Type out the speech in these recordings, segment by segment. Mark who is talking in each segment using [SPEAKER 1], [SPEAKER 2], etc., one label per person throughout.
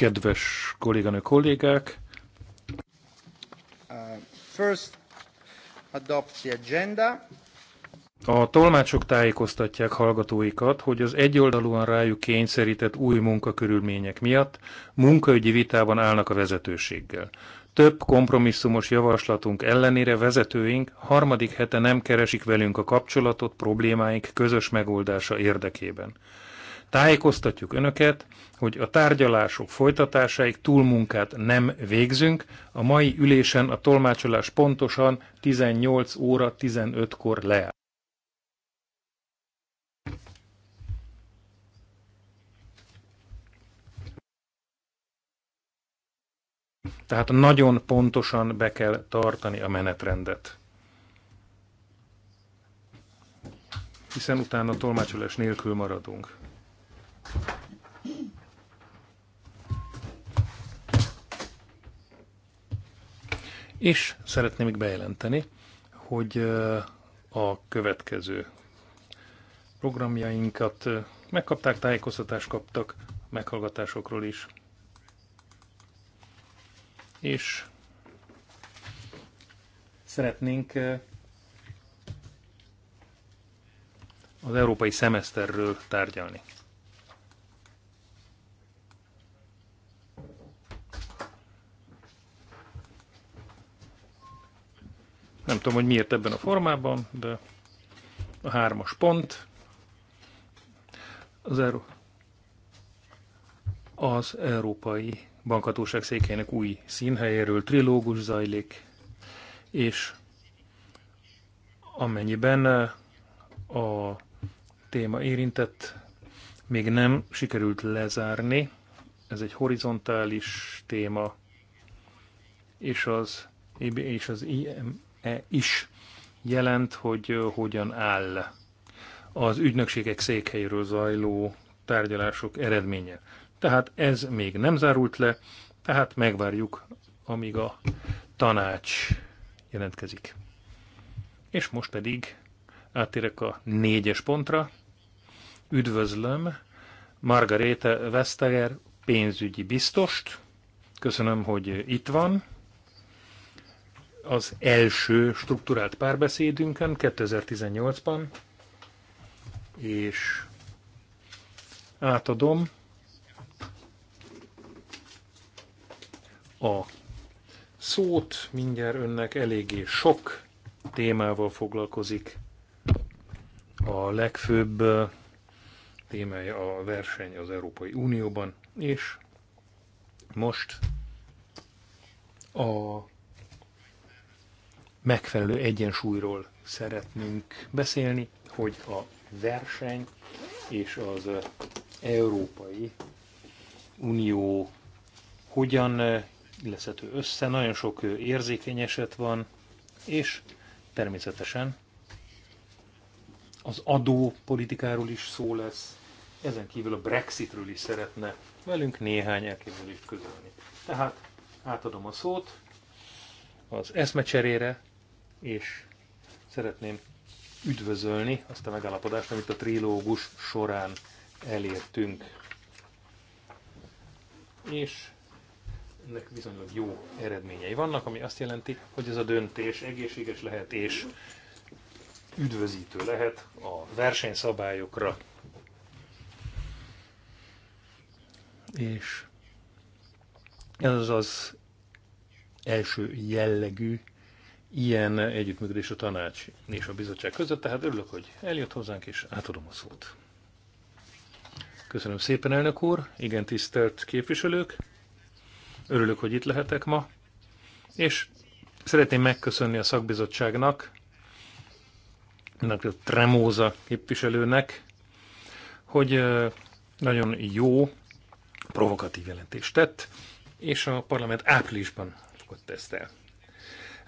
[SPEAKER 1] Kedves kolléganő kollégák!
[SPEAKER 2] Uh, first, adopt the agenda.
[SPEAKER 1] A tolmácsok tájékoztatják hallgatóikat, hogy az egyoldalúan rájuk kényszerített új munkakörülmények miatt munkaügyi vitában állnak a vezetőséggel. Több kompromisszumos javaslatunk ellenére vezetőink harmadik hete nem keresik velünk a kapcsolatot problémáink közös megoldása érdekében. Tájékoztatjuk önöket, hogy a tárgyalások folytatásáig túlmunkát nem végzünk. A mai ülésen a tolmácsolás pontosan 18 óra 15-kor leáll. Tehát nagyon pontosan be kell tartani a menetrendet. Hiszen utána tolmácsolás nélkül maradunk. És szeretném még bejelenteni, hogy a következő programjainkat megkapták, tájékoztatást kaptak, meghallgatásokról is. És szeretnénk az európai szemeszterről tárgyalni. Nem tudom, hogy miért ebben a formában, de a hármas pont, az, Euró- az Európai Bankhatóság székeinek új színhelyéről trilógus zajlik, és amennyiben eh, a téma érintett, még nem sikerült lezárni, ez egy horizontális téma, és az és az IM, -e is jelent, hogy hogyan áll az ügynökségek székhelyről zajló tárgyalások eredménye. Tehát ez még nem zárult le, tehát megvárjuk, amíg a tanács jelentkezik. És most pedig áttérek a négyes pontra. Üdvözlöm Margarete Veszteger. pénzügyi biztost. Köszönöm, hogy itt van az első struktúrált párbeszédünkön 2018-ban, és átadom a szót, mindjárt önnek eléggé sok témával foglalkozik. A legfőbb témája a verseny az Európai Unióban, és most a megfelelő egyensúlyról
[SPEAKER 3] szeretnénk
[SPEAKER 1] beszélni, hogy a verseny és az Európai Unió hogyan eh, illeszhető össze. Nagyon sok eh, érzékeny eset van, és természetesen az adópolitikáról is szó lesz, ezen kívül a Brexitről is szeretne velünk néhány elképzelést közölni. Tehát átadom a szót az eszmecserére, és szeretném üdvözölni azt a megállapodást, amit a trilógus során elértünk. És ennek viszonylag jó eredményei vannak, ami azt jelenti, hogy ez a döntés egészséges lehet és üdvözítő lehet a versenyszabályokra. És ez az első jellegű ilyen együttműködés a tanács és a bizottság között, tehát örülök, hogy eljött hozzánk, és átadom a szót. Köszönöm szépen, elnök úr, igen tisztelt képviselők, örülök, hogy itt lehetek ma, és szeretném megköszönni a szakbizottságnak, a Tremóza képviselőnek, hogy nagyon jó, provokatív jelentést tett, és a parlament áprilisban fogott ezt el.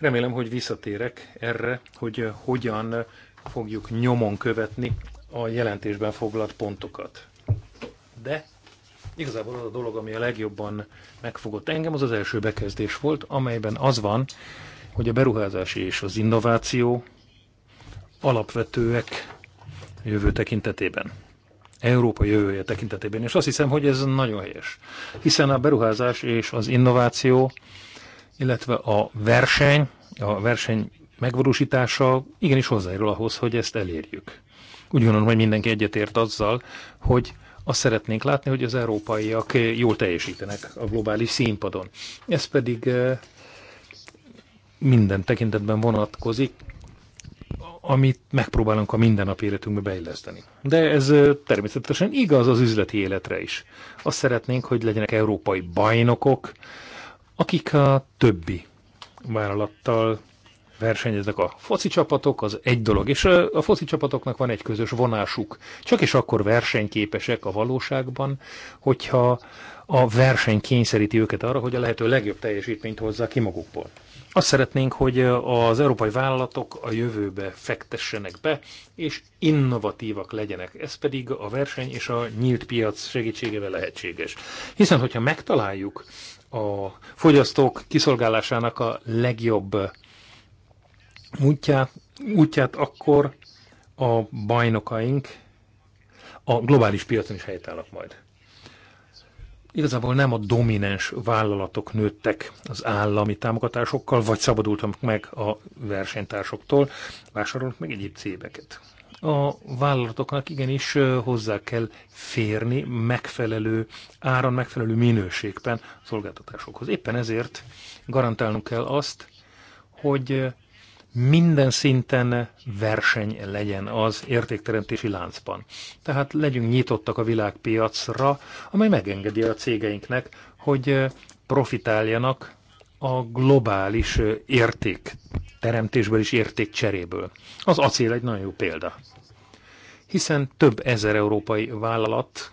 [SPEAKER 1] Remélem, hogy visszatérek erre, hogy eh, hogyan eh, fogjuk nyomon követni a jelentésben foglalt pontokat. De igazából az a dolog, ami a legjobban megfogott engem, az az első bekezdés volt, amelyben az van, hogy a beruházás és az innováció alapvetőek jövő tekintetében. Európa jövője tekintetében. És azt hiszem, hogy ez nagyon helyes. Hiszen a beruházás és az innováció illetve a verseny, a verseny megvalósítása igenis hozzájárul ahhoz, hogy ezt elérjük. Úgy gondolom, hogy mindenki egyetért azzal, hogy azt szeretnénk látni, hogy az európaiak jól teljesítenek a globális színpadon. Ez pedig eh, minden tekintetben vonatkozik, amit megpróbálunk a mindennapi életünkbe beilleszteni. De ez eh, természetesen igaz az üzleti életre is. Azt szeretnénk, hogy legyenek európai bajnokok, akik a többi vállalattal versenyeznek a foci csapatok, az egy dolog, és a foci csapatoknak van egy közös vonásuk. Csak és akkor versenyképesek a valóságban, hogyha a verseny kényszeríti őket arra, hogy a lehető legjobb teljesítményt hozzák ki magukból. Azt szeretnénk, hogy az európai vállalatok a jövőbe fektessenek be, és innovatívak legyenek. Ez pedig a verseny és a nyílt piac segítségével lehetséges. Hiszen, hogyha megtaláljuk a fogyasztók kiszolgálásának a legjobb útját, útját akkor a bajnokaink a globális piacon is helytállnak majd. Igazából nem a domináns vállalatok nőttek az állami támogatásokkal, vagy szabadultak meg a versenytársoktól, vásárolnak meg egyéb cégeket. A vállalatoknak igenis hozzá kell férni megfelelő áron, megfelelő minőségben szolgáltatásokhoz. Éppen ezért garantálnunk kell azt, hogy minden szinten verseny legyen az értékteremtési láncban. Tehát legyünk nyitottak a világpiacra, amely megengedi a cégeinknek, hogy profitáljanak a globális értékteremtésből és értékcseréből. Az acél egy nagyon jó példa hiszen több ezer európai vállalat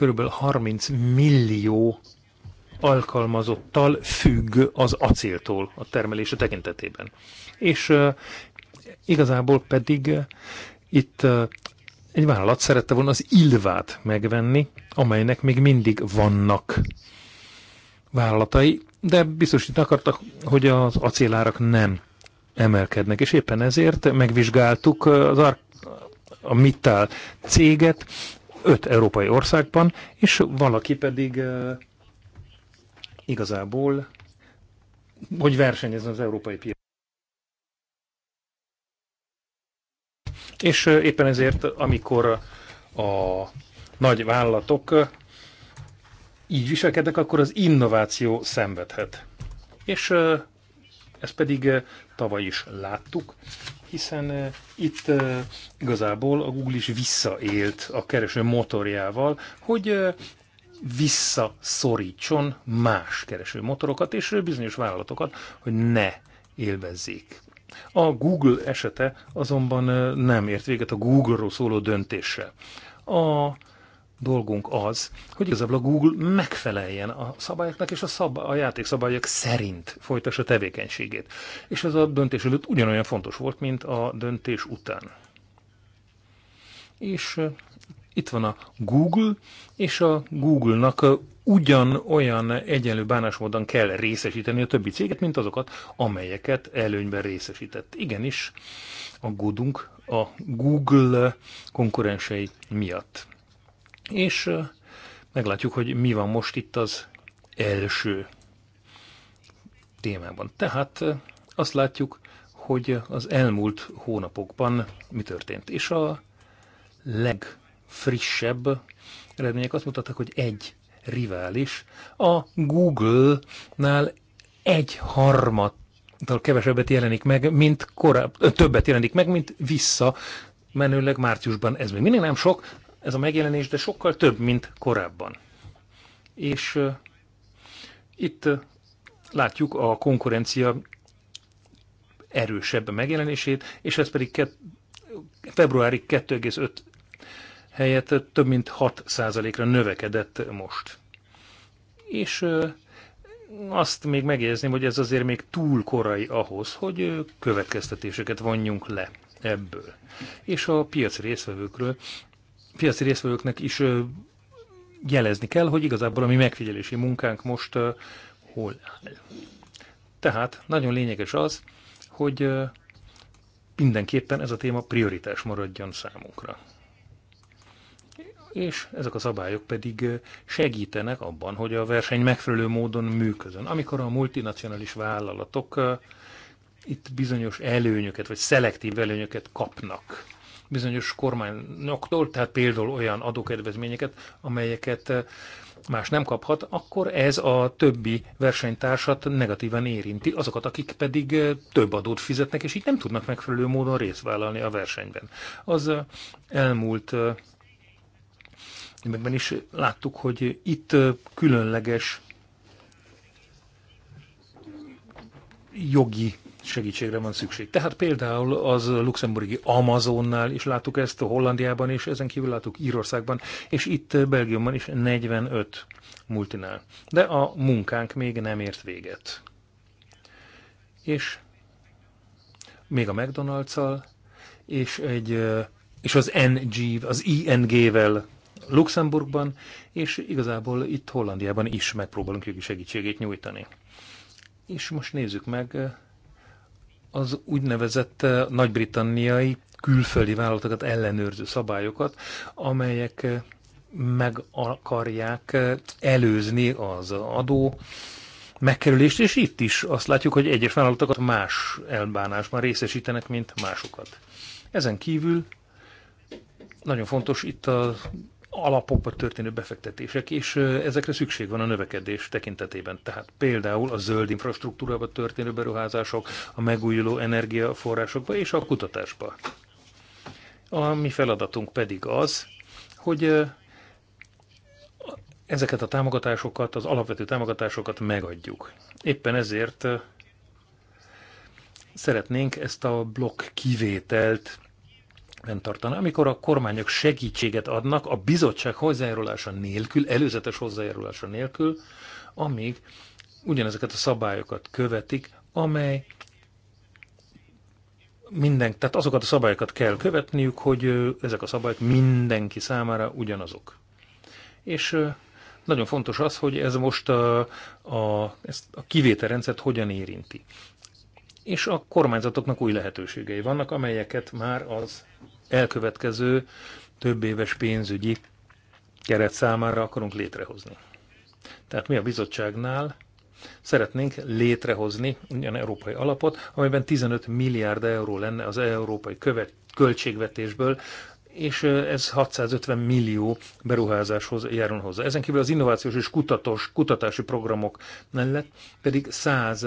[SPEAKER 1] kb. 30 millió alkalmazottal függ az acéltól a termelése tekintetében. És uh, igazából pedig uh, itt uh, egy vállalat szerette volna az Ilvát megvenni, amelynek még mindig vannak vállalatai, de biztosítani akartak, hogy az acélárak nem emelkednek, és éppen ezért megvizsgáltuk az Ar- a Mittal céget öt európai országban, és valaki pedig igazából, hogy versenyezzen az európai piacon. És éppen ezért, amikor a nagy vállalatok így viselkednek, akkor az innováció szenvedhet. És ezt pedig tavaly is láttuk, hiszen itt igazából a Google is visszaélt a kereső motorjával, hogy visszaszorítson más kereső motorokat és bizonyos vállalatokat, hogy ne élvezzék. A Google esete azonban nem ért véget a Google-ról szóló döntéssel. A dolgunk az, hogy igazából a Google megfeleljen a szabályoknak, és a, szab- a játékszabályok szerint folytassa tevékenységét. És ez a döntés előtt ugyanolyan fontos volt, mint a döntés után. És itt van a Google, és a Google-nak ugyanolyan egyenlő bánásmódon kell részesíteni a többi céget, mint azokat, amelyeket előnyben részesített. Igenis, aggódunk a Google konkurensei miatt. És meglátjuk, hogy mi van most itt az első témában. Tehát azt látjuk, hogy az elmúlt hónapokban mi történt. És a legfrissebb eredmények azt mutatták, hogy egy rivális a Google-nál egy harmaddal kevesebbet jelenik meg, mint korábban, többet jelenik meg, mint vissza menőleg márciusban. Ez még mindig nem sok, ez a megjelenés, de sokkal több, mint korábban. És uh, itt uh, látjuk a konkurencia erősebb megjelenését, és ez pedig ke- februári 2,5 helyett több mint 6%-ra növekedett most. És uh, azt még megjegyezném, hogy ez azért még túl korai ahhoz, hogy következtetéseket vonjunk le ebből. És a piac részvevőkről piaci részvevőknek is jelezni kell, hogy igazából a mi megfigyelési munkánk most hol áll. Tehát nagyon lényeges az, hogy mindenképpen ez a téma prioritás maradjon számunkra. És ezek a szabályok pedig segítenek abban, hogy a verseny megfelelő módon működön. Amikor a multinacionális vállalatok itt bizonyos előnyöket, vagy szelektív előnyöket kapnak, bizonyos kormányoktól, tehát például olyan adókedvezményeket, amelyeket eh, más nem kaphat, akkor ez a többi versenytársat negatívan érinti, azokat, akik pedig eh, több adót fizetnek, és így nem tudnak megfelelő módon részt vállalni a versenyben. Az eh, elmúlt években is láttuk, hogy itt különleges jogi segítségre van szükség. Tehát például az luxemburgi Amazonnál is láttuk ezt, a Hollandiában és ezen kívül láttuk Írországban, és itt Belgiumban is 45 multinál. De a munkánk még nem ért véget. És még a McDonald's-al, és, egy, és az NG, az ING-vel Luxemburgban, és igazából itt Hollandiában is megpróbálunk jogi segítségét nyújtani. És most nézzük meg az úgynevezett eh, nagybritanniai külföldi vállalatokat ellenőrző szabályokat, amelyek eh, meg akarják eh, előzni az adó megkerülést, és itt is azt látjuk, hogy egyes vállalatokat más elbánásban részesítenek, mint másokat. Ezen kívül nagyon fontos itt a alapokba történő befektetések, és ezekre szükség van a növekedés tekintetében. Tehát például a zöld infrastruktúrába történő beruházások, a megújuló energiaforrásokba és a kutatásba. A mi feladatunk pedig az, hogy ezeket a támogatásokat, az alapvető támogatásokat megadjuk. Éppen ezért szeretnénk ezt a blokk kivételt fenntartani. Amikor a kormányok segítséget adnak a bizottság hozzájárulása nélkül, előzetes hozzájárulása nélkül, amíg ugyanezeket a szabályokat követik, amely minden, tehát azokat a szabályokat kell követniük, hogy ezek a szabályok mindenki számára ugyanazok. És nagyon fontos az, hogy ez most a, a, ezt a kivételrendszert hogyan érinti és a kormányzatoknak új lehetőségei vannak, amelyeket már az elkövetkező több éves pénzügyi keret számára akarunk létrehozni. Tehát mi a bizottságnál szeretnénk létrehozni olyan európai alapot, amelyben 15 milliárd euró lenne az európai követ, költségvetésből, és ez 650 millió beruházáshoz járul hozzá. Ezen kívül az innovációs és kutatós, kutatási programok mellett pedig 100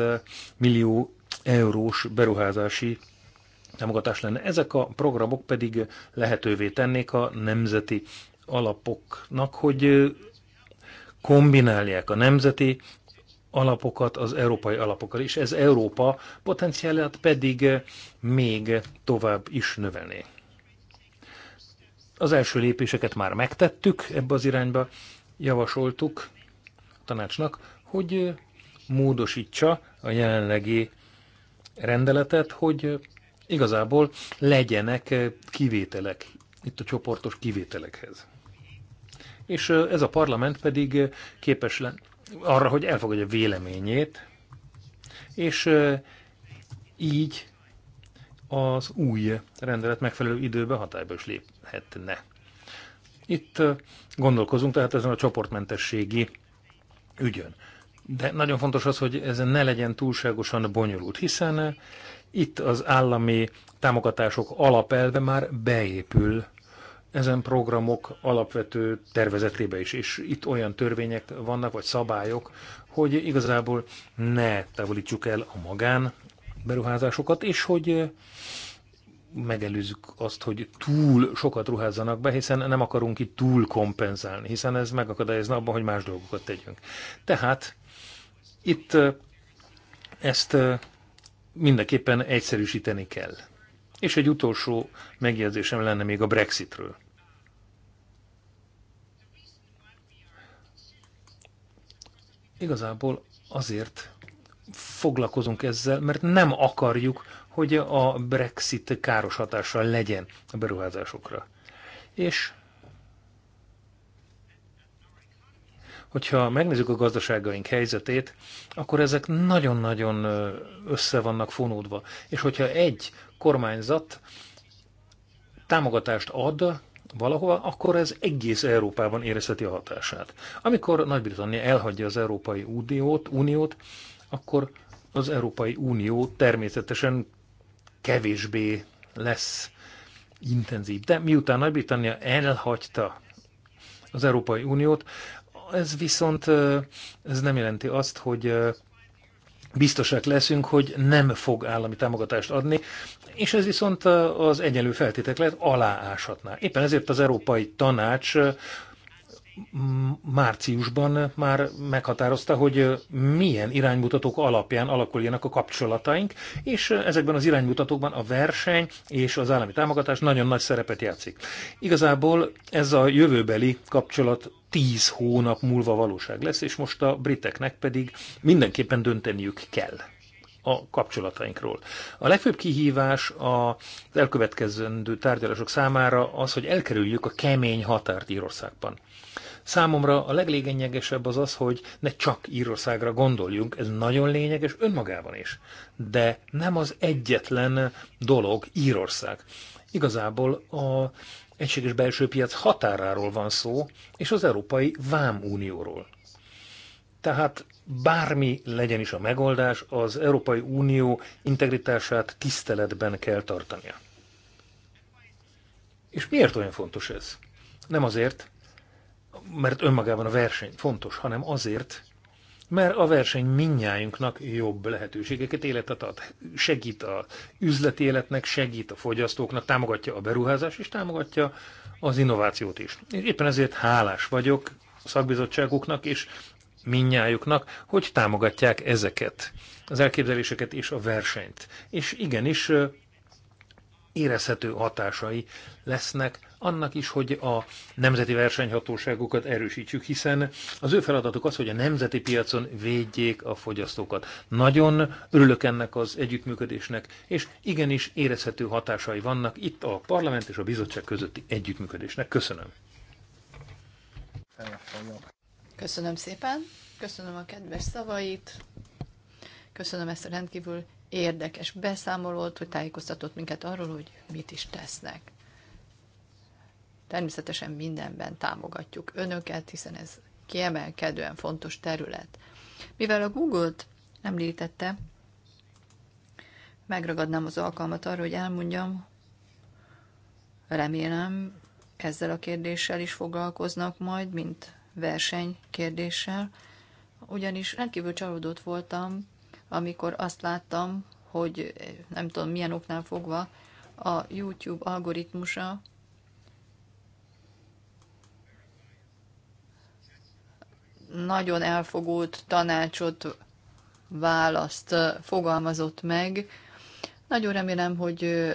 [SPEAKER 1] millió eurós beruházási támogatás lenne. Ezek a programok pedig lehetővé tennék a nemzeti alapoknak, hogy kombinálják a nemzeti alapokat az európai alapokkal, és ez Európa potenciálját pedig még tovább is növelné. Az első lépéseket már megtettük ebbe az irányba, javasoltuk a tanácsnak, hogy módosítsa a jelenlegi rendeletet, hogy igazából legyenek eh, kivételek, itt a csoportos kivételekhez. És eh, ez a parlament pedig eh, képes le arra, hogy elfogadja véleményét, és így az új rendelet megfelelő időben hatályba is léphetne. Itt gondolkozunk tehát ezen a csoportmentességi ügyön. De nagyon fontos az, hogy ez ne legyen túlságosan bonyolult, hiszen itt az állami támogatások alapelve már beépül ezen programok alapvető tervezetébe is, és itt olyan törvények vannak, vagy szabályok, hogy igazából ne távolítsuk el a magán beruházásokat, és hogy megelőzzük azt, hogy túl sokat ruházzanak be, hiszen nem akarunk itt túl kompenzálni, hiszen ez megakadályozna abban, hogy más dolgokat tegyünk. Tehát itt ezt mindenképpen egyszerűsíteni kell. És egy utolsó megjegyzésem lenne még a Brexitről. Igazából azért foglalkozunk ezzel, mert nem akarjuk, hogy a Brexit káros hatással legyen a beruházásokra. És Hogyha megnézzük a gazdaságaink helyzetét, akkor ezek nagyon-nagyon össze vannak fonódva. És hogyha egy kormányzat támogatást ad valahova, akkor ez egész Európában érezheti a hatását. Amikor Nagy-Britannia elhagyja az Európai Uniót, Uniót, akkor az Európai Unió természetesen kevésbé lesz intenzív. De miután Nagy-Britannia elhagyta az Európai Uniót, ez viszont ez nem jelenti azt, hogy biztosak leszünk, hogy nem fog állami támogatást adni, és ez viszont az egyenlő feltételeket alááshatná. Éppen ezért az Európai Tanács márciusban már meghatározta, hogy milyen iránymutatók alapján alakuljanak a kapcsolataink, és ezekben az iránymutatókban a verseny és az állami támogatás nagyon nagy szerepet játszik. Igazából ez a jövőbeli kapcsolat tíz hónap múlva valóság lesz, és most a briteknek pedig mindenképpen dönteniük kell a kapcsolatainkról. A legfőbb kihívás az elkövetkezendő tárgyalások számára az, hogy elkerüljük a kemény határt Írországban. Számomra a leglényegesebb az az, hogy ne csak Írországra gondoljunk, ez nagyon lényeges önmagában is. De nem az egyetlen dolog Írország. Igazából a egységes belső piac határáról van szó, és az Európai Vámunióról. Tehát bármi legyen is a megoldás, az Európai Unió integritását tiszteletben kell tartania. És miért olyan fontos ez? Nem azért, mert önmagában a verseny fontos, hanem azért, mert a verseny minnyájunknak jobb lehetőségeket életet ad. Segít a üzleti életnek, segít a fogyasztóknak, támogatja a beruházást és támogatja az innovációt is. És éppen ezért hálás vagyok a szakbizottságuknak és minnyájuknak, hogy támogatják ezeket az elképzeléseket és a versenyt. És igenis érezhető hatásai lesznek annak is, hogy a nemzeti versenyhatóságokat erősítsük, hiszen az ő feladatuk az, hogy a nemzeti piacon védjék a fogyasztókat. Nagyon örülök ennek az együttműködésnek, és igenis érezhető hatásai vannak itt a parlament és a bizottság közötti együttműködésnek. Köszönöm.
[SPEAKER 3] Köszönöm szépen, köszönöm a kedves szavait, köszönöm ezt a rendkívül érdekes beszámolót, hogy tájékoztatott minket arról, hogy mit is tesznek. Természetesen mindenben támogatjuk önöket, hiszen ez kiemelkedően fontos terület. Mivel a Google-t említette, megragadnám az alkalmat arra, hogy elmondjam, remélem ezzel a kérdéssel is foglalkoznak majd, mint verseny kérdéssel, ugyanis rendkívül csalódott voltam, amikor azt láttam, hogy nem tudom milyen oknál fogva a YouTube algoritmusa nagyon elfogult tanácsot, választ fogalmazott meg. Nagyon remélem, hogy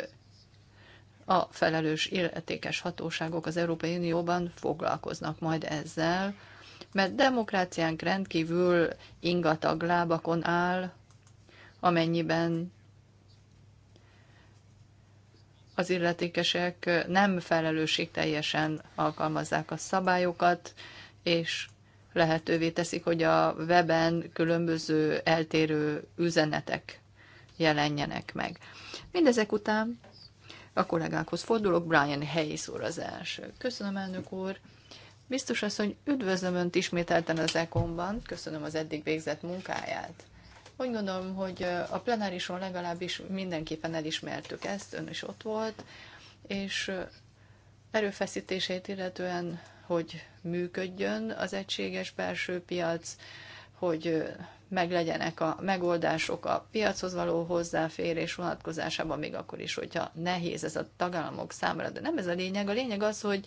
[SPEAKER 3] a felelős illetékes hatóságok az Európai Unióban foglalkoznak majd ezzel, mert demokráciánk rendkívül ingatag lábakon áll, amennyiben az illetékesek nem felelősségteljesen alkalmazzák a szabályokat, és lehetővé teszik, hogy a weben különböző eltérő üzenetek jelenjenek meg. Mindezek után a kollégákhoz fordulok, Brian Hayes úr az első. Köszönöm, elnök úr! Biztos az, hogy üdvözlöm Önt ismételten az ECOM-ban, köszönöm az eddig végzett munkáját. Úgy gondolom, hogy a plenárison legalábbis mindenképpen elismertük ezt, Ön is ott volt, és erőfeszítését illetően hogy működjön az egységes belső piac, hogy meglegyenek a megoldások a piachoz való hozzáférés vonatkozásában, még akkor is, hogyha nehéz ez a tagállamok számára. De nem ez a lényeg. A lényeg az, hogy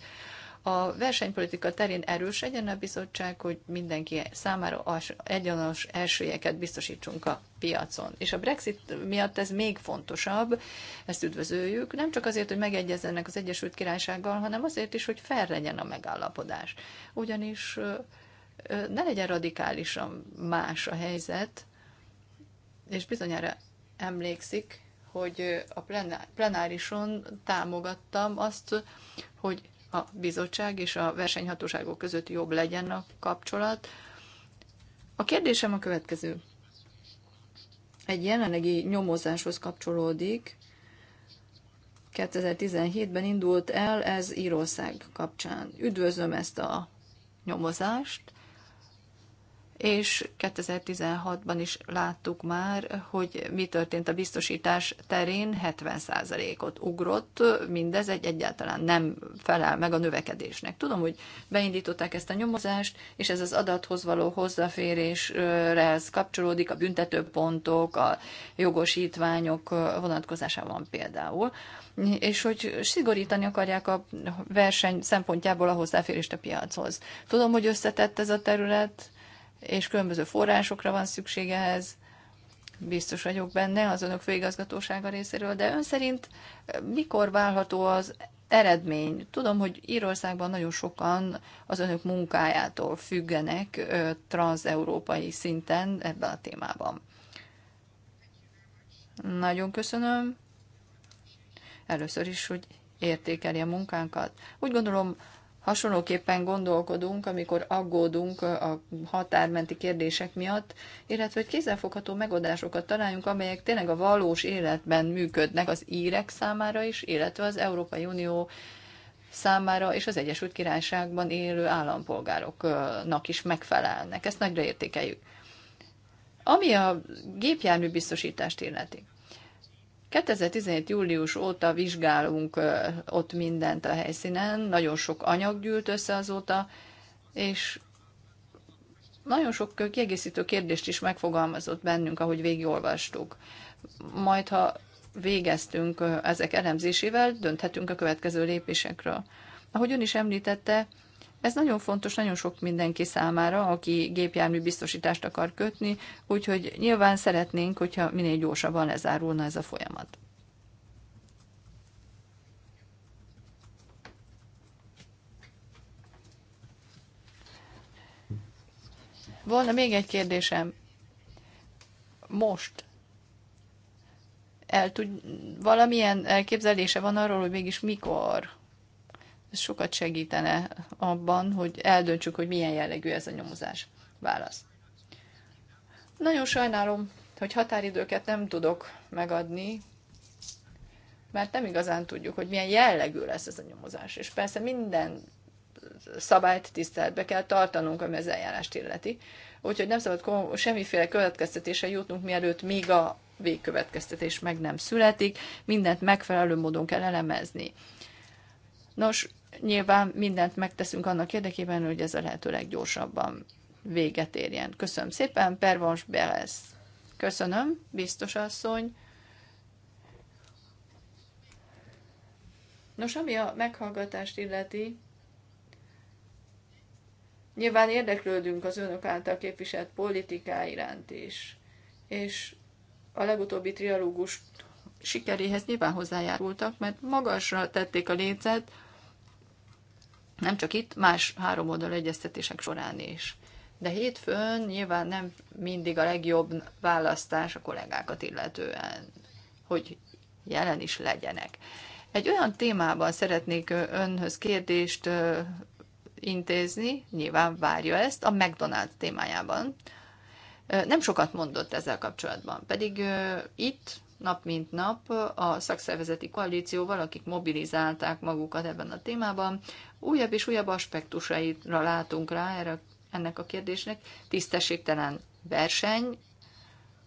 [SPEAKER 3] a versenypolitika terén erős legyen a bizottság, hogy mindenki számára egyanos elsőjeket biztosítsunk a piacon. És a Brexit miatt ez még fontosabb, ezt üdvözöljük, nem csak azért, hogy megegyezzenek az Egyesült Királysággal, hanem azért is, hogy fel legyen a megállapodás. Ugyanis ne legyen radikálisan más a helyzet, és bizonyára emlékszik, hogy a plenárison támogattam azt, hogy a bizottság és a versenyhatóságok között jobb legyen a kapcsolat. A kérdésem a következő. Egy jelenlegi nyomozáshoz kapcsolódik. 2017-ben indult el ez Írország kapcsán. Üdvözlöm ezt a nyomozást, és 2016-ban is láttuk már, hogy mi történt a biztosítás terén, 70%-ot ugrott, mindez egy egyáltalán nem felel meg a növekedésnek. Tudom, hogy beindították ezt a nyomozást, és ez az adathoz való ez kapcsolódik, a büntetőpontok, a jogosítványok vonatkozásában például, és hogy szigorítani akarják a verseny szempontjából a hozzáférést a piachoz. Tudom, hogy összetett ez a terület, és különböző forrásokra van szüksége ehhez, biztos vagyok benne az önök főigazgatósága részéről, de ön szerint eh, mikor válható az eredmény? Tudom, hogy Írországban nagyon sokan az önök munkájától függenek eh, transeurópai szinten ebben a témában. Nagyon köszönöm. Először is, hogy értékeli a munkánkat. Úgy gondolom, hasonlóképpen gondolkodunk, amikor aggódunk a határmenti kérdések miatt, illetve hogy kézzelfogható megoldásokat találjunk, amelyek tényleg a valós életben működnek az írek számára is, illetve az Európai Unió számára és az Egyesült Királyságban élő állampolgároknak is megfelelnek. Ezt nagyra értékeljük. Ami a gépjármű biztosítást illeti. 2017. július óta vizsgálunk ott mindent a helyszínen, nagyon sok anyag gyűlt össze azóta, és nagyon sok kiegészítő kérdést is megfogalmazott bennünk, ahogy végigolvastuk. Majd, ha végeztünk ezek elemzésével, dönthetünk a következő lépésekről. Ahogy ön is említette, ez nagyon fontos nagyon sok mindenki számára, aki gépjármű biztosítást akar kötni, úgyhogy nyilván szeretnénk, hogyha minél gyorsabban lezárulna ez a folyamat. Volna még egy kérdésem. Most el tud, valamilyen elképzelése van arról, hogy mégis mikor ez sokat segítene abban, hogy eldöntsük, hogy milyen jellegű ez a nyomozás. Válasz. Nagyon sajnálom, hogy határidőket nem tudok megadni, mert nem igazán tudjuk, hogy milyen jellegű lesz ez a nyomozás. És persze minden szabályt tiszteletbe kell tartanunk, ami az eljárást illeti. Úgyhogy nem szabad semmiféle következtetése jutnunk, mielőtt még a végkövetkeztetés meg nem születik, mindent megfelelő módon kell elemezni. Nos, nyilván mindent megteszünk annak érdekében, hogy ez a lehető leggyorsabban véget érjen. Köszönöm szépen, Pervons Beres. Köszönöm, biztos asszony. Nos, ami a meghallgatást illeti, nyilván érdeklődünk az önök által képviselt politiká iránt is, és a legutóbbi trialógus sikeréhez nyilván hozzájárultak, mert magasra tették a lécet, nem csak itt, más három oldal egyeztetések során is. De hétfőn nyilván nem mindig a legjobb választás a kollégákat illetően, hogy jelen is legyenek. Egy olyan témában szeretnék önhöz kérdést intézni, nyilván várja ezt, a McDonald's témájában. Nem sokat mondott ezzel kapcsolatban, pedig itt nap mint nap a szakszervezeti koalícióval, akik mobilizálták magukat ebben a témában, újabb és újabb aspektusaira látunk rá erre, ennek a kérdésnek. Tisztességtelen verseny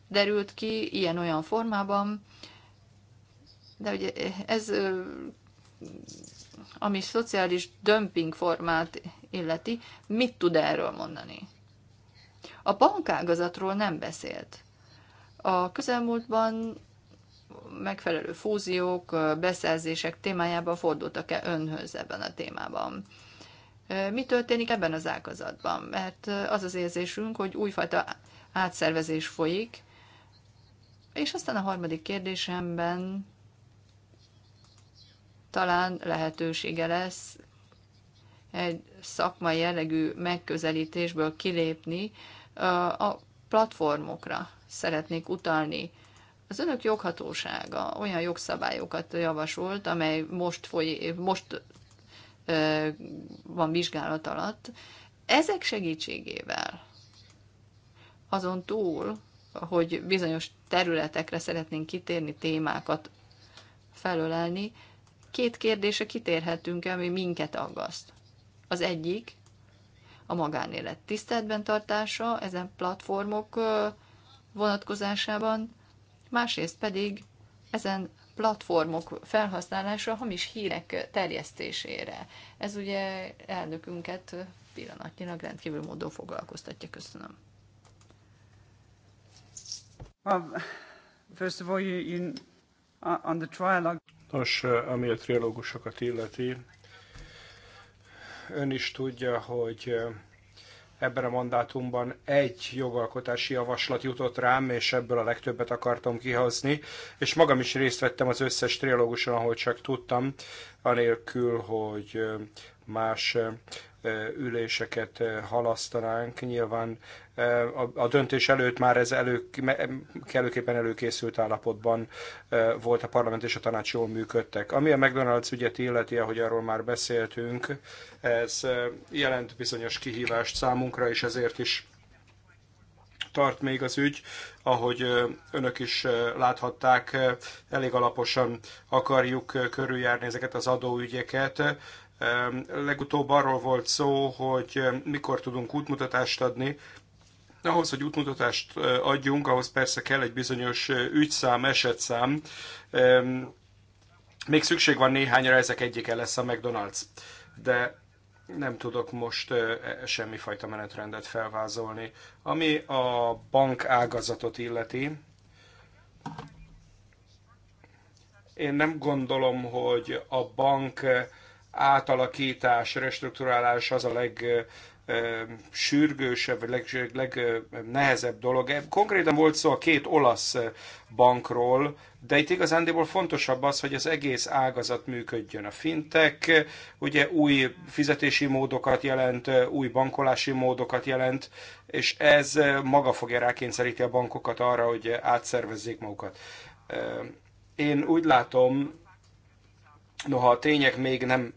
[SPEAKER 3] derült ki ilyen-olyan formában, de ugye ez, ami szociális dömping formát illeti, mit tud erről mondani? A bankágazatról nem beszélt. A közelmúltban megfelelő fúziók, beszerzések témájában fordultak-e önhöz ebben a témában. Mi történik ebben az ágazatban? Mert az az érzésünk, hogy újfajta átszervezés folyik, és aztán a harmadik kérdésemben talán lehetősége lesz egy szakmai jellegű megközelítésből kilépni a platformokra szeretnék utalni. Az önök joghatósága olyan jogszabályokat javasolt, amely most, foly, most ö, van vizsgálat alatt. Ezek segítségével azon túl, hogy bizonyos területekre szeretnénk kitérni, témákat felölelni, két kérdése kitérhetünk, ami minket aggaszt. Az egyik a magánélet tiszteletben tartása ezen platformok vonatkozásában, másrészt pedig ezen platformok felhasználása hamis hírek terjesztésére. Ez ugye elnökünket pillanatnyilag rendkívül módon foglalkoztatja. Köszönöm.
[SPEAKER 2] first of all, uh, uh, Nos, ami a trialógusokat illeti, ön is tudja, hogy uh, ebben a mandátumban egy jogalkotási javaslat jutott rám, és ebből a legtöbbet akartam kihozni, és magam is részt vettem az összes trialóguson, ahol csak tudtam, anélkül, hogy más üléseket halasztanánk. Nyilván a döntés előtt már ez elő, kellőképpen előkészült állapotban volt a parlament és a tanács jól működtek. Ami a McDonald's ügyet illeti, ahogy arról már beszéltünk, ez jelent bizonyos kihívást számunkra, és ezért is tart még az ügy, ahogy önök is láthatták, elég alaposan akarjuk körüljárni ezeket az adóügyeket. Legutóbb arról volt szó, hogy mikor tudunk útmutatást adni. Ahhoz, hogy útmutatást adjunk, ahhoz persze kell egy bizonyos ügyszám, esetszám. Még szükség van néhányra, ezek egyike lesz a McDonald's. De nem tudok most e, semmifajta menetrendet felvázolni. Ami a bank ágazatot illeti, én nem gondolom, hogy a bank átalakítás, restrukturálás az a leg sürgősebb, vagy leg, legnehezebb dolog. E, konkrétan volt szó a két olasz bankról, de itt igazándiból fontosabb az, hogy az egész ágazat működjön. A fintek ugye új fizetési módokat jelent, új bankolási módokat jelent, és ez maga fogja rákényszeríti a bankokat arra, hogy átszervezzék magukat. Én úgy látom, noha a tények még nem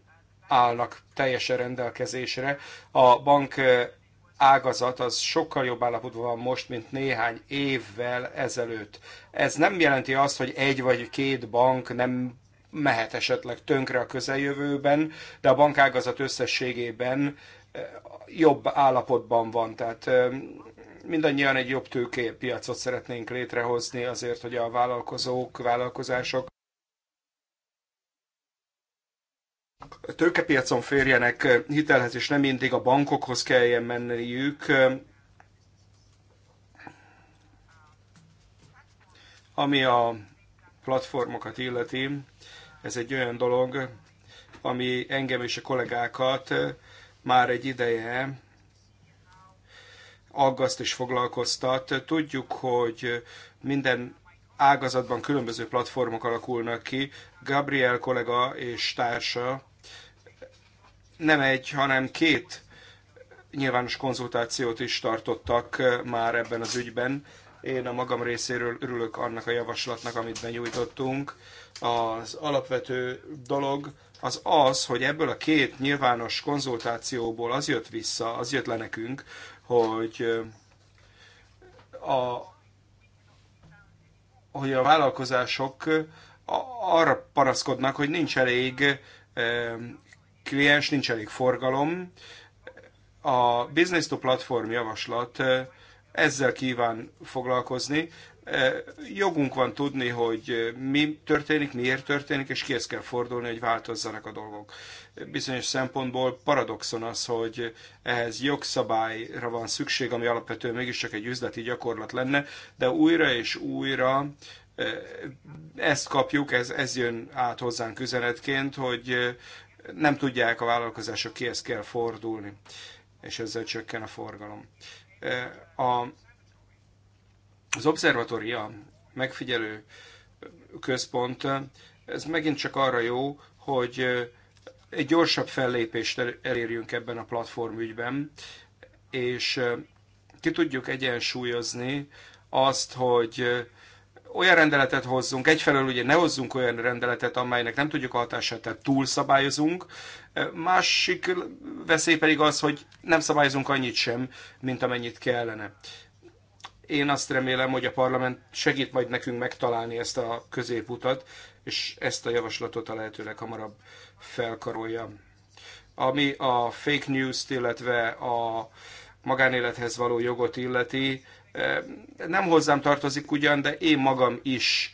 [SPEAKER 2] állnak teljesen rendelkezésre. A bank ágazat az sokkal jobb állapotban van most, mint néhány évvel ezelőtt. Ez nem jelenti azt, hogy egy vagy két bank nem mehet esetleg tönkre a közeljövőben, de a bankágazat összességében jobb állapotban van. Tehát mindannyian egy jobb tőképiacot szeretnénk létrehozni azért, hogy a vállalkozók, vállalkozások tőkepiacon férjenek hitelhez, és nem mindig a bankokhoz kelljen menniük. Ami a platformokat illeti, ez egy olyan dolog, ami engem és a kollégákat már egy ideje aggaszt és foglalkoztat. Tudjuk, hogy minden ágazatban különböző platformok alakulnak ki. Gabriel kollega és társa nem egy, hanem két nyilvános konzultációt is tartottak már ebben az ügyben. Én a magam részéről örülök annak a javaslatnak, amit benyújtottunk. Az alapvető dolog az az, hogy ebből a két nyilvános konzultációból az jött vissza, az jött le nekünk, hogy a, hogy a vállalkozások arra panaszkodnak, hogy nincs elég kliens, nincs elég forgalom. A Business to Platform javaslat ezzel kíván foglalkozni. Jogunk van tudni, hogy mi történik, miért történik, és kihez kell fordulni, hogy változzanak a dolgok. Bizonyos szempontból paradoxon az, hogy ehhez jogszabályra van szükség, ami alapvetően mégiscsak egy üzleti gyakorlat lenne, de újra és újra ezt kapjuk, ez, ez jön át hozzánk üzenetként, hogy nem tudják a vállalkozások kihez kell fordulni, és ezzel csökken a forgalom. E, a, az observatória megfigyelő központ, ez megint csak arra jó, hogy egy gyorsabb fellépést elérjünk ebben a platformügyben, és ki tudjuk egyensúlyozni azt, hogy olyan rendeletet hozzunk, egyfelől ugye ne hozzunk olyan rendeletet, amelynek nem tudjuk a hatását, tehát túlszabályozunk, másik veszély pedig az, hogy nem szabályozunk annyit sem, mint amennyit kellene. Én azt remélem, hogy a parlament segít majd nekünk megtalálni ezt a középutat, és ezt a javaslatot a lehetőleg hamarabb felkarolja. Ami a fake news illetve a magánélethez való jogot illeti, nem hozzám tartozik ugyan, de én magam is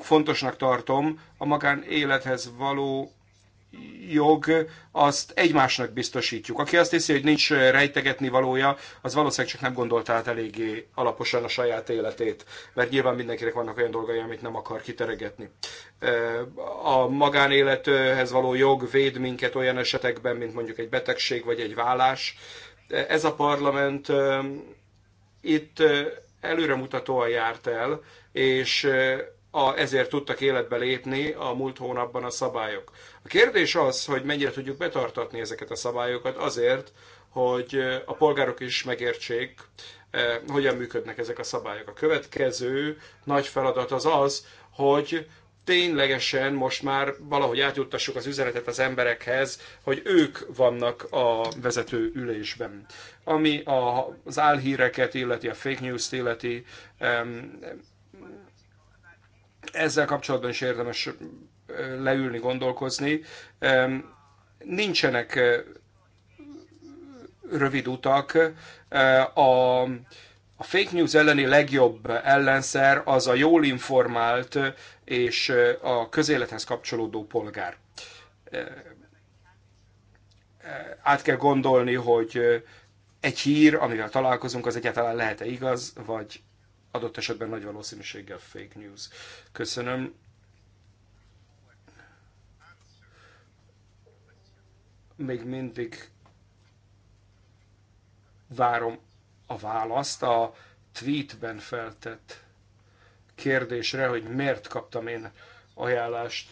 [SPEAKER 2] fontosnak tartom a magánélethez való jog, azt egymásnak biztosítjuk. Aki azt hiszi, hogy nincs rejtegetni valója, az valószínűleg csak nem gondolta át eléggé alaposan a saját életét, mert nyilván mindenkinek vannak olyan dolgai, amit nem akar kiteregetni. A magánélethez való jog véd minket olyan esetekben, mint mondjuk egy betegség vagy egy vállás. Ez a parlament itt előremutatóan járt el, és a, ezért tudtak életbe lépni a múlt hónapban a szabályok. A kérdés az, hogy mennyire tudjuk betartatni ezeket a szabályokat azért, hogy a polgárok is megértsék, hogyan működnek ezek a szabályok. A következő nagy feladat az az, hogy ténylegesen most már valahogy átjuttassuk az üzenetet az emberekhez, hogy ők vannak a vezető ülésben. Ami a, az álhíreket illeti, a fake news-t illeti, ezzel kapcsolatban is érdemes leülni, gondolkozni. Nincsenek rövid utak. A a fake news elleni legjobb ellenszer az a jól informált és a közélethez kapcsolódó polgár. Át kell gondolni, hogy egy hír, amivel találkozunk, az egyáltalán lehet-e igaz, vagy adott esetben nagy valószínűséggel fake news. Köszönöm. Még mindig várom a választ a tweetben feltett kérdésre, hogy miért kaptam én ajánlást,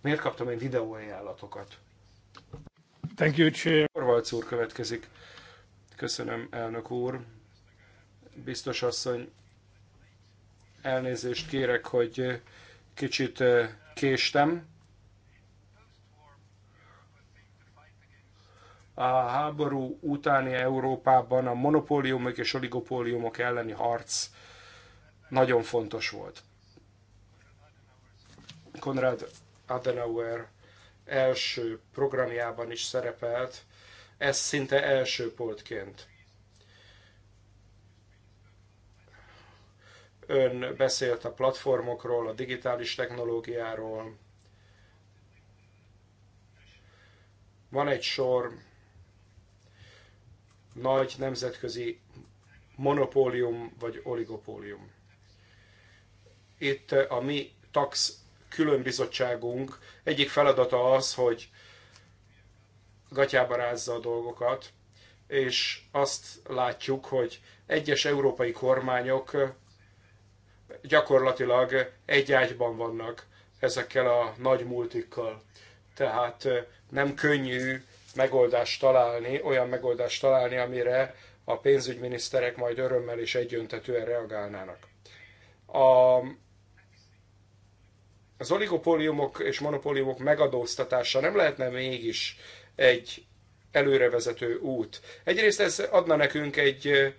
[SPEAKER 2] miért kaptam én videóajánlatokat. Thank you, Chair. Orvalc úr következik. Köszönöm, elnök úr. Biztos asszony, elnézést kérek, hogy kicsit eh, késtem. a háború utáni Európában a monopóliumok és oligopóliumok elleni harc nagyon fontos volt. Konrad Adenauer első programjában is szerepelt, ez szinte első pontként. Ön beszélt a platformokról, a digitális technológiáról. Van egy sor nagy nemzetközi monopólium vagy oligopólium. Itt eh, a mi tax különbizottságunk egyik feladata az, hogy gatyába rázza a dolgokat, és azt látjuk, hogy egyes európai kormányok eh, gyakorlatilag egy ágyban vannak ezekkel a nagy multikkal. Tehát eh, nem könnyű megoldást találni, olyan megoldást találni, amire a pénzügyminiszterek majd örömmel és egyöntetően reagálnának. A, az oligopóliumok és monopóliumok megadóztatása nem lehetne mégis egy előrevezető út. Egyrészt ez adna nekünk egy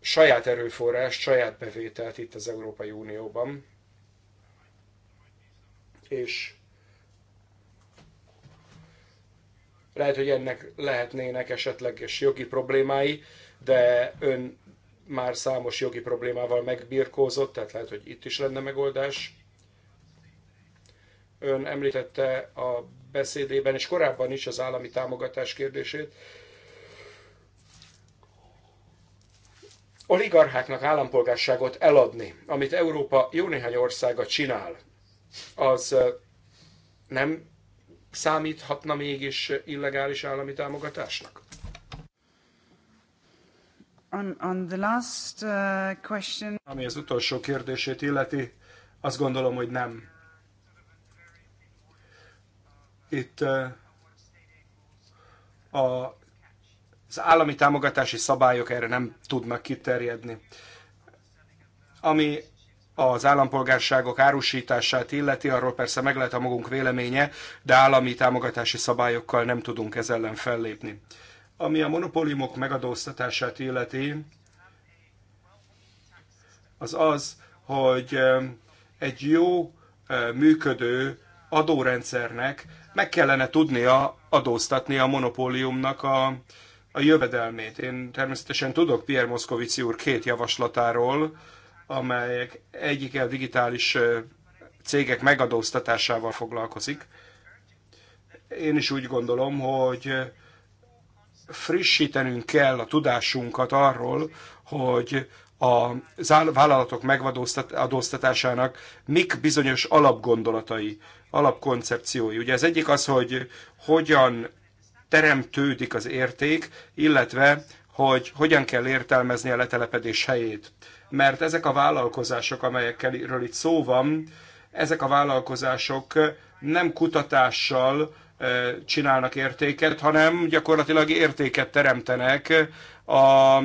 [SPEAKER 2] saját erőforrás, saját bevételt itt az Európai Unióban. És Lehet, hogy ennek lehetnének esetleges jogi problémái, de ön már számos jogi problémával megbirkózott, tehát lehet, hogy itt is lenne megoldás. Ön említette a beszédében, és korábban is az állami támogatás kérdését. Oligarcháknak állampolgárságot eladni, amit Európa jó néhány országa csinál, az nem számíthatna mégis illegális állami támogatásnak? On, on the last uh, question. Ami az utolsó kérdését illeti, azt gondolom, hogy nem. Itt uh, a, az állami támogatási szabályok erre nem tudnak kiterjedni. Ami az állampolgárságok árusítását illeti, arról persze meg lehet a magunk véleménye, de állami támogatási szabályokkal nem tudunk ez ellen fellépni. Ami a monopóliumok megadóztatását illeti, az az, hogy egy jó működő adórendszernek meg kellene tudnia adóztatni a monopóliumnak a, a jövedelmét. Én természetesen tudok Pierre Moszkovici úr két javaslatáról, amelyek egyike a digitális cégek megadóztatásával foglalkozik. Én is úgy gondolom, hogy frissítenünk kell a tudásunkat arról, hogy a vállalatok megadóztatásának mik bizonyos alapgondolatai, alapkoncepciói. Ugye az egyik az, hogy hogyan teremtődik az érték, illetve hogy hogyan kell értelmezni a letelepedés helyét mert ezek a vállalkozások, amelyekről itt szó van, ezek a vállalkozások nem kutatással csinálnak értéket, hanem gyakorlatilag értéket teremtenek a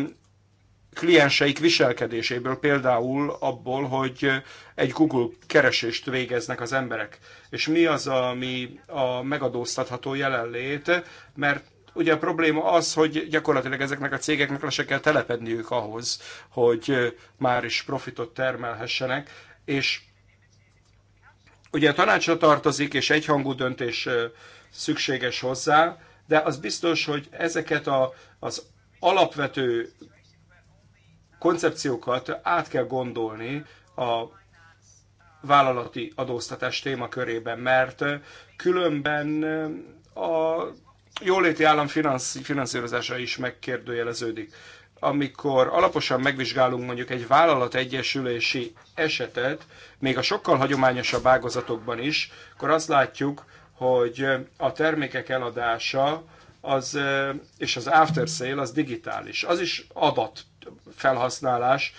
[SPEAKER 2] klienseik viselkedéséből, például abból, hogy egy Google keresést végeznek az emberek. És mi az, ami a megadóztatható jelenlét, mert Ugye a probléma az, hogy gyakorlatilag ezeknek a cégeknek le se kell telepedniük ahhoz, hogy már is profitot termelhessenek, és ugye a tanácsra tartozik, és egyhangú döntés szükséges hozzá, de az biztos, hogy ezeket a, az alapvető koncepciókat át kell gondolni a vállalati adóztatás témakörében, mert különben a jóléti állam finansz, finanszírozása is megkérdőjeleződik. Amikor alaposan megvizsgálunk mondjuk egy vállalat egyesülési esetet, még a sokkal hagyományosabb ágazatokban is, akkor azt látjuk, hogy a termékek eladása az, és az after sale az digitális. Az is adat felhasználás.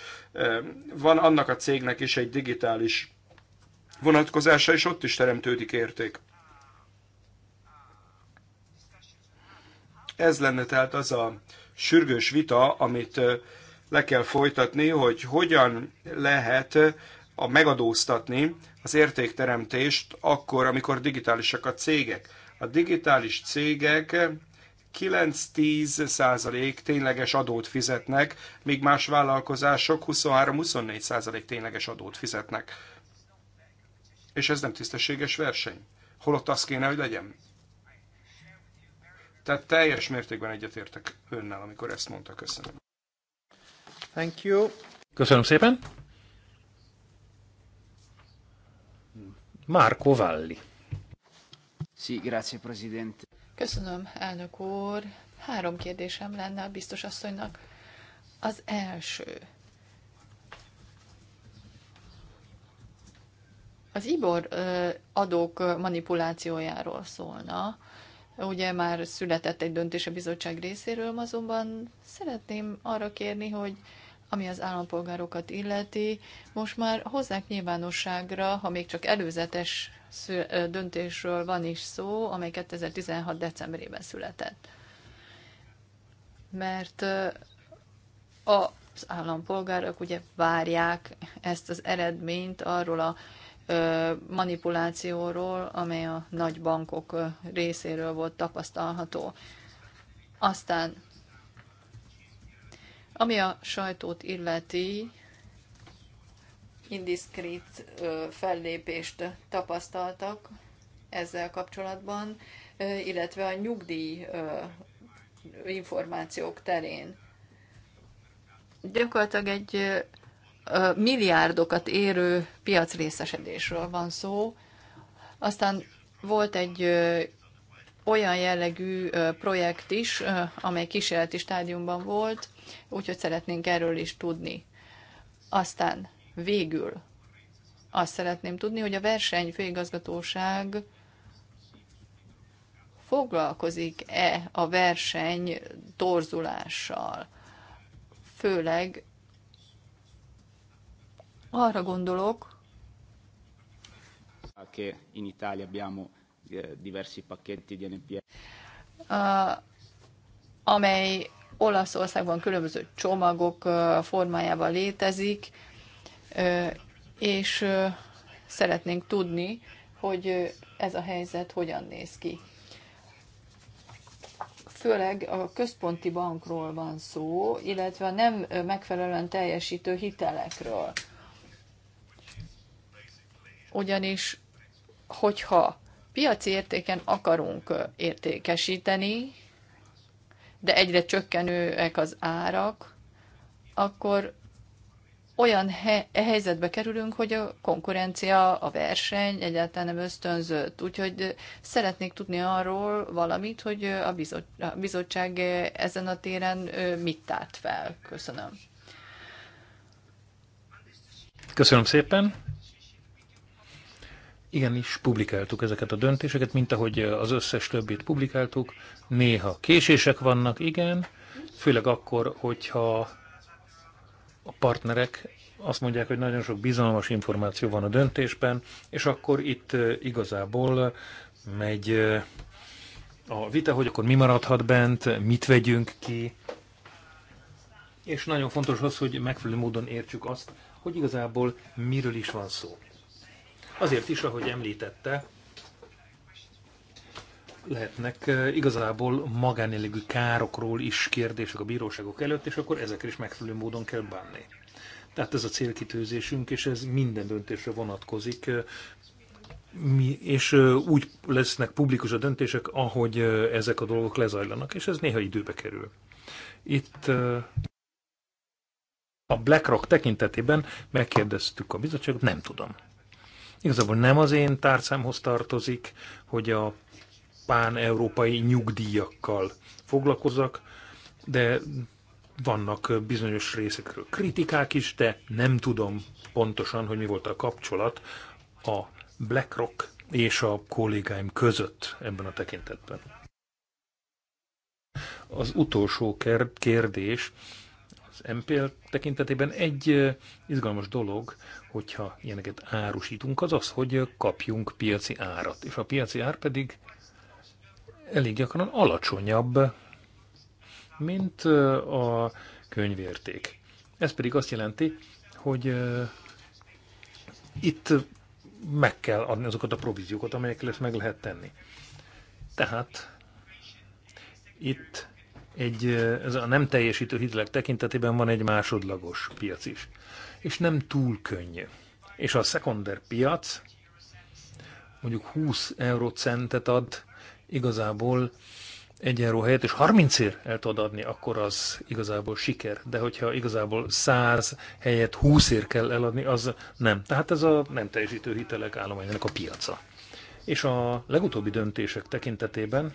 [SPEAKER 2] Van annak a cégnek is egy digitális vonatkozása, és ott is teremtődik érték. Ez lenne tehát az a sürgős vita, amit le kell folytatni, hogy hogyan lehet a megadóztatni az értékteremtést akkor, amikor digitálisak a cégek. A digitális cégek 9-10 százalék tényleges adót fizetnek, míg más vállalkozások 23-24 százalék tényleges adót fizetnek. És ez nem tisztességes verseny. Holott az kéne, hogy legyen. Tehát teljes mértékben egyetértek önnel, amikor ezt mondta. Köszönöm.
[SPEAKER 1] Thank you. Köszönöm szépen. Marco Valli. Sí, grazie, presidente.
[SPEAKER 3] Köszönöm, elnök úr. Három kérdésem lenne a biztos asszonynak. Az első. Az IBOR adók manipulációjáról szólna Ugye már született egy döntés a bizottság részéről, azonban szeretném arra kérni, hogy ami az állampolgárokat illeti, most már hozzák nyilvánosságra, ha még csak előzetes döntésről van is szó, amely 2016. decemberében született. Mert az állampolgárok ugye várják ezt az eredményt arról a manipulációról, amely a nagy bankok részéről volt tapasztalható. Aztán, ami a sajtót illeti, indiszkrét fellépést tapasztaltak ezzel kapcsolatban, illetve a nyugdíj információk terén. Gyakorlatilag egy milliárdokat érő piacrészesedésről van szó. Aztán volt egy olyan jellegű projekt is, amely kísérleti stádiumban volt, úgyhogy szeretnénk erről is tudni. Aztán végül azt szeretném tudni, hogy a versenyfőigazgatóság foglalkozik-e a verseny torzulással, főleg arra gondolok,
[SPEAKER 2] che in Italia abbiamo eh, diversi pacchetti di NPL.
[SPEAKER 3] amely Olaszországban különböző csomagok formájában létezik, és szeretnénk tudni, hogy ez a helyzet hogyan néz ki. Főleg a központi bankról van szó, illetve a nem megfelelően teljesítő hitelekről. Ugyanis, hogyha piaci értéken akarunk értékesíteni, de egyre csökkenőek az árak, akkor olyan he- helyzetbe kerülünk, hogy a konkurencia, a verseny egyáltalán nem ösztönzött. Úgyhogy szeretnék tudni arról valamit, hogy a, bizot- a bizottság ezen a téren mit tárt fel. Köszönöm.
[SPEAKER 1] Köszönöm szépen igenis publikáltuk ezeket a döntéseket, mint ahogy az összes többit publikáltuk. Néha késések vannak, igen, főleg akkor, hogyha a partnerek azt mondják, hogy nagyon sok bizalmas információ van a döntésben, és akkor itt igazából megy a vita, hogy akkor mi maradhat bent, mit vegyünk ki, és nagyon fontos az, hogy megfelelő módon értsük azt, hogy igazából miről is van szó. Azért is, ahogy említette, lehetnek eh, igazából magánélegű károkról is kérdések a bíróságok előtt, és akkor ezekre is megfelelő módon kell bánni. Tehát ez a célkitűzésünk, és ez minden döntésre vonatkozik, eh, mi, és eh, úgy lesznek publikus a döntések, ahogy ezek a dolgok lezajlanak, és ez néha időbe kerül. Itt a BlackRock tekintetében megkérdeztük a bizottságot, nem tudom. Igazából nem az én tárcámhoz tartozik, hogy a pán-európai nyugdíjakkal foglalkozzak, de vannak bizonyos részekről kritikák is, de nem tudom pontosan, hogy mi volt a kapcsolat a BlackRock és a kollégáim között ebben a tekintetben. Az utolsó kérdés az MPL tekintetében egy izgalmas dolog, hogyha ilyeneket árusítunk, az az, hogy kapjunk piaci árat. És a piaci ár pedig elég gyakran alacsonyabb, mint a könyvérték. Ez pedig azt jelenti, hogy itt meg kell adni azokat a províziókat, amelyeket meg lehet tenni. Tehát itt egy, ez a nem teljesítő hitelek tekintetében van egy másodlagos piac is. És nem túl könnyű. És a szekonder piac mondjuk 20 eurocentet ad, igazából egy euró helyett, és 30 ér el tud adni, akkor az igazából siker. De hogyha igazából 100 helyett 20 ér kell eladni, az nem. Tehát ez a nem teljesítő hitelek állományának a piaca. És a legutóbbi döntések tekintetében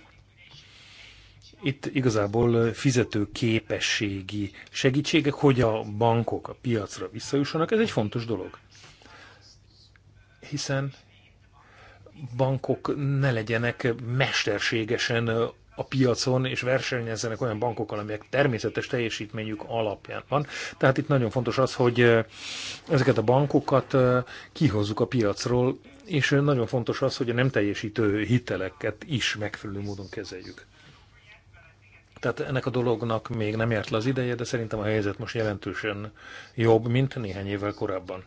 [SPEAKER 1] itt igazából fizető képességi segítségek, hogy a bankok a piacra visszajussanak, ez egy fontos dolog. Hiszen bankok ne legyenek mesterségesen a piacon, és versenyezzenek olyan bankokkal, amelyek természetes teljesítményük alapján van. Tehát itt nagyon fontos az, hogy ezeket a bankokat kihozzuk a piacról, és nagyon fontos az, hogy a nem teljesítő hiteleket is megfelelő módon kezeljük. Tehát ennek a dolognak még nem járt le az ideje, de szerintem a helyzet most jelentősen jobb, mint néhány évvel korábban.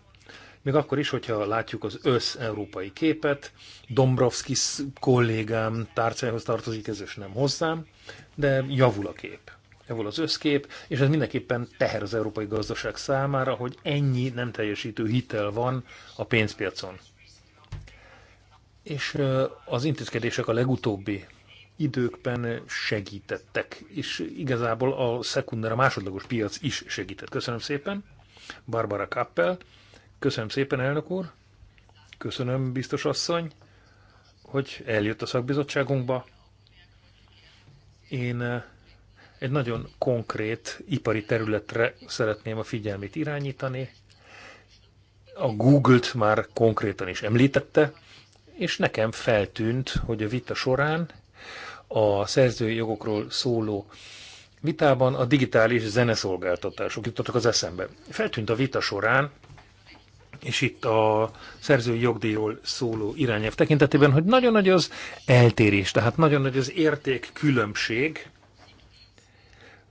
[SPEAKER 1] Még akkor is, hogyha látjuk az össz-európai képet, Dombrovskis kollégám tárcájához tartozik, ez is nem hozzám, de javul a kép. Javul az összkép, és ez mindenképpen teher az európai gazdaság számára, hogy ennyi nem teljesítő hitel van a pénzpiacon. És az intézkedések a legutóbbi időkben segítettek, és igazából a szekunder, a másodlagos piac is segített. Köszönöm szépen, Barbara Kappel, köszönöm szépen, elnök úr, köszönöm, biztos asszony, hogy eljött a szakbizottságunkba. Én eh, egy nagyon konkrét ipari területre szeretném a figyelmét irányítani. A Google-t már konkrétan is említette, és nekem feltűnt, hogy a vita során a szerzői jogokról szóló vitában a digitális zeneszolgáltatások jutottak az eszembe. Feltűnt a vita során, és itt a szerzői jogdíjról szóló irányelv tekintetében, hogy nagyon nagy az eltérés, tehát nagyon nagy az érték különbség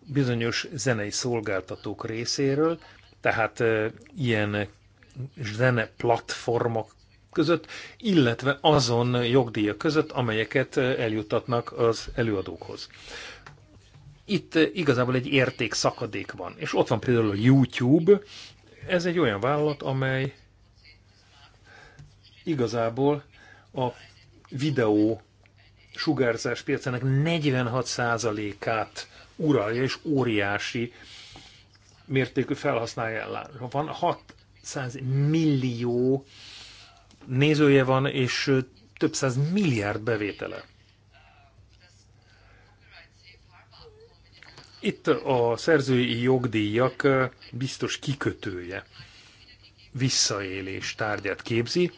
[SPEAKER 1] bizonyos zenei szolgáltatók részéről, tehát e, ilyen zene platformok között, illetve azon jogdíjak között, amelyeket eh, eljuttatnak az előadókhoz. Itt eh, igazából egy érték szakadék van, és ott van például a YouTube, ez egy olyan vállalat, amely igazából a videó sugárzás piacának 46%-át uralja, és óriási mértékű felhasználja. van. 600 millió nézője van, és több száz milliárd bevétele. Itt a szerzői jogdíjak biztos kikötője, visszaélés tárgyát képzi,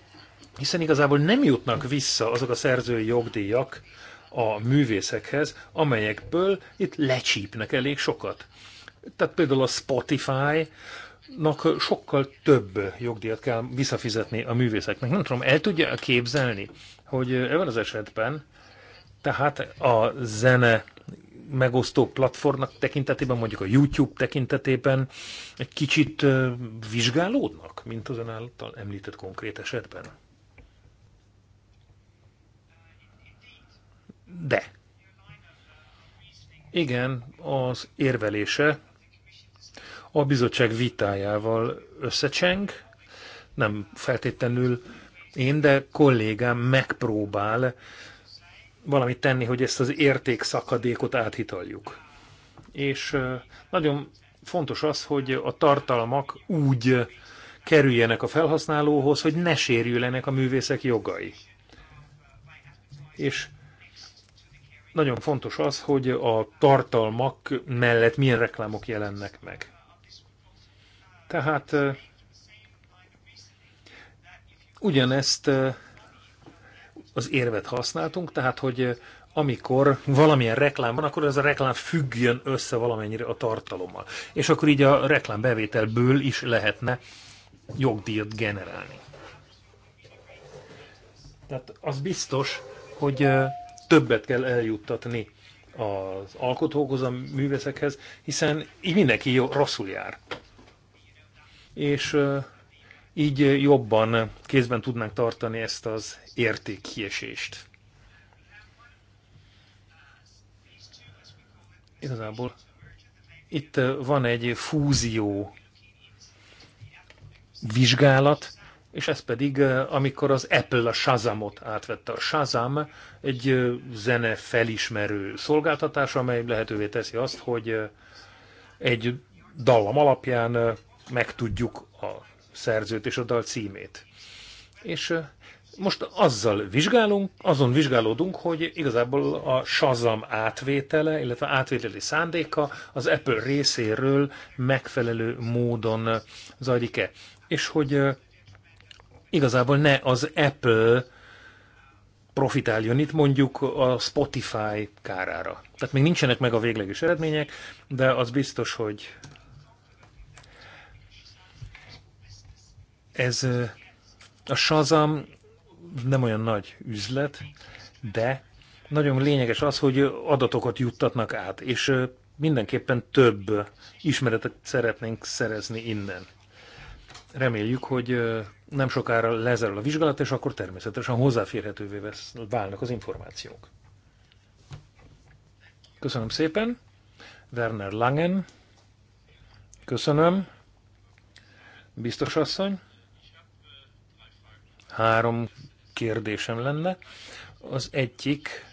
[SPEAKER 1] hiszen igazából nem jutnak vissza azok a szerzői jogdíjak a művészekhez, amelyekből itt lecsípnek elég sokat. Tehát például a Spotify nak sokkal több jogdíjat kell visszafizetni a művészeknek. Nem tudom, el tudja képzelni, hogy ebben az esetben, tehát a zene megosztó platformnak tekintetében, mondjuk a YouTube tekintetében egy kicsit vizsgálódnak, mint az ön által említett konkrét esetben? De. Igen, az érvelése a bizottság vitájával összecseng, nem feltétlenül én, de kollégám megpróbál valamit tenni, hogy ezt az értékszakadékot áthitaljuk. És nagyon fontos az, hogy a tartalmak úgy kerüljenek a felhasználóhoz, hogy ne sérüljenek a művészek jogai. És nagyon fontos az, hogy a tartalmak mellett milyen reklámok jelennek meg. Tehát ugyanezt az érvet használtunk, tehát hogy amikor valamilyen reklám van, akkor ez a reklám függjön össze valamennyire a tartalommal. És akkor így a reklám bevételből is lehetne jogdíjat generálni. Tehát az biztos, hogy többet kell eljuttatni az alkotókhoz, a művészekhez, hiszen így mindenki jó, rosszul jár és így jobban kézben tudnánk tartani ezt az értékkiesést. Igazából itt van egy fúzió vizsgálat, és ez pedig, amikor az Apple a Shazamot átvette. A Shazam egy zene felismerő szolgáltatás, amely lehetővé teszi azt, hogy egy dallam alapján megtudjuk a szerzőt és a dal címét. És most azzal vizsgálunk, azon vizsgálódunk, hogy igazából a Shazam átvétele, illetve átvételi szándéka az Apple részéről megfelelő módon zajlik-e. És hogy igazából ne az Apple profitáljon itt mondjuk a Spotify kárára. Tehát még nincsenek meg a végleges eredmények, de az biztos, hogy Ez a Shazam nem olyan nagy üzlet, de nagyon lényeges az, hogy adatokat juttatnak át, és mindenképpen több ismeretet szeretnénk szerezni innen. Reméljük, hogy nem sokára lezerül a vizsgálat, és akkor természetesen hozzáférhetővé vesz, válnak az információk. Köszönöm szépen. Werner Langen. Köszönöm. Biztos asszony. Három kérdésem lenne. Az egyik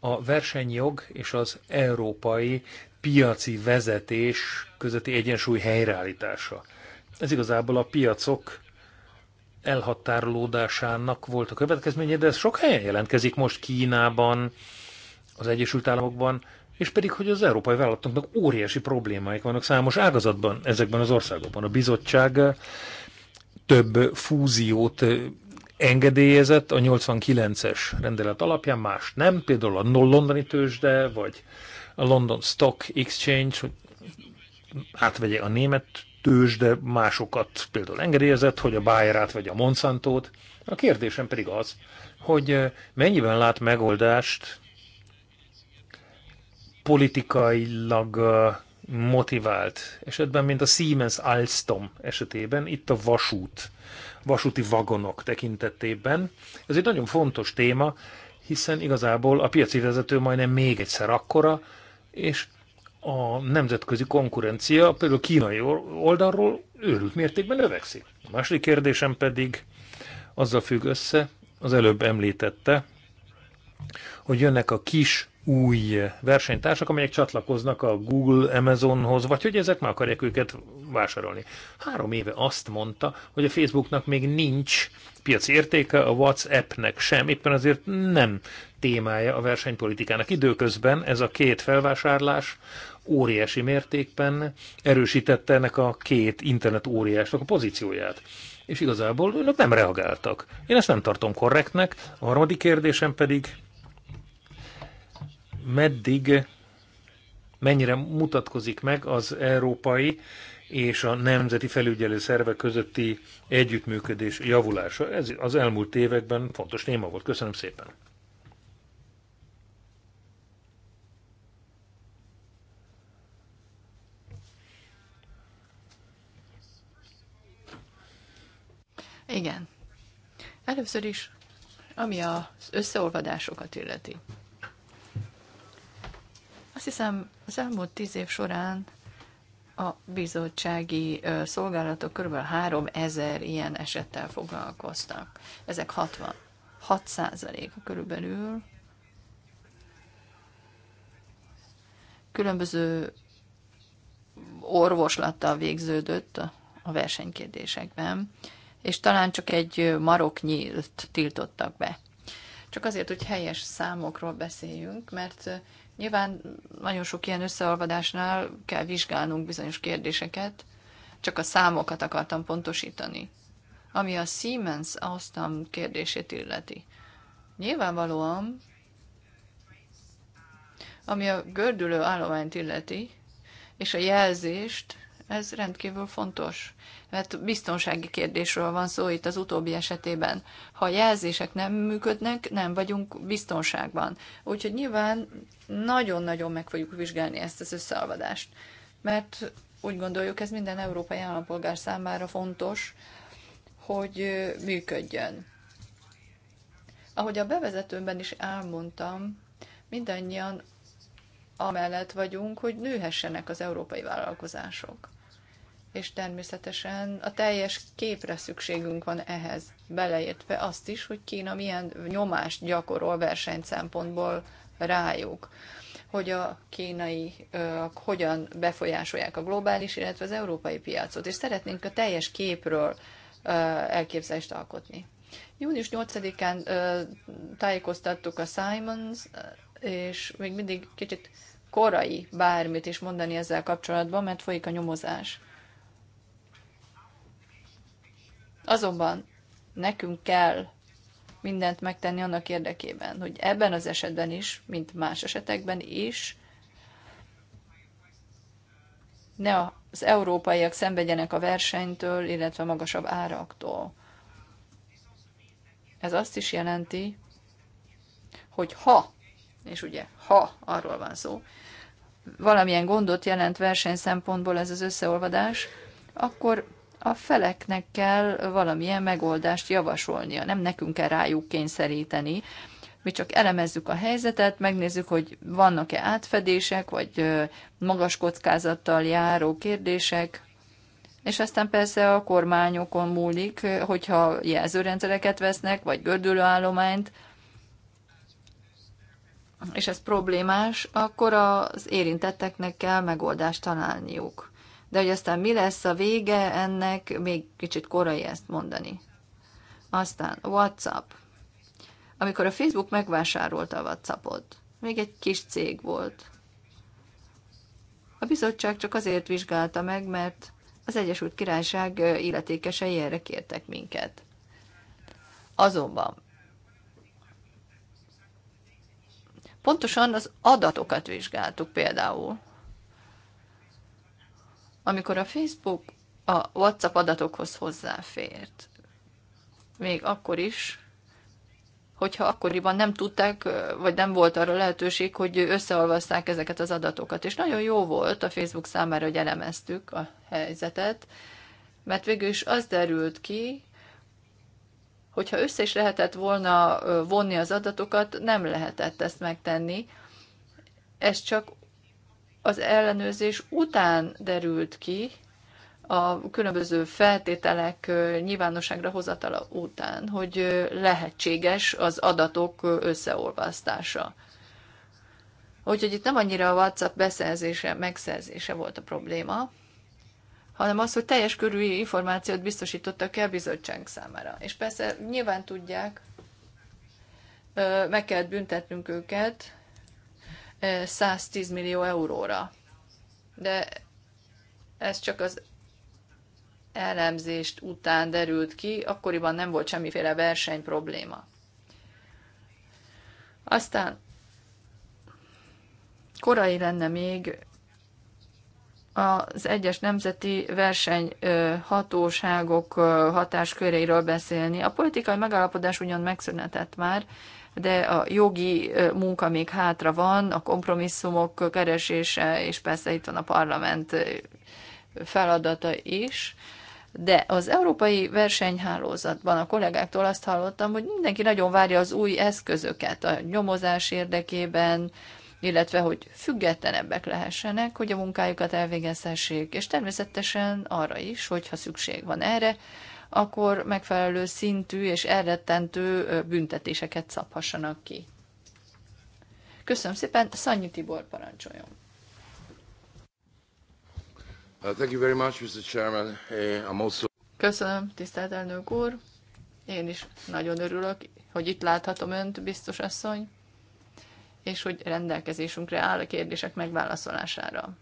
[SPEAKER 1] a versenyjog és az európai piaci vezetés közötti egyensúly helyreállítása. Ez igazából a piacok elhatárolódásának volt a következménye, de ez sok helyen jelentkezik most Kínában, az Egyesült Államokban, és pedig, hogy az európai vállalatoknak óriási problémáik vannak számos ágazatban ezekben az országokban. A bizottság több fúziót engedélyezett a 89-es rendelet alapján, más nem, például a londoni tőzsde, vagy a London Stock Exchange, hogy átvegye a német tőzsde, másokat például engedélyezett, hogy a Bayerát vagy a -t. A kérdésem pedig az, hogy eh, mennyiben lát megoldást politikailag eh, motivált esetben, mint a Siemens Alstom esetében, itt a vasút vasúti vagonok tekintetében. Ez egy nagyon fontos téma, hiszen igazából a piaci vezető majdnem még egyszer akkora, és a nemzetközi konkurencia például kínai oldalról őrült mértékben növekszik. A második kérdésem pedig azzal függ össze, az előbb említette, hogy jönnek a kis új versenytársak, amelyek csatlakoznak a Google, Amazonhoz, vagy hogy ezek meg akarják őket vásárolni. Három éve azt mondta, hogy a Facebooknak még nincs piaci értéke, a WhatsAppnek sem, éppen azért nem témája a versenypolitikának. Időközben ez a két felvásárlás óriási mértékben erősítette ennek a két internet óriásnak a pozícióját és igazából önök nem reagáltak. Én ezt nem tartom korrektnek. A harmadik kérdésem pedig meddig, mennyire mutatkozik meg az európai és a nemzeti felügyelő szervek közötti együttműködés javulása. Ez az elmúlt években fontos téma volt. Köszönöm szépen!
[SPEAKER 3] Igen. Először is, ami az összeolvadásokat illeti. Azt hiszem, az elmúlt tíz év során a bizottsági szolgálatok kb. 3000 ilyen esettel foglalkoztak. Ezek 60, 6 százaléka körülbelül. Különböző orvoslattal végződött a versenykérdésekben, és talán csak egy maroknyit tiltottak be csak azért, hogy helyes számokról beszéljünk, mert nyilván nagyon sok ilyen összeolvadásnál kell vizsgálnunk bizonyos kérdéseket, csak a számokat akartam pontosítani. Ami a Siemens aztam kérdését illeti. Nyilvánvalóan, ami a gördülő állományt illeti, és a jelzést, ez rendkívül fontos, mert biztonsági kérdésről van szó itt az utóbbi esetében. Ha a jelzések nem működnek, nem vagyunk biztonságban. Úgyhogy nyilván nagyon-nagyon meg fogjuk vizsgálni ezt az összeolvadást. mert úgy gondoljuk, ez minden európai állampolgár számára fontos, hogy működjön. Ahogy a bevezetőmben is elmondtam, mindannyian amellett vagyunk, hogy nőhessenek az európai vállalkozások és természetesen a teljes képre szükségünk van ehhez, beleértve azt is, hogy Kína milyen nyomást gyakorol verseny szempontból rájuk, hogy a kínai ö, hogyan befolyásolják a globális, illetve az európai piacot, és szeretnénk a teljes képről elképzelést alkotni. Június 8-án tájékoztattuk a Simons, és még mindig kicsit korai bármit is mondani ezzel kapcsolatban, mert folyik a nyomozás Azonban nekünk kell mindent megtenni annak érdekében, hogy ebben az esetben is, mint más esetekben is, ne az európaiak szenvedjenek a versenytől, illetve a magasabb áraktól. Ez azt is jelenti, hogy ha, és ugye ha arról van szó, valamilyen gondot jelent verseny szempontból ez az összeolvadás, akkor a feleknek kell valamilyen megoldást javasolnia, nem nekünk kell rájuk kényszeríteni. Mi csak elemezzük a helyzetet, megnézzük, hogy vannak-e átfedések, vagy magas kockázattal járó kérdések, és aztán persze a kormányokon múlik, hogyha jelzőrendszereket vesznek, vagy gördülőállományt, és ez problémás, akkor az érintetteknek kell megoldást találniuk de hogy aztán mi lesz a vége, ennek még kicsit korai ezt mondani. Aztán WhatsApp. Amikor a Facebook megvásárolta a WhatsAppot, még egy kis cég volt. A bizottság csak azért vizsgálta meg, mert az Egyesült Királyság illetékesei erre kértek minket. Azonban pontosan az adatokat vizsgáltuk például, amikor a Facebook a WhatsApp adatokhoz hozzáfért, még akkor is, hogyha akkoriban nem tudták, vagy nem volt arra lehetőség, hogy összeolvaszták ezeket az adatokat. És nagyon jó volt a Facebook számára, hogy elemeztük a helyzetet, mert végül is az derült ki, hogyha össze is lehetett volna vonni az adatokat, nem lehetett ezt megtenni. Ez csak az ellenőrzés után derült ki, a különböző feltételek nyilvánosságra hozatala után, hogy lehetséges az adatok összeolvasztása. Úgyhogy itt nem annyira a WhatsApp beszerzése, megszerzése volt a probléma, hanem az, hogy teljes körű információt biztosítottak el bizottság számára. És persze nyilván tudják, meg kell büntetnünk őket, 110 millió euróra. De ez csak az elemzést után derült ki, akkoriban nem volt semmiféle verseny probléma. Aztán korai lenne még az egyes nemzeti versenyhatóságok hatásköréről beszélni. A politikai megállapodás ugyan megszületett már, de a jogi munka még hátra van, a kompromisszumok keresése, és persze itt van a parlament feladata is. De az európai versenyhálózatban a kollégáktól azt hallottam, hogy mindenki nagyon várja az új eszközöket a nyomozás érdekében, illetve hogy függetlenebbek lehessenek, hogy a munkájukat elvégezhessék, és természetesen arra is, hogyha szükség van erre, akkor megfelelő szintű és elrettentő büntetéseket szabhassanak ki. Köszönöm szépen, Szanyi Tibor parancsoljon.
[SPEAKER 1] Uh, thank you very much, Mr. Chairman. Uh, I'm also...
[SPEAKER 3] Köszönöm, tisztelt elnök úr. Én is nagyon örülök, hogy itt láthatom önt, biztos asszony, és hogy rendelkezésünkre áll a kérdések megválaszolására.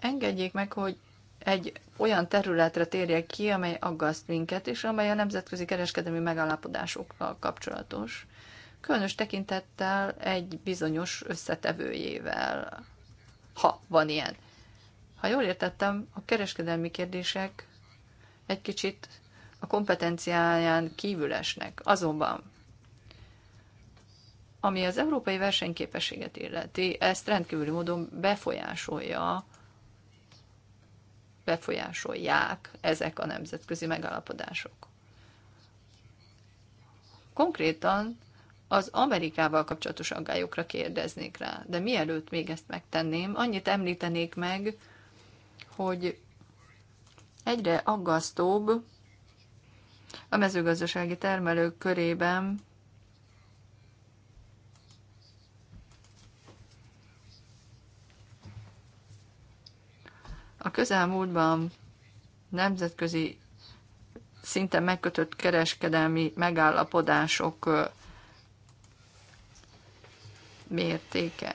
[SPEAKER 3] Engedjék meg, hogy egy olyan területre térjek ki, amely aggaszt minket, és amely a nemzetközi kereskedelmi megállapodásokkal kapcsolatos, különös tekintettel egy bizonyos összetevőjével, ha van ilyen. Ha jól értettem, a kereskedelmi kérdések egy kicsit a kompetenciáján kívül esnek, Azonban, ami az európai versenyképességet illeti, ezt rendkívüli módon befolyásolja befolyásolják ezek a nemzetközi megállapodások. Konkrétan az Amerikával kapcsolatos aggályokra kérdeznék rá, de mielőtt még ezt megtenném, annyit említenék meg, hogy egyre aggasztóbb a mezőgazdasági termelők körében A közelmúltban nemzetközi szinte megkötött kereskedelmi megállapodások mértéke.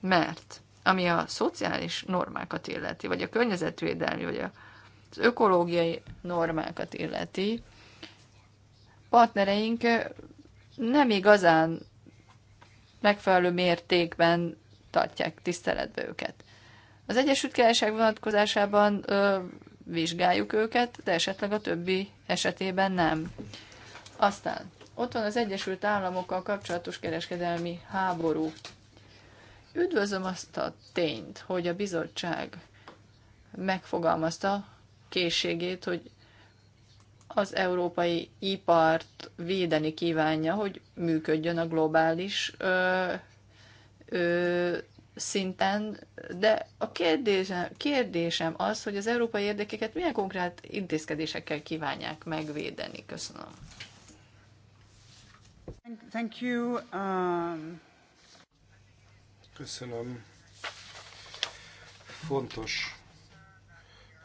[SPEAKER 3] Mert ami a szociális normákat illeti, vagy a környezetvédelmi, vagy az ökológiai normákat illeti, partnereink nem igazán megfelelő mértékben tartják tiszteletbe őket. Az Egyesült Királyság vonatkozásában ö, vizsgáljuk őket, de esetleg a többi esetében nem. Aztán ott van az Egyesült Államokkal kapcsolatos kereskedelmi háború. Üdvözlöm azt a tényt, hogy a bizottság megfogalmazta készségét, hogy az európai ipart védeni kívánja, hogy működjön a globális ö, ö, szinten, de a kérdésem, kérdésem az, hogy az európai érdekeket milyen konkrét intézkedésekkel kívánják megvédeni. Köszönöm.
[SPEAKER 2] Thank you. Um... Köszönöm. Fontos,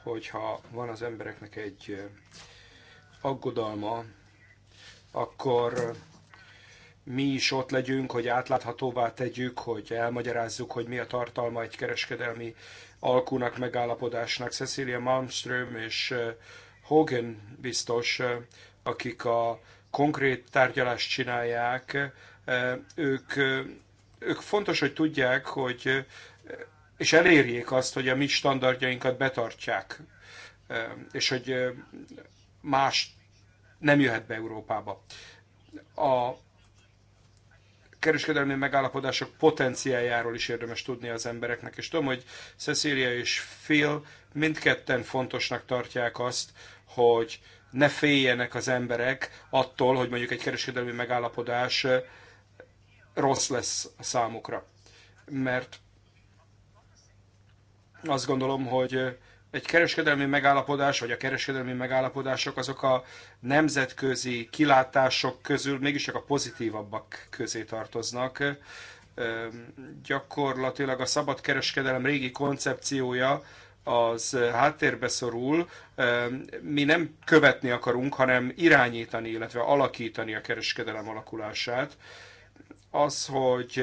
[SPEAKER 2] hogyha van az embereknek egy eh, aggodalma, akkor mi is ott legyünk, hogy átláthatóvá tegyük, hogy elmagyarázzuk, hogy mi a tartalma egy kereskedelmi alkúnak, megállapodásnak. Cecilia Malmström és Hogan biztos, akik a konkrét tárgyalást csinálják, ők, ők fontos, hogy tudják, hogy és elérjék azt, hogy a mi standardjainkat betartják, és hogy más nem jöhet be Európába. A kereskedelmi megállapodások potenciáljáról is érdemes tudni az embereknek. És tudom, hogy Cecilia és Phil mindketten fontosnak tartják azt, hogy ne féljenek az emberek attól, hogy mondjuk egy kereskedelmi megállapodás eh, rossz lesz a számukra. Mert azt gondolom, hogy eh, egy kereskedelmi megállapodás, vagy a kereskedelmi megállapodások azok a nemzetközi kilátások közül mégiscsak a pozitívabbak közé tartoznak. Gyakorlatilag a szabad kereskedelem régi koncepciója az háttérbe szorul. Mi nem követni akarunk, hanem irányítani, illetve alakítani a kereskedelem alakulását az, hogy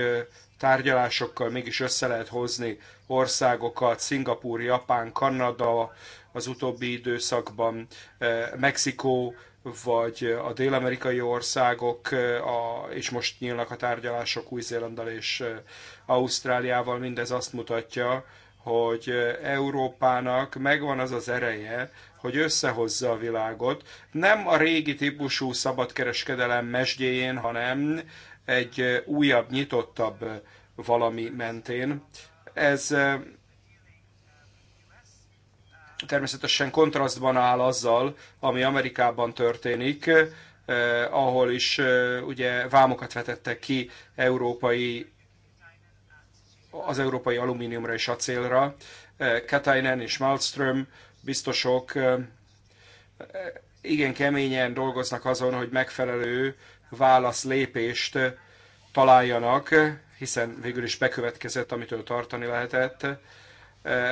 [SPEAKER 2] tárgyalásokkal mégis össze lehet hozni országokat, Szingapúr, Japán, Kanada az utóbbi időszakban, Mexikó, vagy a dél-amerikai országok, a, és most nyílnak a tárgyalások Új-Zélandal és Ausztráliával, mindez azt mutatja, hogy Európának megvan az az ereje, hogy összehozza a világot, nem a régi típusú szabadkereskedelem mesdjéjén, hanem egy újabb, nyitottabb valami mentén. Ez természetesen kontrasztban áll azzal, ami Amerikában történik, eh, ahol is eh, ugye vámokat vetettek ki európai, az európai alumíniumra és acélra. Eh, Katainen és Malmström biztosok eh, igen keményen dolgoznak azon, hogy megfelelő válaszlépést eh, találjanak, hiszen végül is bekövetkezett, amitől tartani lehetett. Eh,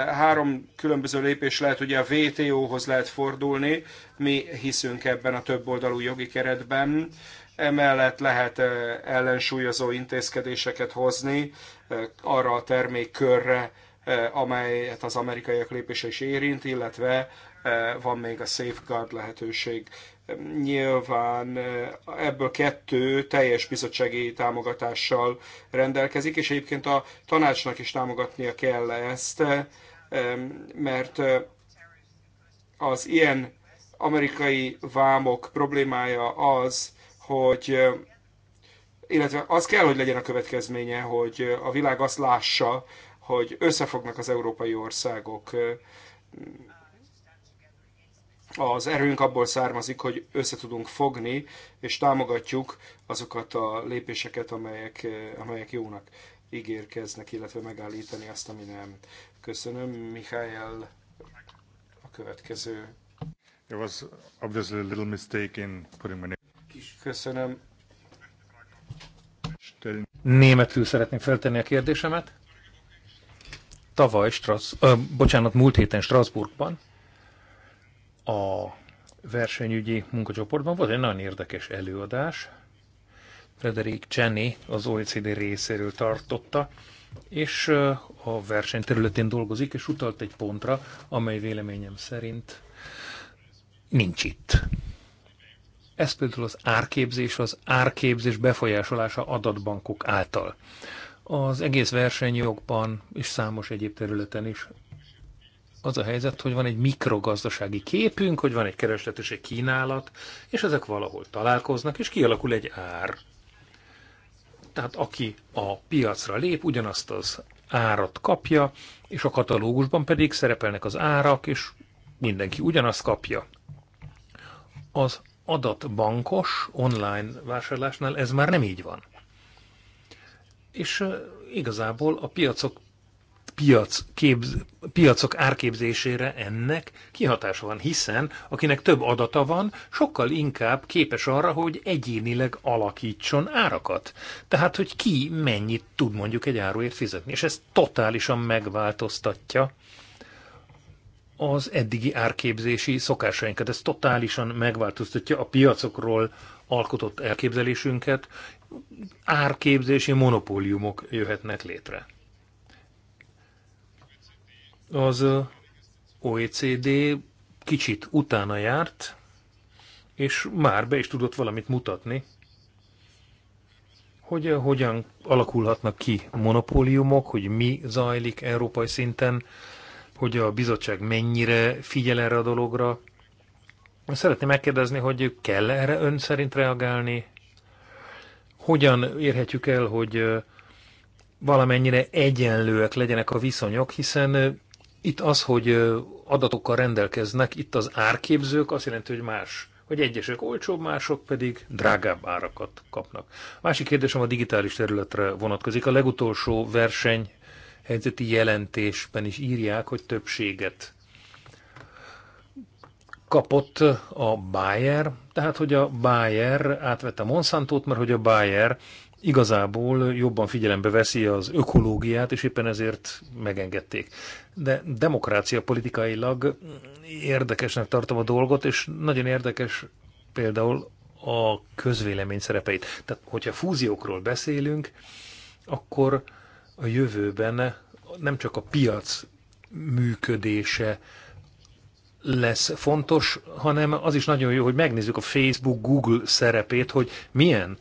[SPEAKER 2] három különböző lépés lehet, ugye a WTO-hoz lehet fordulni, mi hiszünk ebben a többoldalú jogi keretben, emellett lehet eh, ellensúlyozó intézkedéseket hozni arra a termékkörre, amelyet az amerikaiak lépése is érint, illetve van még a safeguard lehetőség. Nyilván eh, ebből kettő teljes bizottsági támogatással rendelkezik, és egyébként a tanácsnak is támogatnia kell ezt, eh, mert eh, az ilyen amerikai vámok problémája az, hogy illetve az kell, hogy legyen a következménye, hogy a világ azt lássa, hogy összefognak az európai országok az erőnk abból származik, hogy össze tudunk fogni, és támogatjuk azokat a lépéseket, amelyek, eh, amelyek jónak ígérkeznek, illetve megállítani azt, ami nem. Köszönöm. Mihály a következő.
[SPEAKER 1] It was obviously a little mistake in putting my name. Köszönöm. Németül szeretném feltenni a kérdésemet. Tavaly, Strasz, ö, bocsánat, múlt héten Strasbourgban a versenyügyi munkacsoportban volt egy nagyon érdekes előadás. Frederik Cseni az OECD részéről tartotta, és a verseny területén dolgozik, és utalt egy pontra, amely véleményem szerint nincs itt. Ez például az árképzés, az árképzés befolyásolása adatbankok által. Az egész versenyjogban és számos egyéb területen is az a helyzet, hogy van egy mikrogazdasági képünk, hogy van egy kereslet és egy kínálat, és ezek valahol találkoznak, és kialakul egy ár. Tehát aki a piacra lép, ugyanazt az árat kapja, és a katalógusban pedig szerepelnek az árak, és mindenki ugyanazt kapja. Az adatbankos online vásárlásnál ez már nem így van. És igazából a piacok piac képz, piacok árképzésére ennek kihatása van, hiszen akinek több adata van, sokkal inkább képes arra, hogy egyénileg alakítson árakat. Tehát, hogy ki mennyit tud mondjuk egy áruért fizetni, és ez totálisan megváltoztatja az eddigi árképzési szokásainkat. Ez totálisan megváltoztatja a piacokról alkotott elképzelésünket, árképzési monopóliumok jöhetnek létre. Az OECD kicsit utána járt, és már be is tudott valamit mutatni, hogy hogyan alakulhatnak ki monopóliumok, hogy mi zajlik európai szinten, hogy a bizottság mennyire figyel erre a dologra. Szeretném megkérdezni, hogy kell erre ön szerint reagálni? Hogyan érhetjük el, hogy valamennyire egyenlőek legyenek a viszonyok, hiszen itt az, hogy adatokkal rendelkeznek, itt az árképzők azt jelenti, hogy más hogy egyesek olcsóbb, mások pedig drágább árakat kapnak. Másik kérdésem a digitális területre vonatkozik. A legutolsó verseny helyzeti jelentésben is írják, hogy többséget kapott a Bayer, tehát hogy a Bayer átvette a Monsantót, mert hogy a Bayer igazából jobban figyelembe veszi az ökológiát, és éppen ezért megengedték. De demokrácia politikailag érdekesnek tartom a dolgot, és nagyon érdekes például a közvélemény szerepeit. Tehát, hogyha fúziókról beszélünk, akkor a jövőben nem csak a piac működése lesz fontos, hanem az is nagyon jó, hogy megnézzük a Facebook, Google szerepét, hogy milyen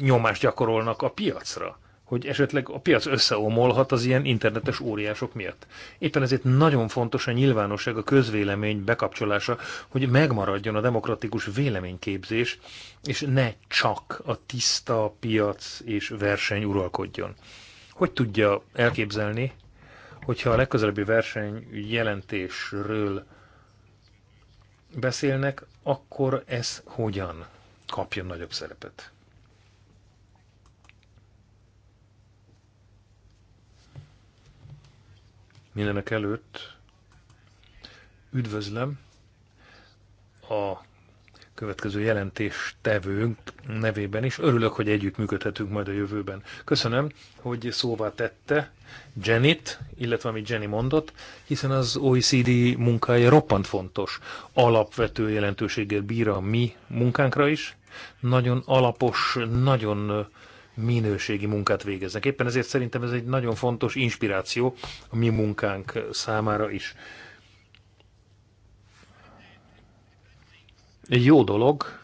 [SPEAKER 1] nyomást gyakorolnak a piacra, hogy esetleg a piac összeomolhat az ilyen internetes óriások miatt. Éppen ezért nagyon fontos a nyilvánosság, a közvélemény bekapcsolása, hogy megmaradjon a demokratikus véleményképzés, és ne csak a tiszta piac és verseny uralkodjon. Hogy tudja elképzelni, hogyha a legközelebbi verseny jelentésről beszélnek, akkor ez hogyan kapjon nagyobb szerepet? Mindenek előtt üdvözlöm a következő jelentés tevőnk nevében is. Örülök, hogy együttműködhetünk majd a jövőben. Köszönöm, hogy szóvá tette Jenit, illetve amit Jenny mondott, hiszen az OECD munkája roppant fontos. Alapvető jelentőséggel bír a mi munkánkra is. Nagyon alapos, nagyon minőségi munkát végeznek. Éppen ezért szerintem ez egy nagyon fontos inspiráció a mi munkánk számára is. Egy jó dolog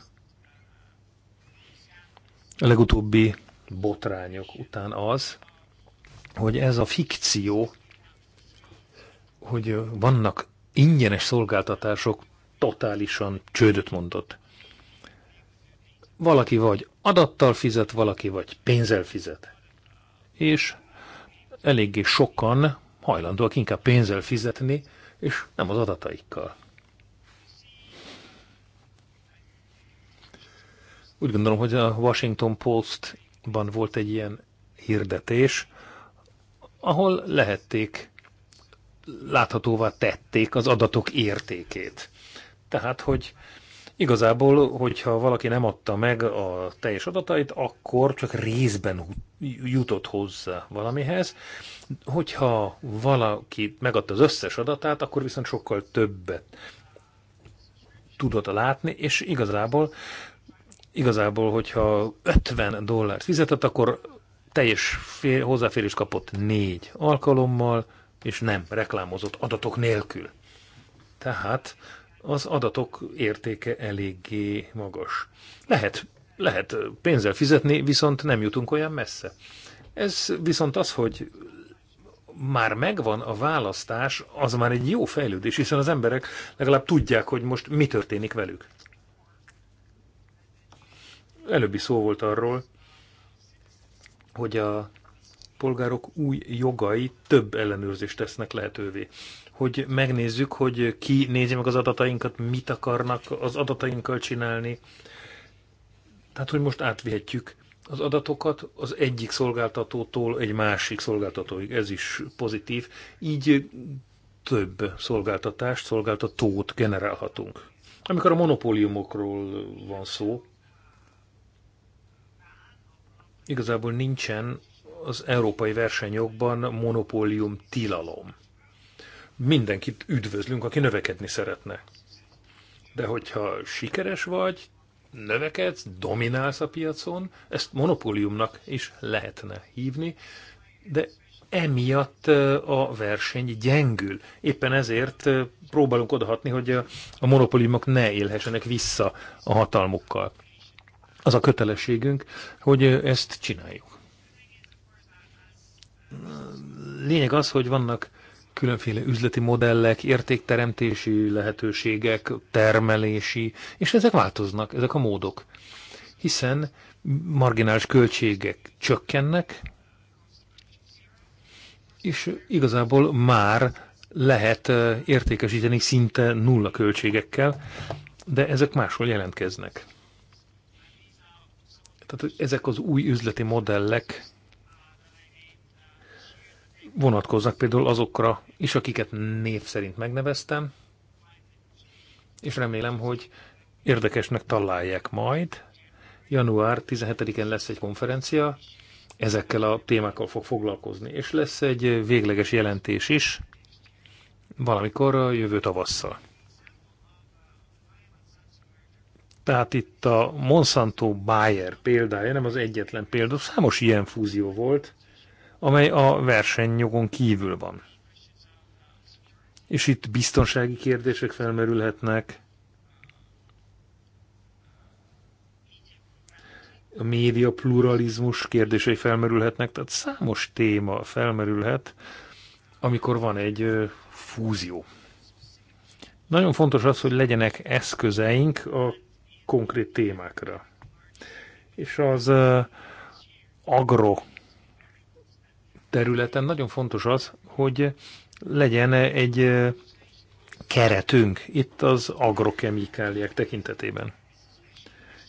[SPEAKER 1] a legutóbbi botrányok után az, hogy ez a fikció, hogy vannak ingyenes szolgáltatások, totálisan csődöt mondott valaki vagy adattal fizet, valaki vagy pénzzel fizet. És eléggé sokan hajlandóak inkább pénzzel fizetni, és nem az adataikkal. Úgy gondolom, hogy a Washington Post-ban volt egy ilyen hirdetés, ahol lehették, láthatóvá tették az adatok értékét. Tehát, hogy Igazából, hogyha valaki nem adta meg a teljes adatait, akkor csak részben jutott hozzá valamihez. Hogyha valaki megadta az összes adatát, akkor viszont sokkal többet tudott látni, és igazából, igazából hogyha 50 dollárt fizetett, akkor teljes hozzáférés kapott négy alkalommal, és nem reklámozott adatok nélkül. Tehát az adatok értéke eléggé magas. Lehet, lehet pénzzel fizetni, viszont nem jutunk olyan messze. Ez viszont az, hogy már megvan a választás, az már egy jó fejlődés, hiszen az emberek legalább tudják, hogy most mi történik velük. Előbbi szó volt arról, hogy a polgárok új jogai több ellenőrzést tesznek lehetővé hogy megnézzük, hogy ki nézi meg az adatainkat, mit akarnak az adatainkkal csinálni. Tehát, hogy most átvihetjük az adatokat az egyik szolgáltatótól egy másik szolgáltatóig. Ez is pozitív. Így több szolgáltatást, szolgáltatót generálhatunk. Amikor a monopóliumokról van szó, igazából nincsen az európai versenyokban monopólium tilalom mindenkit üdvözlünk, aki növekedni szeretne. De hogyha sikeres vagy, növekedsz, dominálsz a piacon, ezt monopóliumnak is lehetne hívni, de emiatt a verseny gyengül. Éppen ezért próbálunk odahatni, hogy a monopóliumok ne élhessenek vissza a hatalmukkal. Az a kötelességünk, hogy ezt csináljuk. Lényeg az, hogy vannak különféle üzleti modellek, értékteremtési lehetőségek, termelési, és ezek változnak, ezek a módok. Hiszen marginális költségek csökkennek, és igazából már lehet értékesíteni szinte nulla költségekkel, de ezek máshol jelentkeznek. Tehát ezek az új üzleti modellek vonatkoznak például azokra is, akiket név szerint megneveztem, és remélem, hogy érdekesnek találják majd. Január 17-én lesz egy konferencia, ezekkel a témákkal fog foglalkozni, és lesz egy végleges jelentés is, valamikor a jövő tavasszal. Tehát itt a Monsanto Bayer példája nem az egyetlen példa, számos ilyen fúzió volt, amely a versenyjogon kívül van. És itt biztonsági kérdések felmerülhetnek, a média pluralizmus kérdései felmerülhetnek, tehát számos téma felmerülhet, amikor van egy fúzió. Nagyon fontos az, hogy legyenek eszközeink a konkrét témákra. És az agro területen nagyon fontos az, hogy legyen egy keretünk itt az agrokemikáliák tekintetében.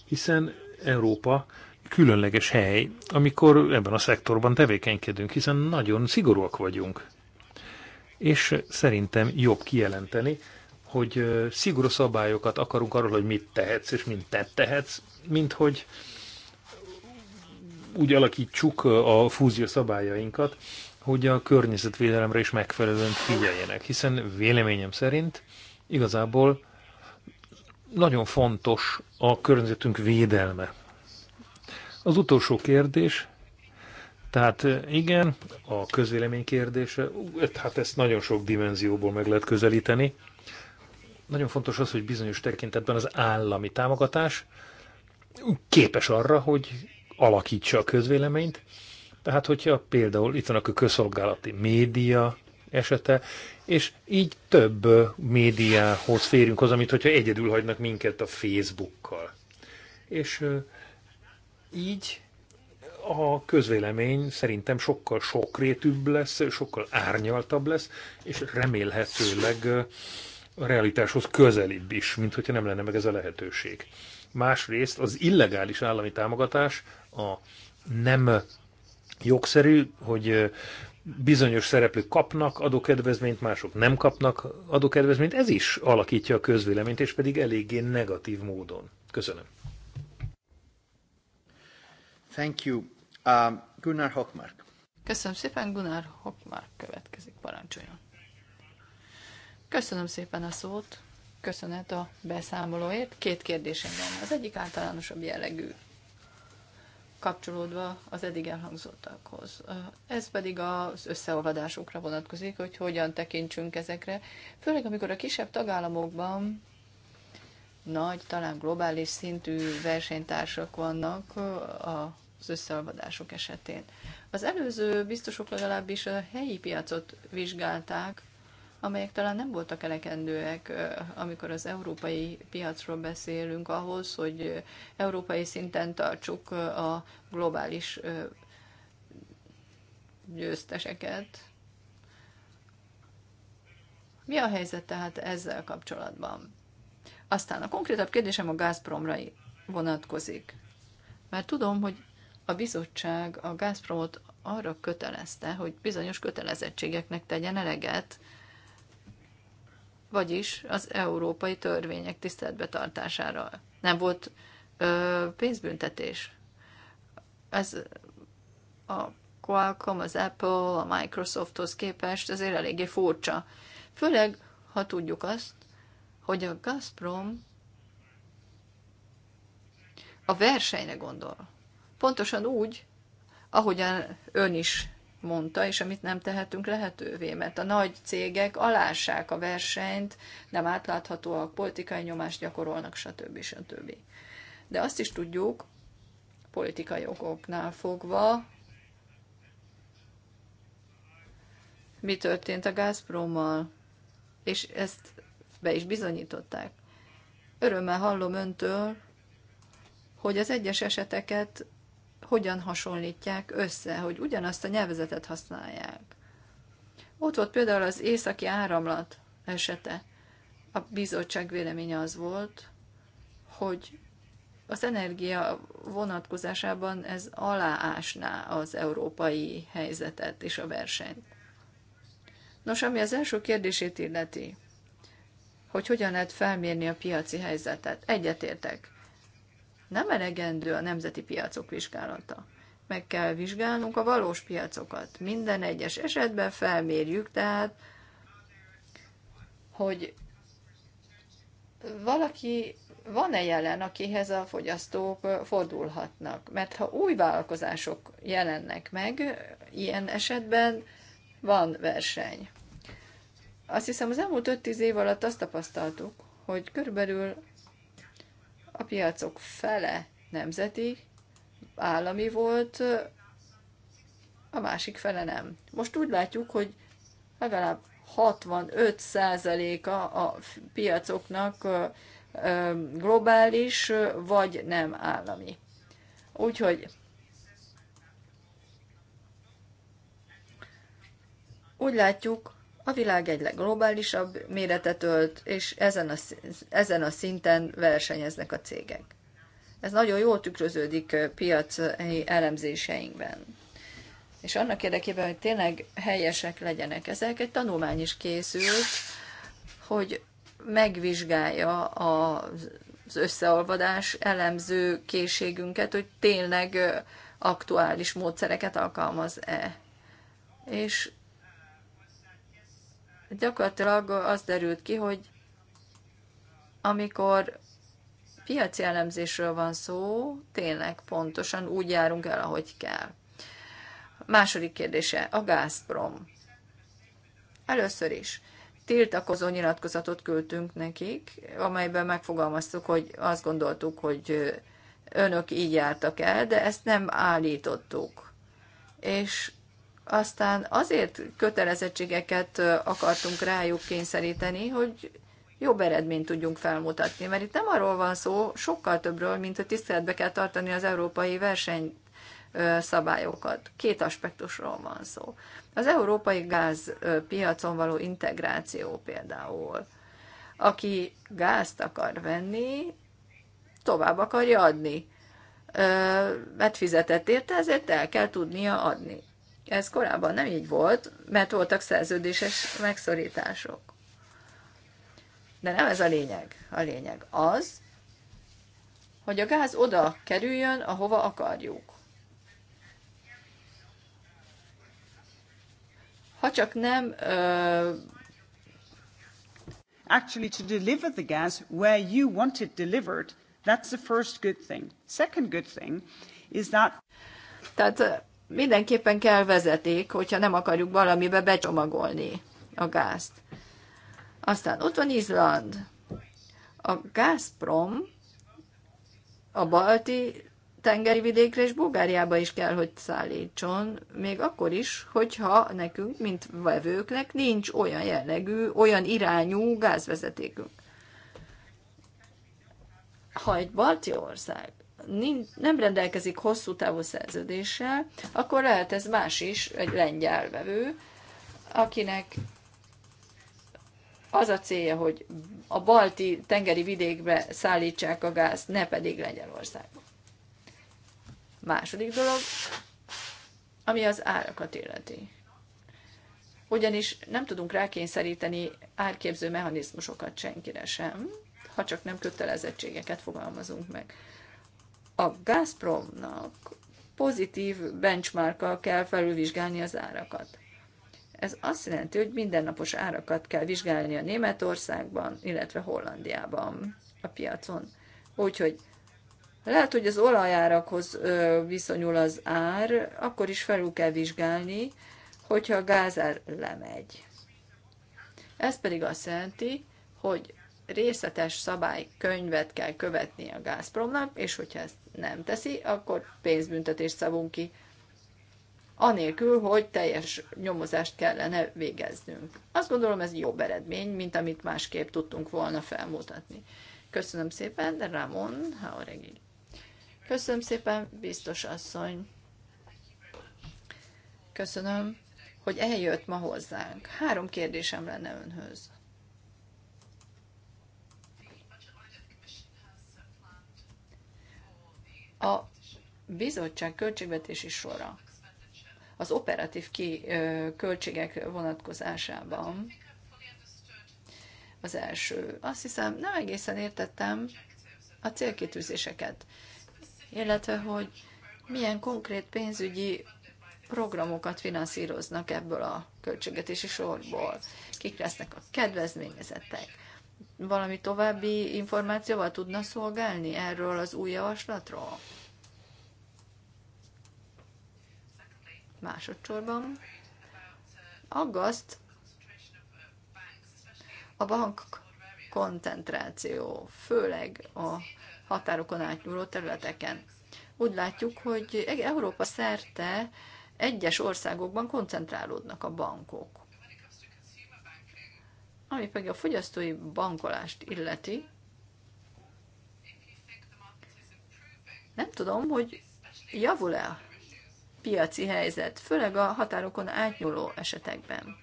[SPEAKER 1] Hiszen Európa különleges hely, amikor ebben a szektorban tevékenykedünk, hiszen nagyon szigorúak vagyunk. És szerintem jobb kijelenteni, hogy szigorú szabályokat akarunk arról, hogy mit tehetsz és mit te tehetsz, mint hogy úgy alakítsuk a fúzió szabályainkat, hogy a környezetvédelemre is megfelelően figyeljenek, hiszen véleményem szerint igazából nagyon fontos a környezetünk védelme. Az utolsó kérdés, tehát igen, a közvélemény kérdése, hát ezt nagyon sok dimenzióból meg lehet közelíteni. Nagyon fontos az, hogy bizonyos tekintetben az állami támogatás képes arra, hogy alakítsa a közvéleményt. Tehát, hogyha például itt vannak a közszolgálati média esete, és így több médiához férünk hozzá, mint hogyha egyedül hagynak minket a Facebookkal. És így a közvélemény szerintem sokkal sokrétűbb lesz, sokkal árnyaltabb lesz, és remélhetőleg a realitáshoz közelibb is, mint hogyha nem lenne meg ez a lehetőség másrészt az illegális állami támogatás, a nem jogszerű, hogy bizonyos szereplők kapnak adókedvezményt, mások nem kapnak adókedvezményt, ez is alakítja a közvéleményt, és pedig eléggé negatív módon. Köszönöm. Thank you. Um, Gunnar Hockmark.
[SPEAKER 3] Köszönöm szépen, Gunnar Hockmark következik, parancsoljon. Köszönöm szépen a szót köszönet a beszámolóért. Két kérdésem van. Az egyik általánosabb jellegű kapcsolódva az eddig elhangzottakhoz. Ez pedig az összeolvadásokra vonatkozik, hogy hogyan tekintsünk ezekre, főleg amikor a kisebb tagállamokban nagy, talán globális szintű versenytársak vannak az összeolvadások esetén. Az előző biztosok legalábbis a helyi piacot vizsgálták, amelyek talán nem voltak elekendőek, amikor az európai piacról beszélünk, ahhoz, hogy európai szinten tartsuk a globális győzteseket. Mi a helyzet tehát ezzel kapcsolatban? Aztán a konkrétabb kérdésem a Gazpromra vonatkozik. Mert tudom, hogy a bizottság a Gazpromot arra kötelezte, hogy bizonyos kötelezettségeknek tegyen eleget, vagyis az európai törvények tartására Nem volt ö, pénzbüntetés. Ez a Qualcomm, az Apple, a Microsofthoz képest azért eléggé furcsa. Főleg, ha tudjuk azt, hogy a Gazprom a versenyre gondol. Pontosan úgy, ahogyan ön is mondta, és amit nem tehetünk lehetővé, mert a nagy cégek alássák a versenyt, nem átláthatóak, politikai nyomást gyakorolnak, stb. stb. De azt is tudjuk, politikai okoknál fogva, mi történt a Gazprommal, és ezt be is bizonyították. Örömmel hallom öntől, hogy az egyes eseteket hogyan hasonlítják össze, hogy ugyanazt a nyelvezetet használják. Ott volt például az északi áramlat esete. A bizottság véleménye az volt, hogy az energia vonatkozásában ez aláásná az európai helyzetet és a versenyt. Nos, ami az első kérdését illeti, hogy hogyan lehet felmérni a piaci helyzetet. Egyetértek. Nem elegendő a nemzeti piacok vizsgálata. Meg kell vizsgálnunk a valós piacokat. Minden egyes esetben felmérjük, tehát, hogy valaki van-e jelen, akihez a fogyasztók fordulhatnak. Mert ha új vállalkozások jelennek meg, ilyen esetben van verseny. Azt hiszem az elmúlt 5-10 év alatt azt tapasztaltuk, hogy körülbelül a piacok fele nemzeti, állami volt, a másik fele nem. Most úgy látjuk, hogy legalább 65%-a a piacoknak globális, vagy nem állami. Úgyhogy úgy látjuk, a világ egy legglobálisabb méretet ölt, és ezen a, ezen a szinten versenyeznek a cégek. Ez nagyon jól tükröződik piaci elemzéseinkben. És annak érdekében, hogy tényleg helyesek legyenek ezek, egy tanulmány is készült, hogy megvizsgálja az összeolvadás elemző készségünket, hogy tényleg aktuális módszereket alkalmaz-e. És Gyakorlatilag az derült ki, hogy amikor piaci elemzésről van szó, tényleg pontosan úgy járunk el, ahogy kell. Második kérdése, a Gazprom. Először is tiltakozó nyilatkozatot küldtünk nekik, amelyben megfogalmaztuk, hogy azt gondoltuk, hogy önök így jártak el, de ezt nem állítottuk. És aztán azért kötelezettségeket akartunk rájuk kényszeríteni, hogy jobb eredményt tudjunk felmutatni, mert itt nem arról van szó, sokkal többről, mint hogy tiszteletbe kell tartani az európai verseny szabályokat. Két aspektusról van szó. Az európai gázpiacon való integráció például. Aki gázt akar venni, tovább akarja adni. Mert fizetett érte, ezért el kell tudnia adni. Ez korábban nem így volt, mert voltak szerződéses megszorítások. De nem ez a lényeg. A lényeg az, hogy a gáz oda kerüljön, ahova akarjuk. Ha csak nem Uh... actually to deliver the gas where you want it delivered. That's the first good thing. Second good thing is that... Tehát mindenképpen kell vezeték, hogyha nem akarjuk valamibe becsomagolni a gázt. Aztán ott van Izland. A Gazprom a balti tengeri vidékre és Bulgáriába is kell, hogy szállítson, még akkor is, hogyha nekünk, mint vevőknek nincs olyan jellegű, olyan irányú gázvezetékünk. Ha egy balti ország nem rendelkezik hosszú távú szerződéssel, akkor lehet ez más is, egy lengyel vevő, akinek az a célja, hogy a balti tengeri vidékbe szállítsák a gázt, ne pedig Lengyelországba. Második dolog, ami az árakat illeti. Ugyanis nem tudunk rákényszeríteni árképző mechanizmusokat senkire sem, ha csak nem kötelezettségeket fogalmazunk meg. A Gazpromnak pozitív benchmarkkal kell felülvizsgálni az árakat. Ez azt jelenti, hogy mindennapos árakat kell vizsgálni a Németországban, illetve Hollandiában a piacon. Úgyhogy lehet, hogy az olajárakhoz viszonyul az ár, akkor is felül kell vizsgálni, hogyha a gázár lemegy. Ez pedig azt jelenti, hogy részletes szabálykönyvet kell követni a Gazpromnak, és hogyha ezt nem teszi, akkor pénzbüntetést szabunk ki, anélkül, hogy teljes nyomozást kellene végeznünk. Azt gondolom, ez jobb eredmény, mint amit másképp tudtunk volna felmutatni. Köszönöm szépen, de Ramon Hauregi. Köszönöm szépen, biztos asszony. Köszönöm, hogy eljött ma hozzánk. Három kérdésem lenne önhöz. A bizottság költségvetési sora az operatív ki, költségek vonatkozásában az első. Azt hiszem, nem egészen értettem a célkitűzéseket, illetve hogy milyen konkrét pénzügyi programokat finanszíroznak ebből a költségvetési sorból, kik lesznek a kedvezményezettek, valami további információval tudna szolgálni erről az új javaslatról? Másodszorban aggaszt a bank koncentráció, főleg a határokon átnyúló területeken. Úgy látjuk, hogy Európa szerte egyes országokban koncentrálódnak a bankok. Ami pedig a fogyasztói bankolást illeti, nem tudom, hogy javul-e a piaci helyzet, főleg a határokon átnyúló esetekben.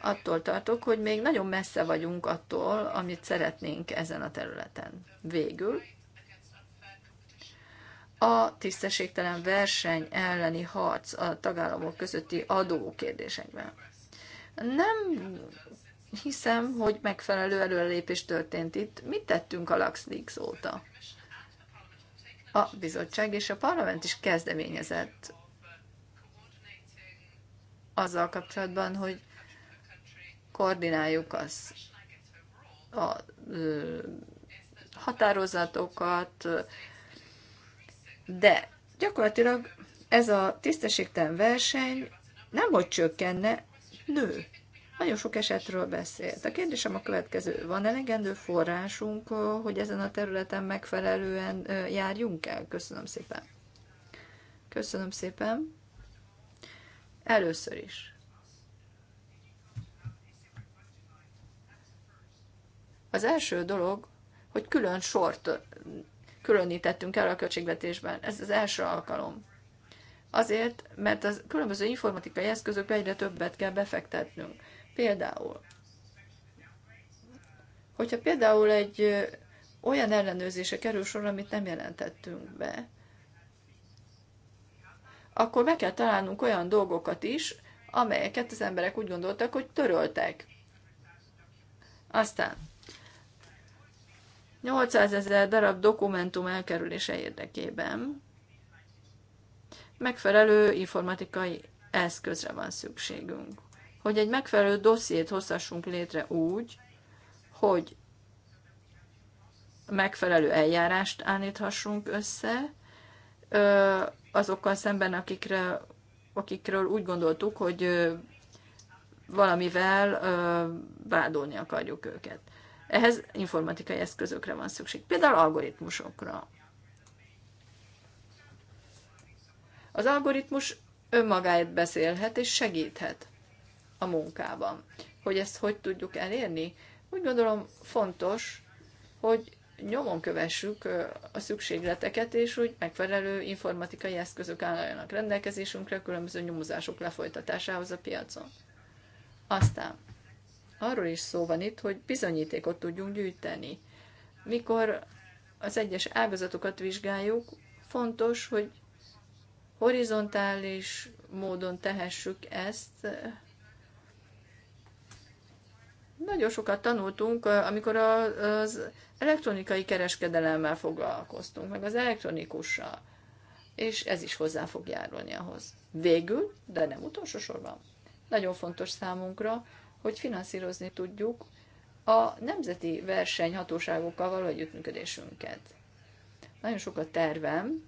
[SPEAKER 3] Attól tartok, hogy még nagyon messze vagyunk attól, amit szeretnénk ezen a területen. Végül a tisztességtelen verseny elleni harc a tagállamok közötti adó kérdésekben. Nem hiszem, hogy megfelelő előrelépés történt itt. Mit tettünk a LuxLeaks óta? A bizottság és a parlament is kezdeményezett azzal kapcsolatban, hogy koordináljuk az a határozatokat, de gyakorlatilag ez a tisztességtelen verseny nem hogy csökkenne, nő. Nagyon sok esetről beszélt. A kérdésem a következő. Van elegendő forrásunk, hogy ezen a területen megfelelően járjunk el? Köszönöm szépen. Köszönöm szépen. Először is. Az első dolog, hogy külön sort különítettünk el a költségvetésben. Ez az első alkalom. Azért, mert az különböző informatikai eszközök egyre többet kell befektetnünk Például, hogyha például egy olyan ellenőrzése kerül sor, amit nem jelentettünk be, akkor meg kell találnunk olyan dolgokat is, amelyeket az emberek úgy gondoltak, hogy töröltek. Aztán 800 ezer darab dokumentum elkerülése érdekében megfelelő informatikai eszközre van szükségünk hogy egy megfelelő dossziét hozhassunk létre úgy, hogy megfelelő eljárást állíthassunk össze azokkal szemben, akikre, akikről úgy gondoltuk, hogy valamivel vádolni akarjuk őket. Ehhez informatikai eszközökre van szükség, például algoritmusokra. Az algoritmus önmagáért beszélhet és segíthet a munkában. Hogy ezt hogy tudjuk elérni? Úgy gondolom fontos, hogy nyomon kövessük a szükségleteket, és úgy megfelelő informatikai eszközök álljanak rendelkezésünkre különböző nyomozások lefolytatásához a piacon. Aztán arról is szó van itt, hogy bizonyítékot tudjunk gyűjteni. Mikor az egyes ágazatokat vizsgáljuk, fontos, hogy horizontális módon tehessük ezt, nagyon sokat tanultunk, amikor az elektronikai kereskedelemmel foglalkoztunk, meg az elektronikussal. És ez is hozzá fog járulni ahhoz. Végül, de nem utolsó sorban, nagyon fontos számunkra, hogy finanszírozni tudjuk a nemzeti versenyhatóságokkal való együttműködésünket. Nagyon sok a tervem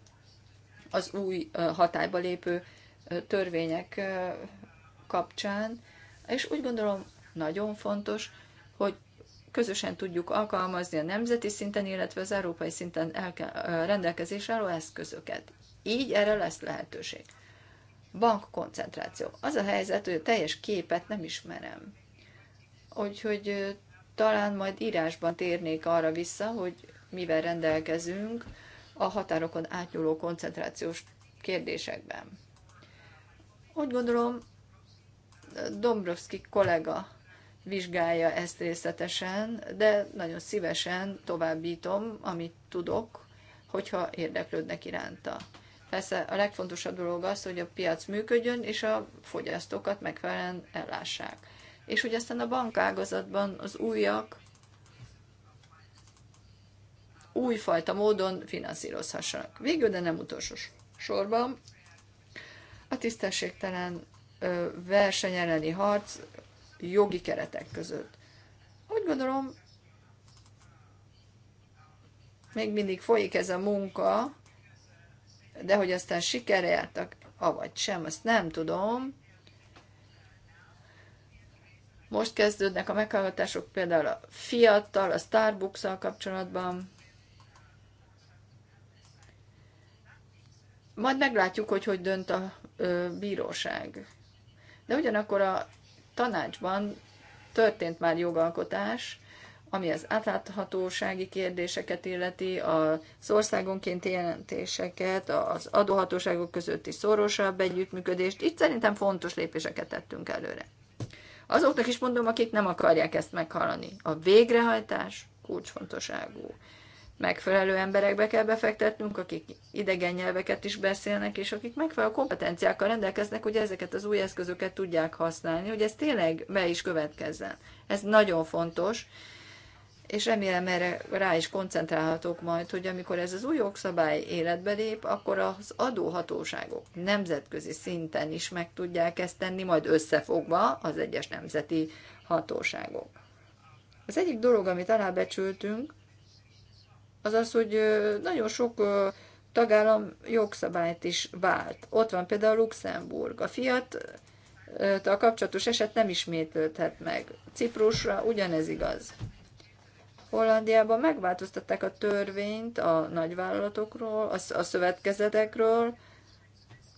[SPEAKER 3] az új hatályba lépő törvények kapcsán, és úgy gondolom, nagyon fontos, hogy közösen tudjuk alkalmazni a nemzeti szinten, illetve az európai szinten rendelkezésre álló eszközöket. Így erre lesz lehetőség. Bankkoncentráció. Az a helyzet, hogy a teljes képet nem ismerem. Úgyhogy talán majd írásban térnék arra vissza, hogy mivel rendelkezünk a határokon átnyúló koncentrációs kérdésekben. Úgy gondolom, Dombrovski kollega vizsgálja ezt részletesen, de nagyon szívesen továbbítom, amit tudok, hogyha érdeklődnek iránta. Persze a legfontosabb dolog az, hogy a piac működjön, és a fogyasztókat megfelelően ellássák. És hogy aztán a bankágazatban az újak újfajta módon finanszírozhassanak. Végül, de nem utolsó sorban, a tisztességtelen verseny elleni harc jogi keretek között. Úgy gondolom, még mindig folyik ez a munka, de hogy aztán sikere jártak, avagy sem, azt nem tudom. Most kezdődnek a meghallgatások például a Fiattal, a starbucks kapcsolatban. Majd meglátjuk, hogy hogy dönt a ö, bíróság. De ugyanakkor a tanácsban történt már jogalkotás, ami az átláthatósági kérdéseket illeti, az országonként jelentéseket, az adóhatóságok közötti szorosabb együttműködést. Itt szerintem fontos lépéseket tettünk előre. Azoknak is mondom, akik nem akarják ezt meghallani. A végrehajtás kulcsfontosságú megfelelő emberekbe kell befektetnünk, akik idegen nyelveket is beszélnek, és akik megfelelő kompetenciákkal rendelkeznek, hogy ezeket az új eszközöket tudják használni, hogy ez tényleg be is következzen. Ez nagyon fontos, és remélem erre rá is koncentrálhatok majd, hogy amikor ez az új jogszabály életbe lép, akkor az adóhatóságok nemzetközi szinten is meg tudják ezt tenni, majd összefogva az egyes nemzeti hatóságok. Az egyik dolog, amit alábecsültünk, az az, hogy nagyon sok tagállam jogszabályt is vált. Ott van például Luxemburg. A fiat a kapcsolatos eset nem ismétlődhet meg. Ciprusra ugyanez igaz. Hollandiában megváltoztatták a törvényt a nagyvállalatokról, a szövetkezetekről,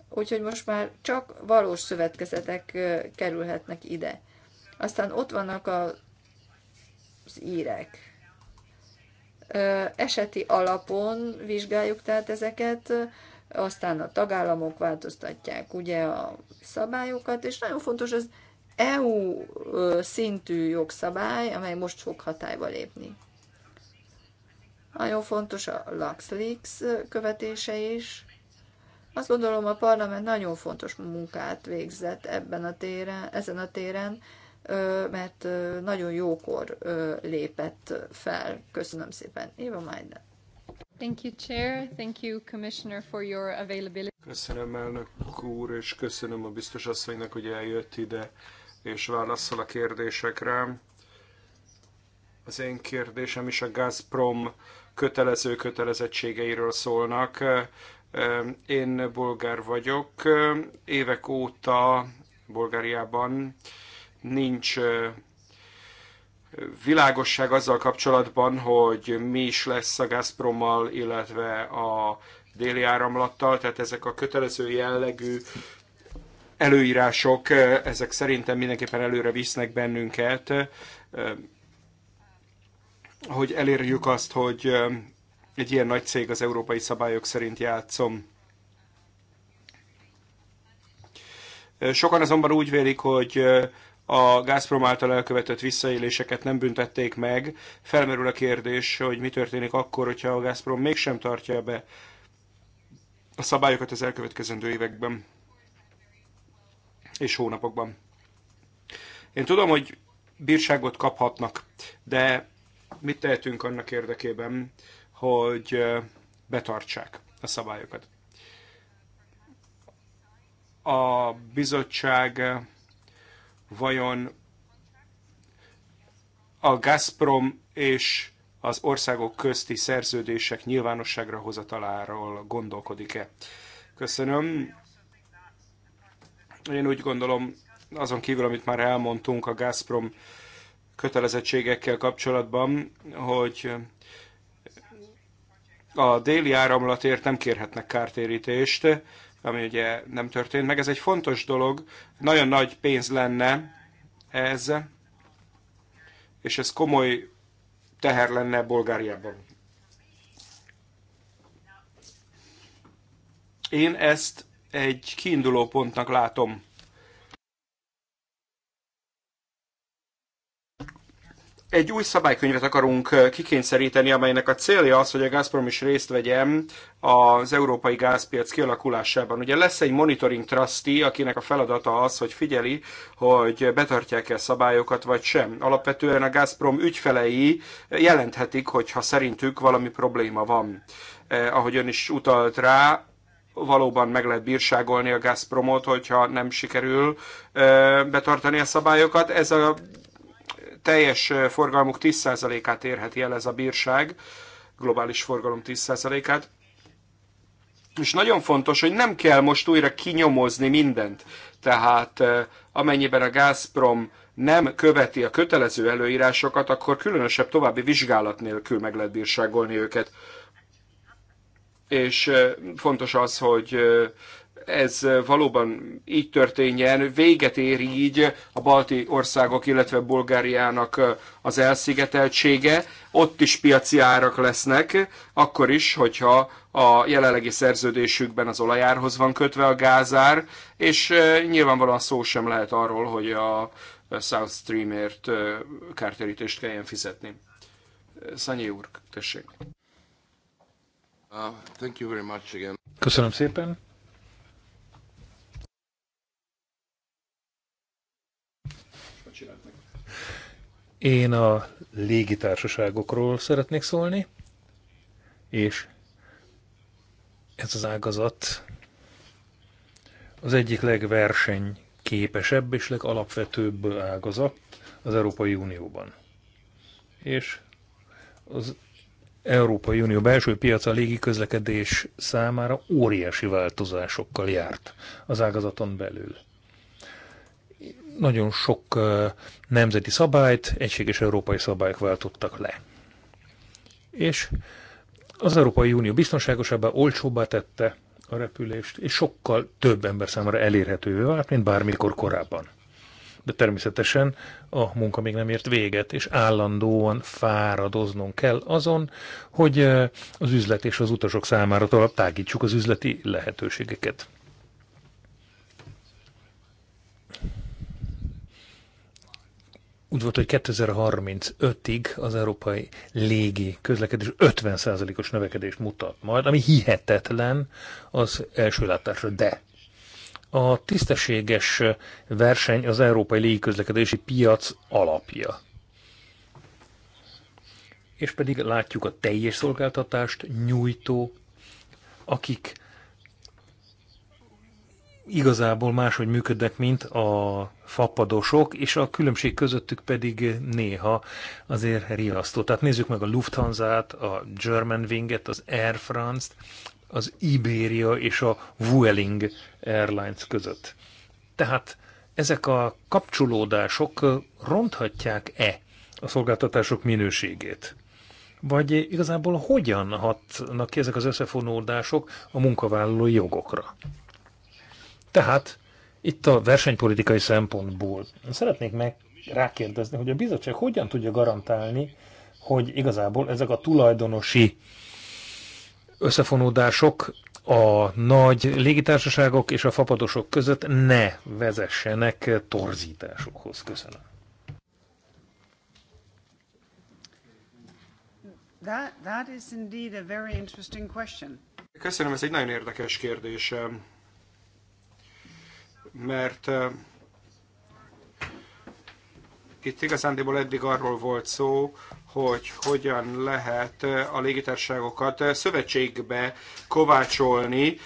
[SPEAKER 3] úgyhogy most már csak valós szövetkezetek kerülhetnek ide. Aztán ott vannak az írek eseti alapon vizsgáljuk tehát ezeket, aztán a tagállamok változtatják ugye a szabályokat, és nagyon fontos az EU szintű jogszabály, amely most fog hatályba lépni. Nagyon fontos a LuxLeaks követése is. Azt gondolom, a parlament nagyon fontos munkát végzett ebben a téren, ezen a téren, mert nagyon jókor lépett fel. Köszönöm szépen. Éva Majdan. Thank you, Chair. Thank you, Commissioner, for your availability. Köszönöm
[SPEAKER 2] elnök úr, és köszönöm a biztos asszonynak, hogy eljött ide, és válaszol a kérdésekre. Az én kérdésem is a Gazprom kötelező kötelezettségeiről szólnak. Én bolgár vagyok, évek óta Bulgáriában nincs világosság azzal kapcsolatban, hogy mi is lesz a Gazprommal, illetve a déli áramlattal, tehát ezek a kötelező jellegű előírások, ezek szerintem mindenképpen előre visznek bennünket, hogy elérjük azt, hogy egy ilyen nagy cég az európai szabályok szerint játszom. Sokan azonban úgy vélik, hogy a Gazprom által elkövetett visszaéléseket nem büntették meg. Felmerül a kérdés, hogy mi történik akkor, hogyha a Gazprom mégsem tartja be a szabályokat az elkövetkezendő években és hónapokban. Én tudom, hogy bírságot kaphatnak, de mit tehetünk annak érdekében, hogy betartsák a szabályokat? A bizottság vajon a Gazprom és az országok közti szerződések nyilvánosságra hozataláról gondolkodik-e. Köszönöm. Én úgy gondolom, azon kívül, amit már elmondtunk a Gazprom kötelezettségekkel kapcsolatban, hogy a déli áramlatért nem kérhetnek kártérítést, ami ugye nem történt meg. Ez egy fontos dolog, nagyon nagy pénz lenne ez, és ez komoly teher lenne Bulgáriában. Én ezt egy kiinduló pontnak látom. egy új szabálykönyvet akarunk kikényszeríteni, amelynek a célja az, hogy a Gazprom is részt vegyen az európai gázpiac kialakulásában. Ugye lesz egy monitoring trusty, akinek a feladata az, hogy figyeli, hogy betartják-e szabályokat, vagy sem. Alapvetően a Gazprom ügyfelei jelenthetik, hogyha szerintük valami probléma van. Eh, ahogy ön is utalt rá, valóban meg lehet bírságolni a Gazpromot, hogyha nem sikerül betartani a szabályokat. Ez a teljes forgalmuk 10%-át érheti el ez a bírság, globális forgalom 10%-át. És nagyon fontos, hogy nem kell most újra kinyomozni mindent. Tehát amennyiben a Gazprom nem követi a kötelező előírásokat, akkor különösebb további vizsgálat nélkül meg lehet bírságolni őket. És fontos az, hogy ez valóban így történjen, véget ér így a balti országok, illetve Bulgáriának az elszigeteltsége, ott is piaci árak lesznek, akkor is, hogyha a jelenlegi szerződésükben az olajárhoz van kötve a gázár, és e, nyilvánvalóan szó sem lehet arról, hogy a South Streamért e, kártérítést kelljen fizetni. Szanyi úr, tessék. Uh,
[SPEAKER 1] Köszönöm szépen. Én a légitársaságokról szeretnék szólni, és ez az ágazat az egyik legversenyképesebb és legalapvetőbb ágazat az Európai Unióban. És az Európai Unió belső piaca a légiközlekedés számára óriási változásokkal járt az ágazaton belül nagyon sok nemzeti szabályt egységes európai szabályok váltottak le. És az Európai Unió biztonságosabbá, olcsóbbá tette a repülést, és sokkal több ember számára elérhetővé vált, mint bármikor korábban. De természetesen a munka még nem ért véget, és állandóan fáradoznunk kell azon, hogy az üzlet és az utasok számára tágítsuk az üzleti lehetőségeket. úgy volt, hogy 2035-ig az európai légi közlekedés 50%-os növekedést mutat majd, ami hihetetlen az első látásra, de a tisztességes verseny az európai légiközlekedési piac alapja. És pedig látjuk a teljes szolgáltatást nyújtó, akik igazából máshogy működnek, mint a fapadosok, és a különbség közöttük pedig néha azért riasztó. Tehát nézzük meg a Lufthansa-t, a Winget, az Air France-t, az Iberia és a Vueling Airlines között. Tehát ezek a kapcsolódások ronthatják-e a szolgáltatások minőségét? Vagy igazából hogyan hatnak ki ezek az összefonódások a munkavállalói jogokra? Tehát itt a versenypolitikai szempontból szeretnék meg rákérdezni, hogy a bizottság hogyan tudja garantálni, hogy igazából ezek a tulajdonosi összefonódások a nagy légitársaságok és a fapadosok között ne vezessenek torzításokhoz. Köszönöm.
[SPEAKER 3] That, that is indeed a very
[SPEAKER 2] interesting question. Köszönöm, ez egy nagyon érdekes kérdés mert itt igazándiból eddig arról volt szó, hogy hogyan lehet a légitárságokat szövetségbe kovácsolni,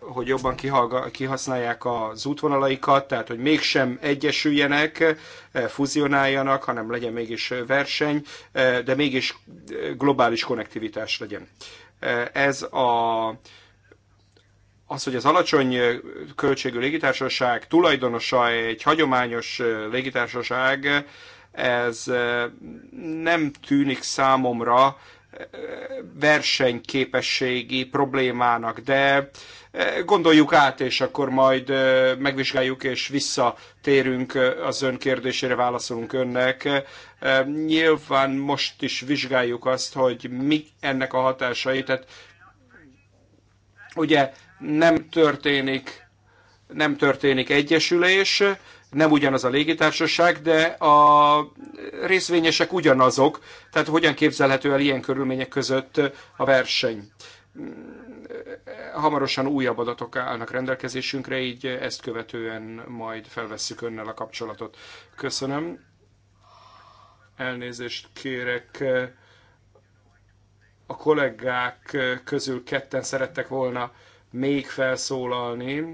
[SPEAKER 2] hogy jobban kihasználják az útvonalaikat, tehát hogy mégsem egyesüljenek, fuzionáljanak, hanem legyen mégis verseny, de mégis globális konnektivitás legyen. Ez a az, hogy az alacsony költségű légitársaság tulajdonosa egy hagyományos légitársaság, ez nem tűnik számomra versenyképességi problémának, de gondoljuk át, és akkor majd megvizsgáljuk, és visszatérünk az ön kérdésére, válaszolunk önnek. Nyilván most is vizsgáljuk azt, hogy mi ennek a hatásai, tehát ugye nem történik, nem történik egyesülés, nem ugyanaz a légitársaság, de a részvényesek ugyanazok, tehát hogyan képzelhető el ilyen körülmények között a verseny. Hamarosan újabb adatok állnak rendelkezésünkre, így ezt követően majd felvesszük önnel a kapcsolatot. Köszönöm. Elnézést kérek. A kollégák közül ketten szerettek volna még felszólalni.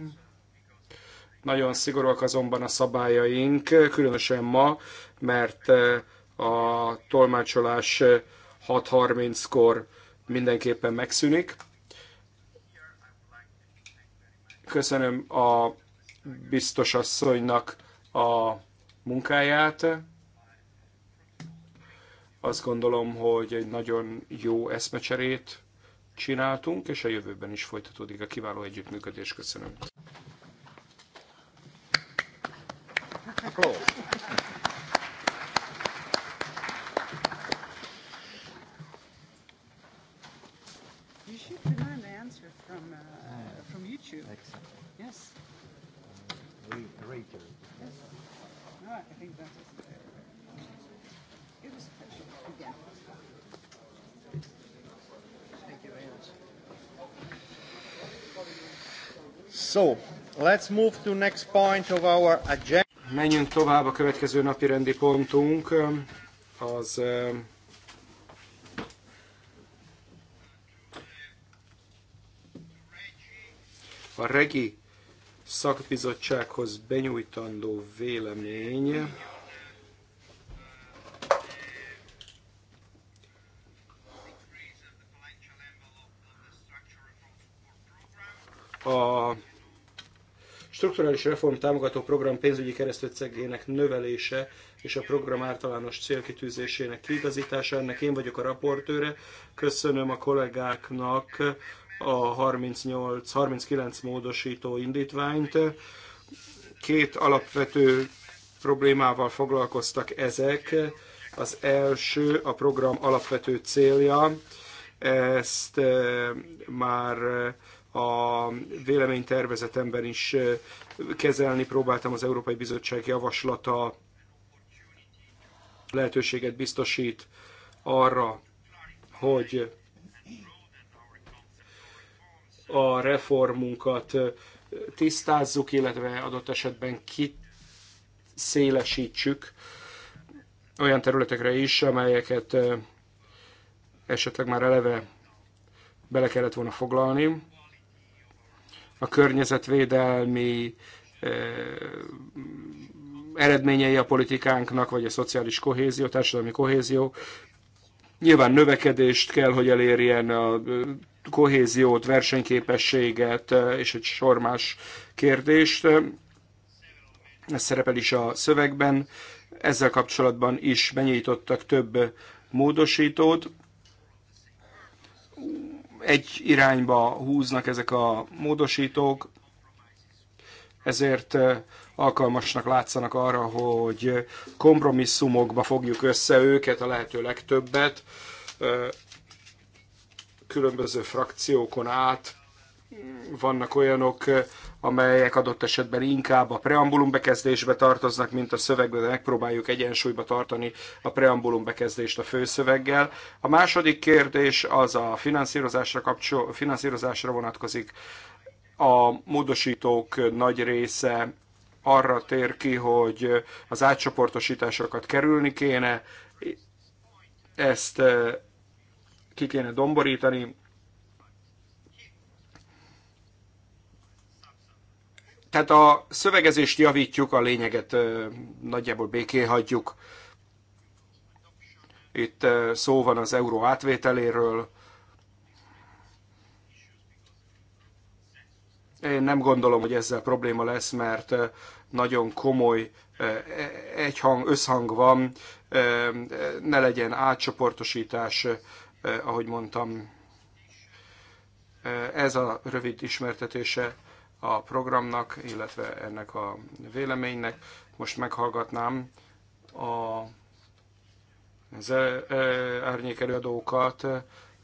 [SPEAKER 2] Nagyon szigorúak azonban a szabályaink, különösen ma, mert eh, a tolmácsolás 6.30-kor mindenképpen megszűnik. Köszönöm a biztos asszonynak a munkáját. Azt gondolom, hogy egy nagyon jó eszmecserét csináltunk, és a jövőben is folytatódik a kiváló együttműködés. Köszönöm.
[SPEAKER 3] You should demand the answer from uh, from YouTube. Yes. Yes.
[SPEAKER 1] No, I think that is.
[SPEAKER 3] Uh,
[SPEAKER 1] it was special. Yeah. So, let's move
[SPEAKER 2] to next point of our agenda. Menjünk tovább a következő napi rendi pontunk. Az a Regi szakbizottsághoz benyújtandó vélemény. a Strukturális reform támogató program pénzügyi keresztötszegének növelése és a program általános célkitűzésének kiigazítása. Ennek én vagyok a raportőre. Köszönöm a kollégáknak a 38, 39 módosító indítványt. Két alapvető problémával foglalkoztak ezek. Az első a program alapvető célja, ezt eh, már a véleménytervezetemben is kezelni próbáltam az Európai Bizottság javaslata lehetőséget biztosít arra, hogy a reformunkat tisztázzuk, illetve adott esetben kiszélesítsük olyan területekre is, amelyeket esetleg már eleve bele kellett volna foglalni a környezetvédelmi eredményei a politikánknak, vagy a szociális kohézió, társadalmi kohézió. Nyilván növekedést kell, hogy elérjen a kohéziót, versenyképességet és egy sor más kérdést. Ez szerepel is a szövegben. Ezzel kapcsolatban is benyitottak több módosítót egy irányba húznak ezek a módosítók, ezért alkalmasnak látszanak arra, hogy kompromisszumokba fogjuk össze őket, a lehető legtöbbet, különböző frakciókon át, vannak olyanok, eh, amelyek adott esetben inkább a preambulum bekezdésbe tartoznak, mint a szövegbe, de megpróbáljuk egyensúlyba tartani a preambulum bekezdést a főszöveggel. A második kérdés az a finanszírozásra, kapcsol, finanszírozásra vonatkozik. A módosítók nagy része arra tér ki, hogy az átcsoportosításokat kerülni kéne, ezt eh, ki kéne domborítani, Tehát a szövegezést javítjuk, a lényeget nagyjából béké hagyjuk. Itt szó van az euró átvételéről. Én nem gondolom, hogy ezzel probléma lesz, mert nagyon komoly egyhang, összhang van, ne legyen átcsoportosítás, ahogy mondtam. Ez a rövid ismertetése a programnak, illetve ennek a véleménynek. Most meghallgatnám a, az e, e, árnyék előadókat,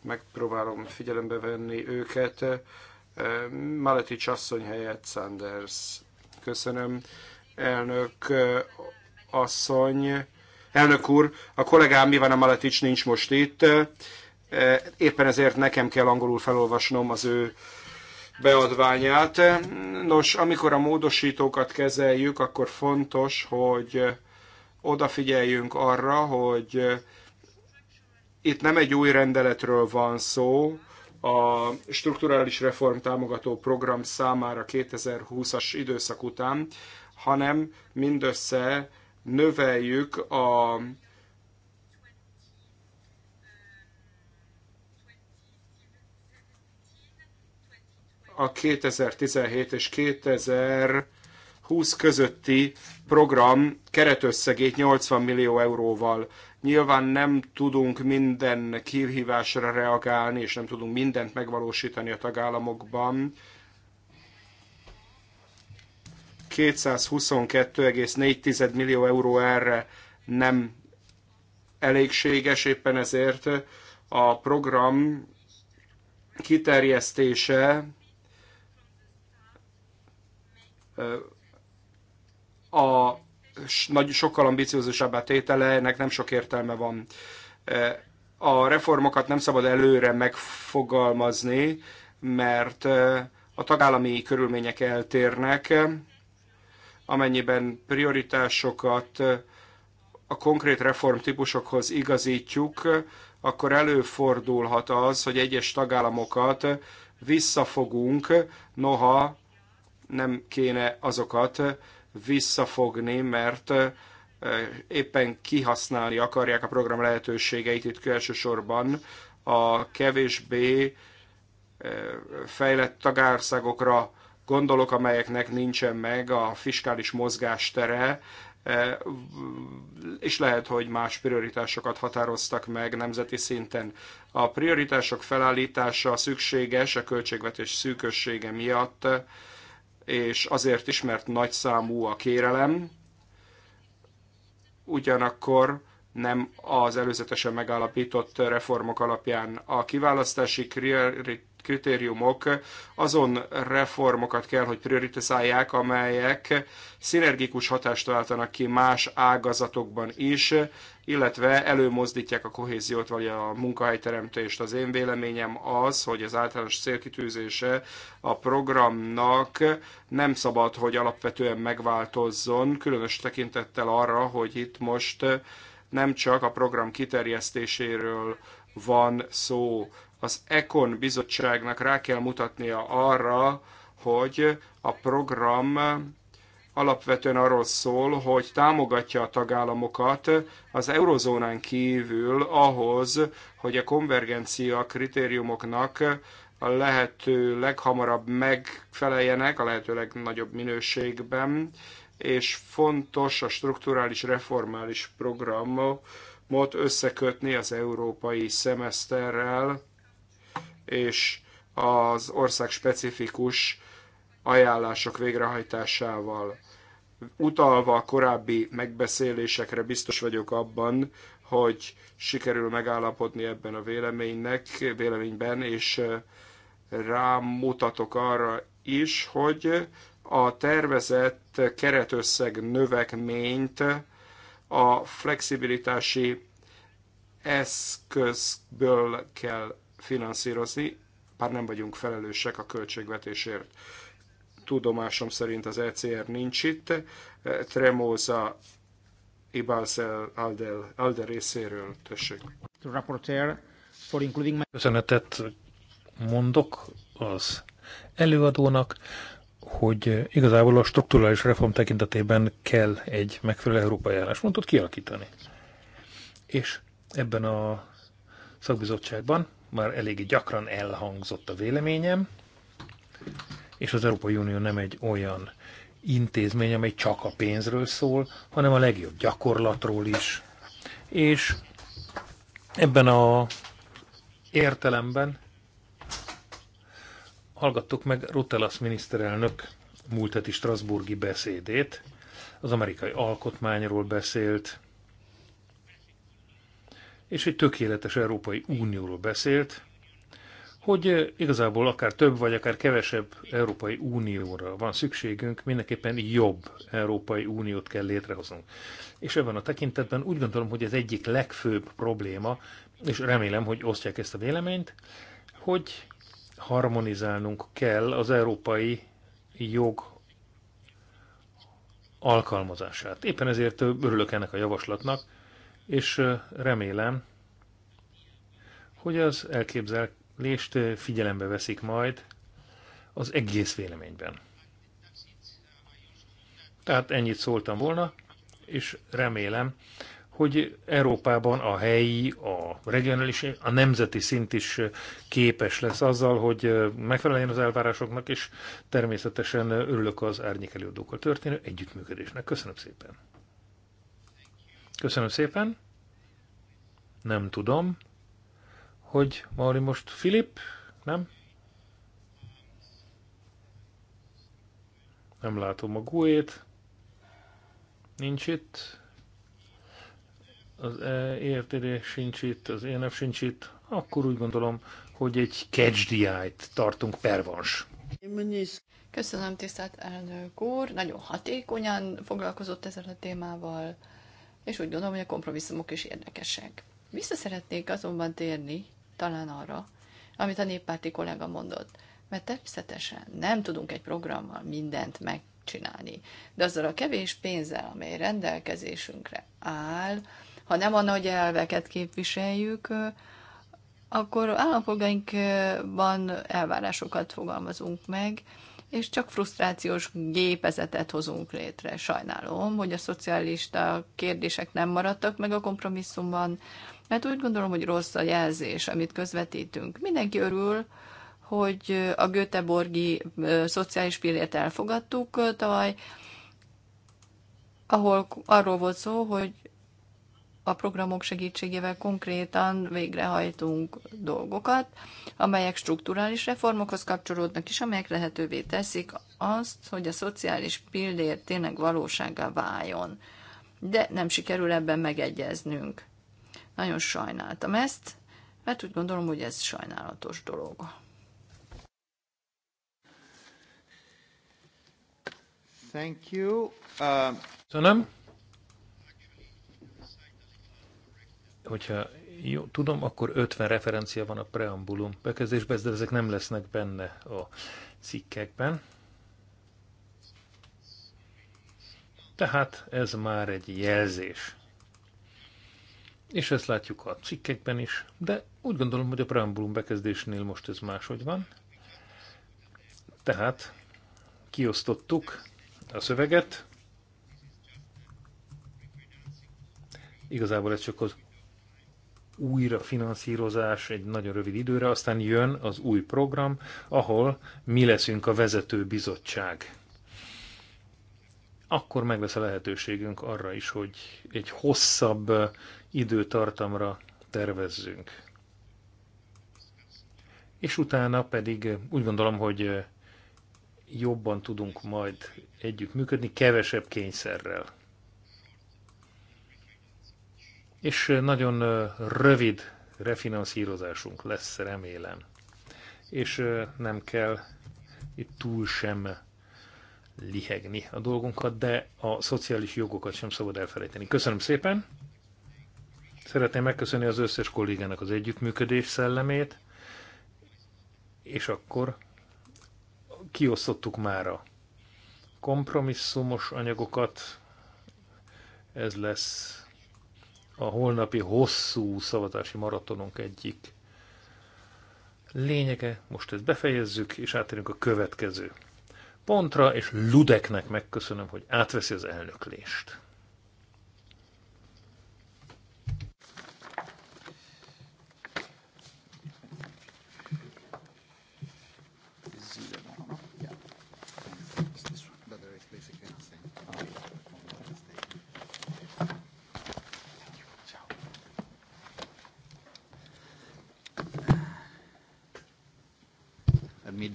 [SPEAKER 2] megpróbálom figyelembe venni őket. E, Maleti asszony helyett Sanders. Köszönöm. Elnök asszony. Elnök úr, a kollégám mi van a Maletics nincs most itt. Éppen ezért nekem kell angolul felolvasnom az ő beadványát. Nos, amikor a módosítókat kezeljük, akkor fontos, hogy odafigyeljünk arra, hogy itt nem egy új rendeletről van szó, a strukturális reform támogató program számára 2020-as időszak után, hanem mindössze növeljük a a 2017 és 2020 közötti program keretösszegét 80 millió euróval. Nyilván nem tudunk minden kihívásra reagálni, és nem tudunk mindent megvalósítani a tagállamokban. 222,4 millió euró erre nem elégséges, éppen ezért a program kiterjesztése a nagy, sokkal ambiciózusabbá tétele, ennek nem sok értelme van. A reformokat nem szabad előre megfogalmazni, mert a tagállami körülmények eltérnek, amennyiben prioritásokat a konkrét reformtípusokhoz igazítjuk, akkor előfordulhat az, hogy egyes tagállamokat visszafogunk, noha nem kéne azokat visszafogni, mert éppen kihasználni akarják a program lehetőségeit itt elsősorban a kevésbé fejlett tagországokra gondolok, amelyeknek nincsen meg a fiskális mozgástere, és lehet, hogy más prioritásokat határoztak meg nemzeti szinten. A prioritások felállítása szükséges a költségvetés szűkössége miatt, és azért is, mert nagy számú a kérelem, ugyanakkor nem az előzetesen megállapított reformok alapján. A kiválasztási kritériumok azon reformokat kell, hogy prioritizálják, amelyek szinergikus hatást váltanak ki más ágazatokban is, illetve előmozdítják a kohéziót vagy a munkahelyteremtést. Az én véleményem az, hogy az általános célkitűzése a programnak nem szabad, hogy alapvetően megváltozzon, különös tekintettel arra, hogy itt most nem csak a program kiterjesztéséről van szó az Econ bizottságnak rá kell mutatnia arra, hogy a program alapvetően arról szól, hogy támogatja a tagállamokat az eurozónán kívül ahhoz, hogy a konvergencia kritériumoknak a lehető leghamarabb megfeleljenek, a lehető legnagyobb minőségben, és fontos a strukturális reformális programot összekötni az európai szemeszterrel, és az ország specifikus ajánlások végrehajtásával. Utalva a korábbi megbeszélésekre biztos vagyok abban, hogy sikerül megállapodni ebben a véleménynek, véleményben, és rámutatok arra is, hogy a tervezett keretösszeg növekményt a flexibilitási eszközből kell finanszírozni, bár nem vagyunk felelősek a költségvetésért. Tudomásom szerint az ECR nincs itt, Tremóza Ibalszel Alder, Alder részéről, tessék.
[SPEAKER 1] Köszönetet mondok az előadónak, hogy igazából a strukturális reform tekintetében kell egy megfelelő európai álláspontot kialakítani. És ebben a szakbizottságban már elég gyakran elhangzott a véleményem, és az Európai Unió nem egy olyan intézmény, amely csak a pénzről szól, hanem a legjobb gyakorlatról is. És ebben a értelemben hallgattuk meg Rutelas miniszterelnök múlt heti Strasburgi beszédét, az amerikai alkotmányról beszélt, és egy tökéletes Európai Unióról beszélt, hogy igazából akár több vagy akár kevesebb Európai Unióra van szükségünk, mindenképpen jobb Európai Uniót kell létrehoznunk. És ebben a tekintetben úgy gondolom, hogy ez egyik legfőbb probléma, és remélem, hogy osztják ezt a véleményt, hogy harmonizálnunk kell az európai jog alkalmazását. Éppen ezért örülök ennek a javaslatnak, és remélem, hogy az elképzelést figyelembe veszik majd az egész véleményben. Tehát ennyit szóltam volna, és remélem, hogy Európában a helyi, a regionális, a nemzeti szint is képes lesz azzal, hogy megfeleljen az elvárásoknak, és természetesen örülök az árnyékelődókkal történő együttműködésnek. Köszönöm szépen! Köszönöm szépen. Nem tudom, hogy Mauri most Filip, nem? Nem látom a guét. Nincs itt. Az ERTD sincs itt, az ENF sincs itt. Akkor úgy gondolom, hogy egy catch the t tartunk pervans.
[SPEAKER 3] Köszönöm, tisztelt elnök úr. Nagyon hatékonyan foglalkozott ezzel a témával és úgy gondolom, hogy a kompromisszumok is érdekesek. Vissza szeretnék azonban térni talán arra, amit a néppárti kollega mondott, mert természetesen nem tudunk egy programmal mindent megcsinálni, de azzal a kevés pénzzel, amely rendelkezésünkre áll, ha nem a nagy elveket képviseljük, akkor állampolgáinkban elvárásokat fogalmazunk meg, és csak frusztrációs gépezetet hozunk létre. Sajnálom, hogy a szocialista kérdések nem maradtak meg a kompromisszumban, mert úgy gondolom, hogy rossz a jelzés, amit közvetítünk. Mindenki örül, hogy a Göteborgi szociális pillért elfogadtuk tavaly, ahol arról volt szó, hogy a programok segítségével konkrétan végrehajtunk dolgokat, amelyek strukturális reformokhoz kapcsolódnak, és amelyek lehetővé teszik azt, hogy a szociális pillér tényleg valóságá váljon. De nem sikerül ebben megegyeznünk. Nagyon sajnáltam ezt, mert úgy gondolom, hogy ez sajnálatos dolog. Thank
[SPEAKER 1] you. Uh... Köszönöm. hogyha jó, tudom, akkor 50 referencia van a preambulum bekezdésben, de ezek nem lesznek benne a cikkekben. Tehát ez már egy jelzés. És ezt látjuk a cikkekben is, de úgy gondolom, hogy a preambulum bekezdésnél most ez máshogy van. Tehát kiosztottuk a szöveget. Igazából ez csak az újra finanszírozás egy nagyon rövid időre, aztán jön az új program, ahol mi leszünk a vezető bizottság. Akkor meg lesz a lehetőségünk arra is, hogy egy hosszabb időtartamra tervezzünk. És utána pedig úgy gondolom, hogy jobban tudunk majd együtt működni kevesebb kényszerrel és nagyon rövid refinanszírozásunk lesz, remélem. És nem kell itt túl sem lihegni a dolgunkat, de a szociális jogokat sem szabad elfelejteni. Köszönöm szépen! Szeretném megköszönni az összes kollégának az együttműködés szellemét, és akkor kiosztottuk már a kompromisszumos anyagokat, ez lesz a holnapi hosszú szavazási maratonunk egyik lényege. Most ezt befejezzük, és átérünk a következő pontra, és Ludeknek megköszönöm, hogy átveszi az elnöklést.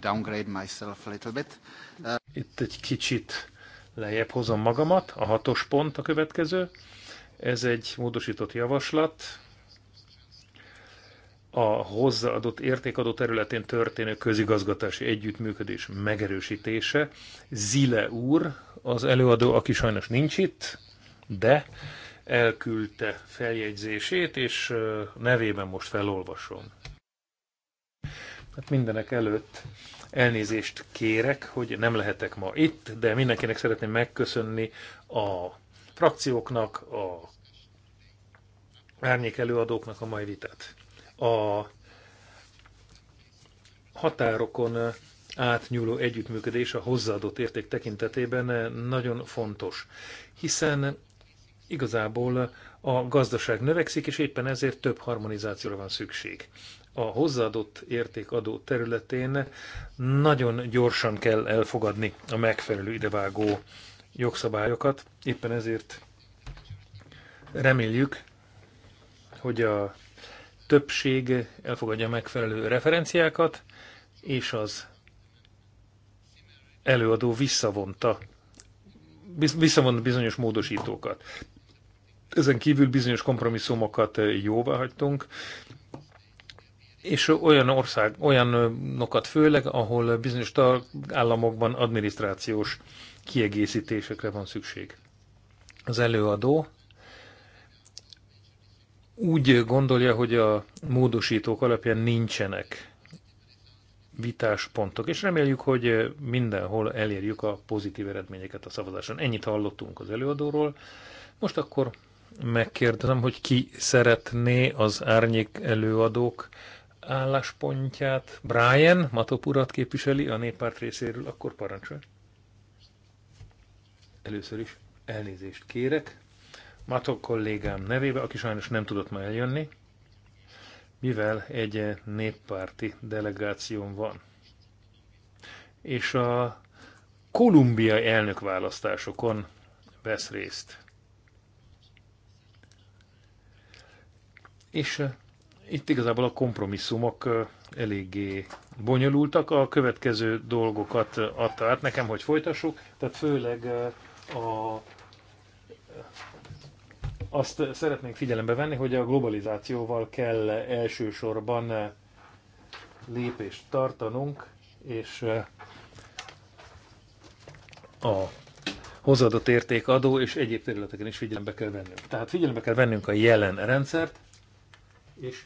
[SPEAKER 1] downgrade myself a little bit. Uh... Itt egy kicsit lejjebb hozom magamat, a hatos pont a következő. Ez egy módosított javaslat, a hozzáadott értékadó területén történő közigazgatási együttműködés megerősítése. Zile úr, az előadó, aki sajnos nincs itt, de elküldte feljegyzését, és nevében most felolvasom. Hát mindenek előtt Elnézést kérek, hogy nem lehetek ma itt, de mindenkinek szeretném megköszönni a frakcióknak, a árnyék előadóknak a mai vitát. A határokon átnyúló együttműködés a hozzáadott érték tekintetében nagyon fontos, hiszen igazából a gazdaság növekszik, és éppen ezért több harmonizációra van szükség a hozzáadott értékadó területén nagyon gyorsan kell elfogadni a megfelelő idevágó jogszabályokat. Éppen ezért reméljük, hogy a többség elfogadja a megfelelő referenciákat, és az előadó visszavonta, visszavonta bizonyos módosítókat. Ezen kívül bizonyos kompromisszumokat jóvá hagytunk, és olyan ország, olyanokat főleg, ahol bizonyos államokban adminisztrációs kiegészítésekre van szükség. Az előadó úgy gondolja, hogy a módosítók alapján nincsenek vitáspontok, és reméljük, hogy mindenhol elérjük a pozitív eredményeket a szavazáson. Ennyit hallottunk az előadóról. Most akkor megkérdezem, hogy ki szeretné az árnyék előadók álláspontját Brian Matopurat képviseli a néppárt részéről, akkor parancsolj. Először is elnézést kérek. Mató kollégám nevébe, aki sajnos nem tudott ma eljönni, mivel egy néppárti delegáción van. És a kolumbiai elnökválasztásokon vesz részt. És itt igazából a kompromisszumok eléggé bonyolultak. A következő dolgokat adta át nekem, hogy folytassuk. Tehát főleg a, azt szeretnénk figyelembe venni, hogy a globalizációval kell elsősorban lépést tartanunk, és a hozzáadott érték adó és egyéb területeken is figyelembe kell vennünk. Tehát figyelembe kell vennünk a jelen rendszert, és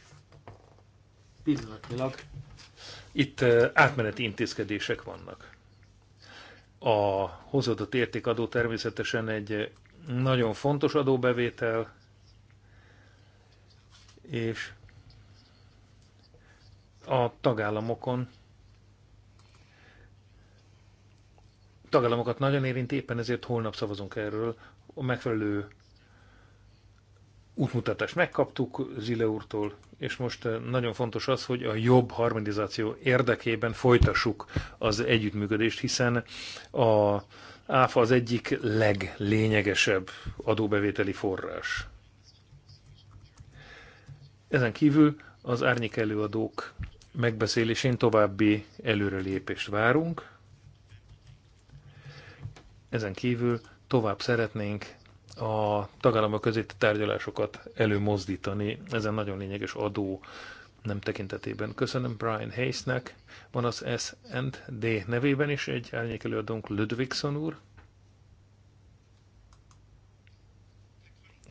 [SPEAKER 1] Pillanatnyilag. Itt átmeneti intézkedések vannak. A hozadott értékadó természetesen egy nagyon fontos adóbevétel, és a tagállamokon tagállamokat nagyon érint, éppen ezért holnap szavazunk erről a megfelelő útmutatást megkaptuk Zile úrtól, és most eh, nagyon fontos az, hogy a jobb harmonizáció érdekében folytassuk az együttműködést, hiszen a áfa az egyik leglényegesebb adóbevételi forrás. Ezen kívül az árnyék előadók megbeszélésén további előrelépést várunk. Ezen kívül tovább szeretnénk a tagállamok között tárgyalásokat előmozdítani ezen nagyon lényeges adó nem tekintetében. Köszönöm Brian Hayesnek, van az S&D nevében is egy árnyékelőadónk Ludvigson úr.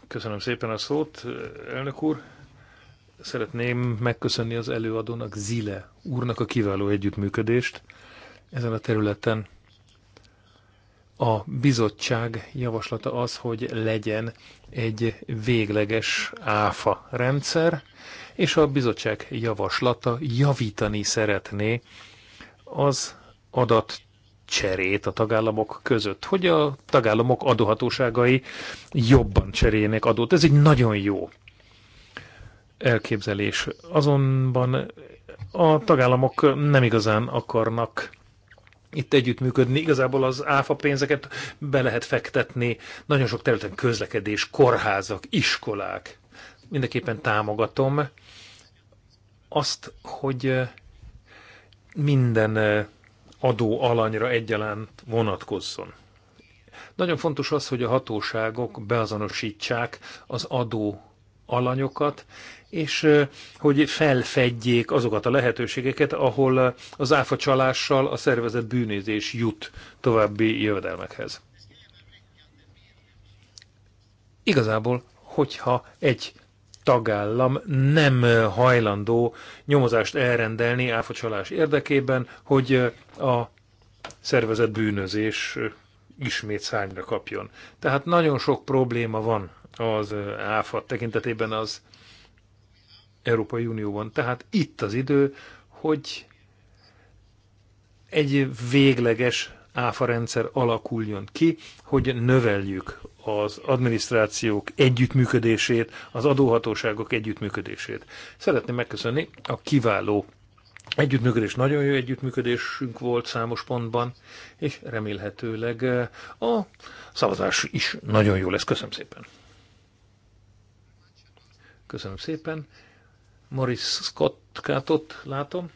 [SPEAKER 1] Köszönöm szépen a szót, elnök úr. Szeretném megköszönni az előadónak, Zile úrnak a kiváló együttműködést ezen a területen. A bizottság javaslata az, hogy legyen egy végleges áfa rendszer, és a bizottság javaslata javítani szeretné az adat cserét a tagállamok között, hogy a tagállamok adóhatóságai jobban cserélnek adót. Ez egy nagyon jó elképzelés. Azonban a tagállamok nem igazán akarnak itt együttműködni. Igazából az áfa pénzeket be lehet fektetni nagyon sok területen közlekedés, kórházak, iskolák. Mindenképpen támogatom azt, hogy eh, minden eh, adó alanyra egyaránt vonatkozzon. Nagyon fontos az, hogy a hatóságok beazonosítsák az adó alanyokat, és hogy felfedjék azokat a lehetőségeket, ahol az áfa csalással a szervezet bűnözés jut további jövedelmekhez. Igazából, hogyha egy tagállam nem hajlandó nyomozást elrendelni áfacsalás érdekében, hogy a szervezet bűnözés ismét szányra kapjon. Tehát nagyon sok probléma van az áfa tekintetében az Európai Unióban. Tehát itt az idő, hogy egy végleges áfarendszer alakuljon ki, hogy növeljük az adminisztrációk együttműködését, az adóhatóságok együttműködését. Szeretném megköszönni a kiváló együttműködés, nagyon jó együttműködésünk volt számos pontban, és remélhetőleg eh, a szavazás is nagyon jó lesz. Köszönöm szépen! Köszönöm szépen! Morris Scott-kátot látom.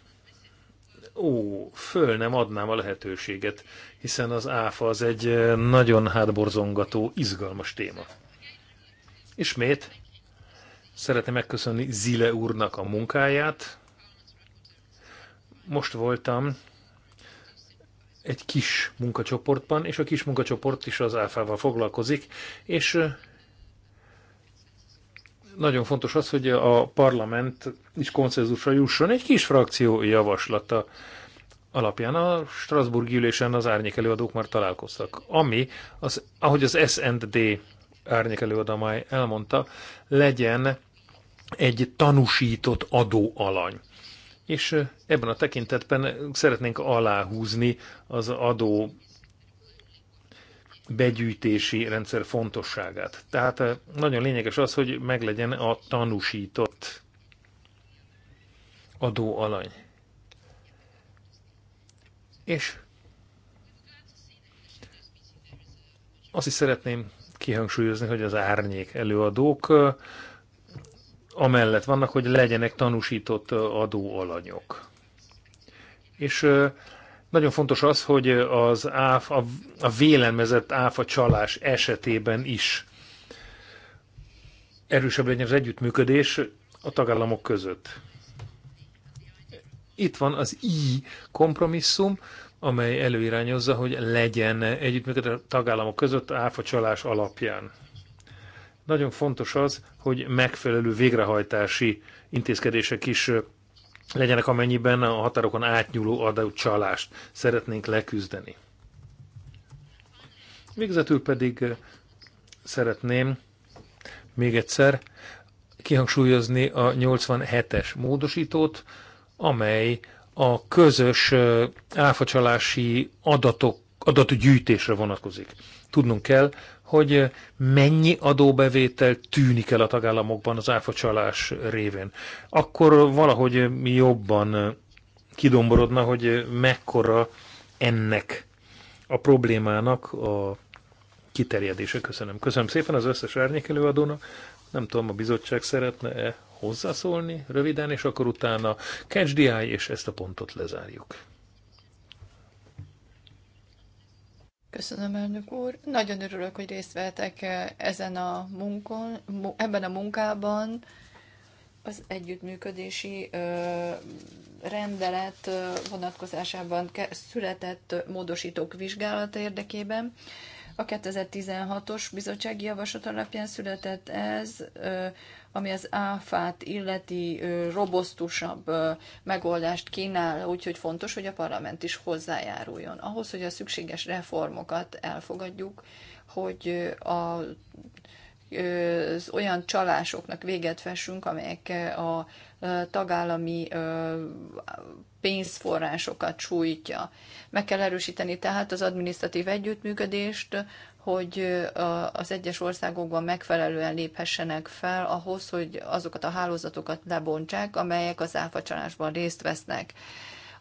[SPEAKER 1] Ó, föl nem adnám a lehetőséget, hiszen az áfa az egy eh, nagyon hátborzongató, izgalmas téma. Ismét szeretném megköszönni Zile úrnak a munkáját. Most voltam egy kis munkacsoportban, és a kis munkacsoport is az áfával foglalkozik, és eh, nagyon fontos az, hogy a parlament is konszenzusra jusson. Egy kis frakció javaslata alapján a Strasburg ülésen az árnyék előadók már találkoztak, ami, az, ahogy az S&D árnyék elmondta, legyen egy tanúsított adóalany. És ebben a tekintetben szeretnénk aláhúzni az adó begyűjtési rendszer fontosságát. Tehát eh, nagyon lényeges az, hogy meglegyen a tanúsított adóalany. És azt is szeretném kihangsúlyozni, hogy az árnyék előadók eh, amellett vannak, hogy legyenek tanúsított eh, adóalanyok. És nagyon fontos az, hogy az áf, a, a vélemezett áfa csalás esetében is erősebb legyen az együttműködés a tagállamok között. Itt van az I kompromisszum, amely előirányozza, hogy legyen együttműködés a tagállamok között áfa csalás alapján. Nagyon fontos az, hogy megfelelő végrehajtási intézkedések is legyenek, amennyiben a határokon átnyúló adócsalást szeretnénk leküzdeni. Végzetül pedig szeretném még egyszer kihangsúlyozni a 87-es módosítót, amely a közös áfacsalási adatok, adatgyűjtésre vonatkozik. Tudnunk kell, hogy mennyi adóbevétel tűnik el a tagállamokban az áfacsalás révén. Akkor valahogy jobban kidomborodna, hogy mekkora ennek a problémának a kiterjedése. Köszönöm. Köszönöm szépen az összes árnyék előadónak. Nem tudom, a bizottság szeretne-e hozzászólni röviden, és akkor utána catch the eye, és ezt a pontot lezárjuk.
[SPEAKER 3] Köszönöm, elnök úr. Nagyon örülök, hogy részt vettek eh, ezen a munkon, ebben a munkában. Az együttműködési rendelet vonatkozásában született módosítók vizsgálata érdekében. A 2016-os bizottsági javaslat alapján született ez ami az áfát illeti robosztusabb megoldást kínál, úgyhogy fontos, hogy a parlament is hozzájáruljon. Ahhoz, hogy a szükséges reformokat elfogadjuk, hogy a az olyan csalásoknak véget vessünk, amelyek a tagállami pénzforrásokat sújtja. Meg kell erősíteni tehát az adminisztratív együttműködést, hogy az egyes országokban megfelelően léphessenek fel ahhoz, hogy azokat a hálózatokat lebontsák, amelyek az áfacsalásban részt vesznek.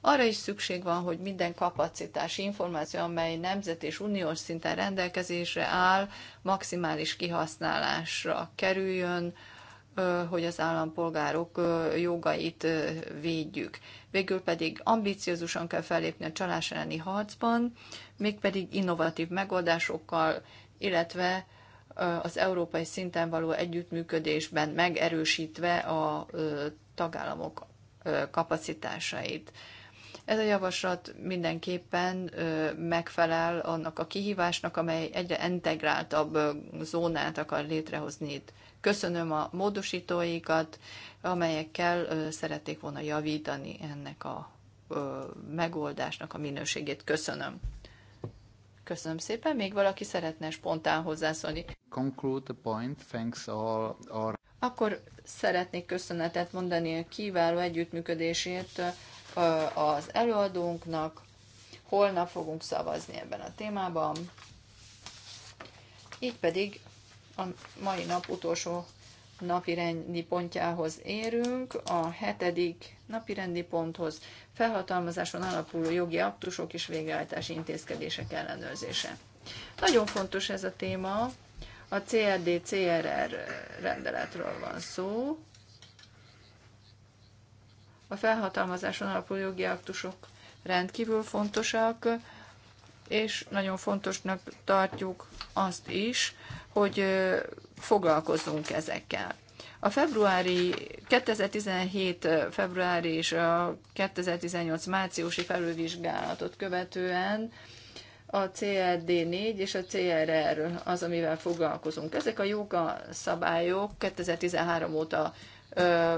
[SPEAKER 3] Arra is szükség van, hogy minden kapacitás, információ, amely nemzet és uniós szinten rendelkezésre áll, maximális kihasználásra kerüljön hogy az állampolgárok jogait védjük. Végül pedig ambiciózusan kell fellépni a csalás elleni harcban, mégpedig innovatív megoldásokkal, illetve az európai szinten való együttműködésben megerősítve a tagállamok kapacitásait. Ez a javaslat mindenképpen megfelel annak a kihívásnak, amely egyre integráltabb zónát akar létrehozni itt Köszönöm a módosítóikat, amelyekkel szerették volna javítani ennek a megoldásnak a minőségét. Köszönöm. Köszönöm szépen. Még valaki szeretne spontán hozzászólni?
[SPEAKER 1] Conclude the point. Thanks all,
[SPEAKER 3] Akkor szeretnék köszönetet mondani a kiváló együttműködését az előadónknak. Holnap fogunk szavazni ebben a témában. Így pedig a mai nap utolsó napirendi pontjához érünk, a hetedik napirendi ponthoz felhatalmazáson alapuló jogi aktusok és végrehajtási intézkedések ellenőrzése. Nagyon fontos ez a téma, a CRD-CRR rendeletről van szó. A felhatalmazáson alapuló jogi aktusok rendkívül fontosak, és nagyon fontosnak tartjuk azt is, hogy foglalkozzunk ezekkel. A februári 2017 februári és a 2018 márciusi felülvizsgálatot követően a CRD4 és a CRR az, amivel foglalkozunk. Ezek a joga szabályok 2013 óta ö,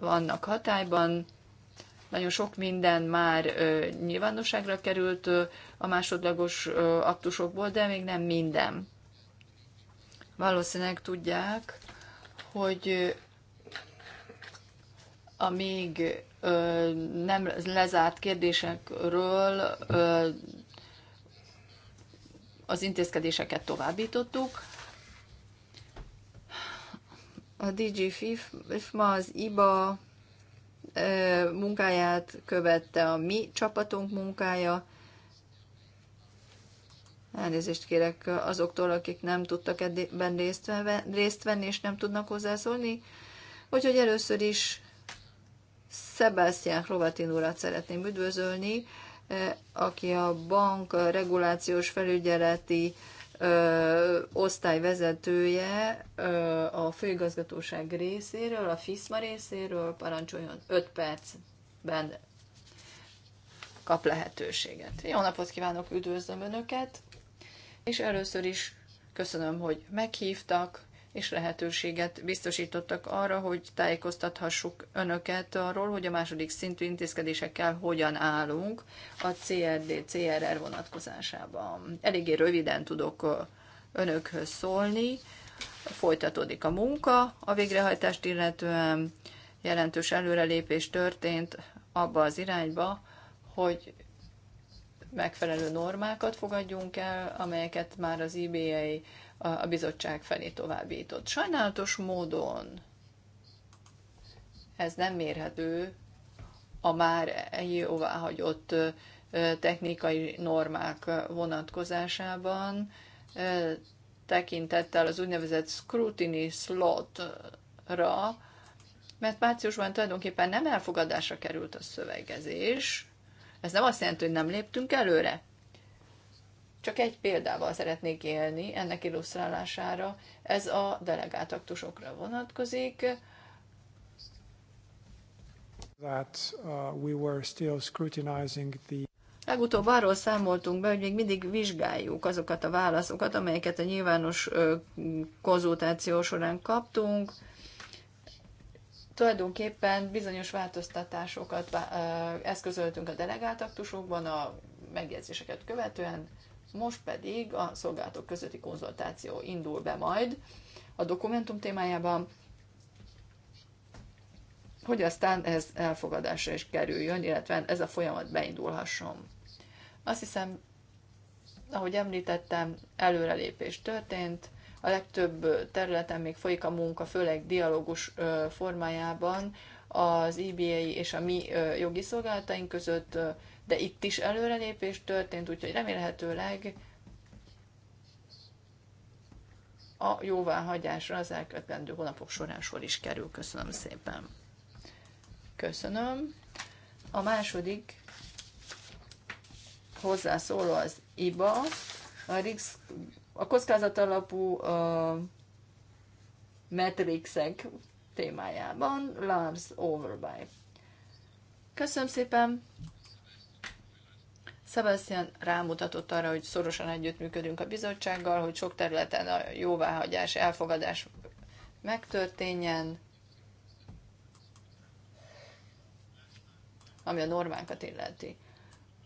[SPEAKER 3] vannak hatályban, nagyon sok minden már nyilvánosságra került a másodlagos aktusokból, de még nem minden. Valószínűleg tudják, hogy a még nem lezárt kérdésekről az intézkedéseket továbbítottuk. A DG FIF, ma az IBA munkáját követte a mi csapatunk munkája. Elnézést kérek azoktól, akik nem tudtak ebben részt venni, és nem tudnak hozzászólni. Úgyhogy először is Sebastian Hrovatin urat szeretném üdvözölni, aki a bank regulációs felügyeleti ö, osztályvezetője ö, a főigazgatóság részéről, a FISMA részéről, parancsoljon 5 percben kap lehetőséget. Jó napot kívánok, üdvözlöm Önöket, és először is köszönöm, hogy meghívtak, és lehetőséget biztosítottak arra, hogy tájékoztathassuk önöket arról, hogy a második szintű intézkedésekkel hogyan állunk a CRD, CRR vonatkozásában. Eléggé röviden tudok önökhöz szólni. Folytatódik a munka a végrehajtást, illetően jelentős előrelépés történt abba az irányba, hogy megfelelő normákat fogadjunk el, amelyeket már az IBA a bizottság felé továbbított. Sajnálatos módon ez nem mérhető a már hagyott technikai normák vonatkozásában, tekintettel az úgynevezett scrutiny slotra, mert márciusban tulajdonképpen nem elfogadásra került a szövegezés. Ez nem azt jelenti, hogy nem léptünk előre, csak egy példával szeretnék élni ennek illusztrálására. Ez a delegátaktusokra vonatkozik.
[SPEAKER 1] That, uh, we were still scrutinizing the...
[SPEAKER 3] Legutóbb arról számoltunk be, hogy még mindig vizsgáljuk azokat a válaszokat, amelyeket a nyilvános konzultáció során kaptunk. Tulajdonképpen bizonyos változtatásokat eszközöltünk a delegált a megjegyzéseket követően, most pedig a szolgálatok közötti konzultáció indul be majd a dokumentum témájában, hogy aztán ez elfogadásra is kerüljön, illetve ez a folyamat beindulhasson. Azt hiszem, ahogy említettem, előrelépés történt, a legtöbb területen még folyik a munka, főleg dialógus formájában az IBA és a mi jogi szolgálataink között de itt is előrelépés történt, úgyhogy remélhetőleg a jóváhagyásra az elkövetkező hónapok során sor is kerül. Köszönöm szépen. Köszönöm. A második hozzászóló az IBA, a, RIX, a kockázat alapú uh, metrixek témájában, Lars Overby. Köszönöm szépen! Sebastian rámutatott arra, hogy szorosan együttműködünk a bizottsággal, hogy sok területen a jóváhagyás, elfogadás megtörténjen, ami a normánkat illeti.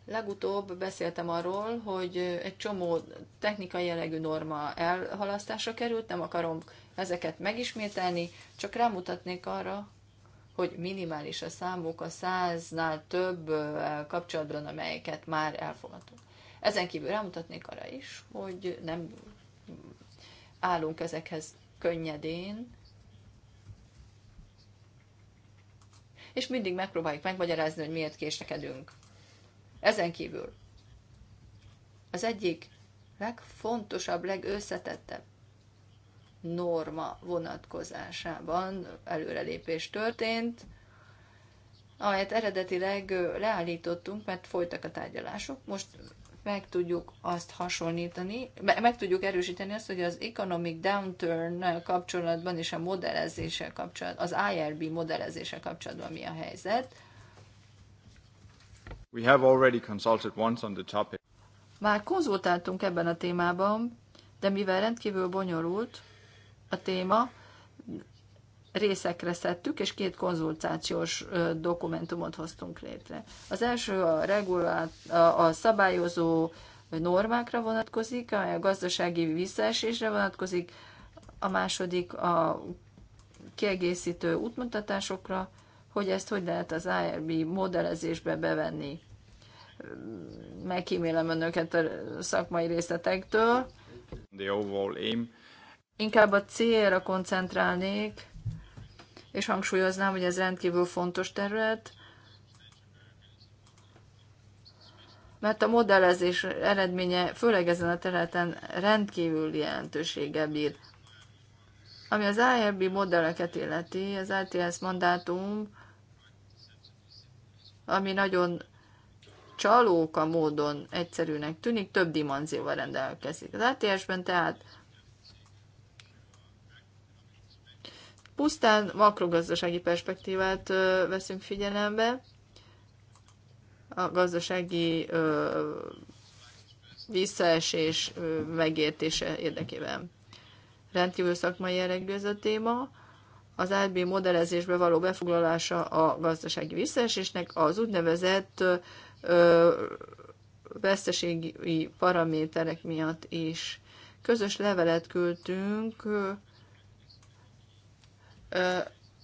[SPEAKER 3] Legutóbb beszéltem arról, hogy egy csomó technikai jellegű norma elhalasztásra került, nem akarom ezeket megismételni, csak rámutatnék arra, hogy minimális a számuk a száznál több kapcsolatban, amelyeket már elfogadtunk. Ezen kívül rámutatnék arra is, hogy nem állunk ezekhez könnyedén, és mindig megpróbáljuk megmagyarázni, hogy miért késlekedünk. Ezen kívül az egyik legfontosabb, legösszetettebb norma vonatkozásában előrelépés történt, amelyet eredetileg leállítottunk, mert folytak a tárgyalások. Most meg tudjuk azt hasonlítani, meg tudjuk erősíteni azt, hogy az economic downturn kapcsolatban és a modellezéssel kapcsolatban, az IRB modellezéssel kapcsolatban mi a helyzet.
[SPEAKER 2] We have already consulted once on the topic.
[SPEAKER 3] Már konzultáltunk ebben a témában, de mivel rendkívül bonyolult, a téma, részekre szedtük, és két konzultációs dokumentumot hoztunk létre. Az első a, regulát, a, a szabályozó normákra vonatkozik, a gazdasági visszaesésre vonatkozik, a második a kiegészítő útmutatásokra, hogy ezt hogy lehet az IRB modellezésbe bevenni. Megkímélem önöket a szakmai részletektől.
[SPEAKER 2] The overall aim
[SPEAKER 3] inkább a célra koncentrálnék, és hangsúlyoznám, hogy ez rendkívül fontos terület, mert a modellezés eredménye főleg ezen a területen rendkívül jelentősége bír. Ami az IRB modelleket illeti, az LTS mandátum, ami nagyon csalóka módon egyszerűnek tűnik, több dimenzióval rendelkezik. Az ATS-ben tehát pusztán makrogazdasági perspektívát veszünk figyelembe, a gazdasági visszaesés megértése érdekében. Rendkívül szakmai jellegű ez a téma. Az IB modellezésbe való befoglalása a gazdasági visszaesésnek az úgynevezett ö, veszteségi paraméterek miatt is. Közös levelet küldtünk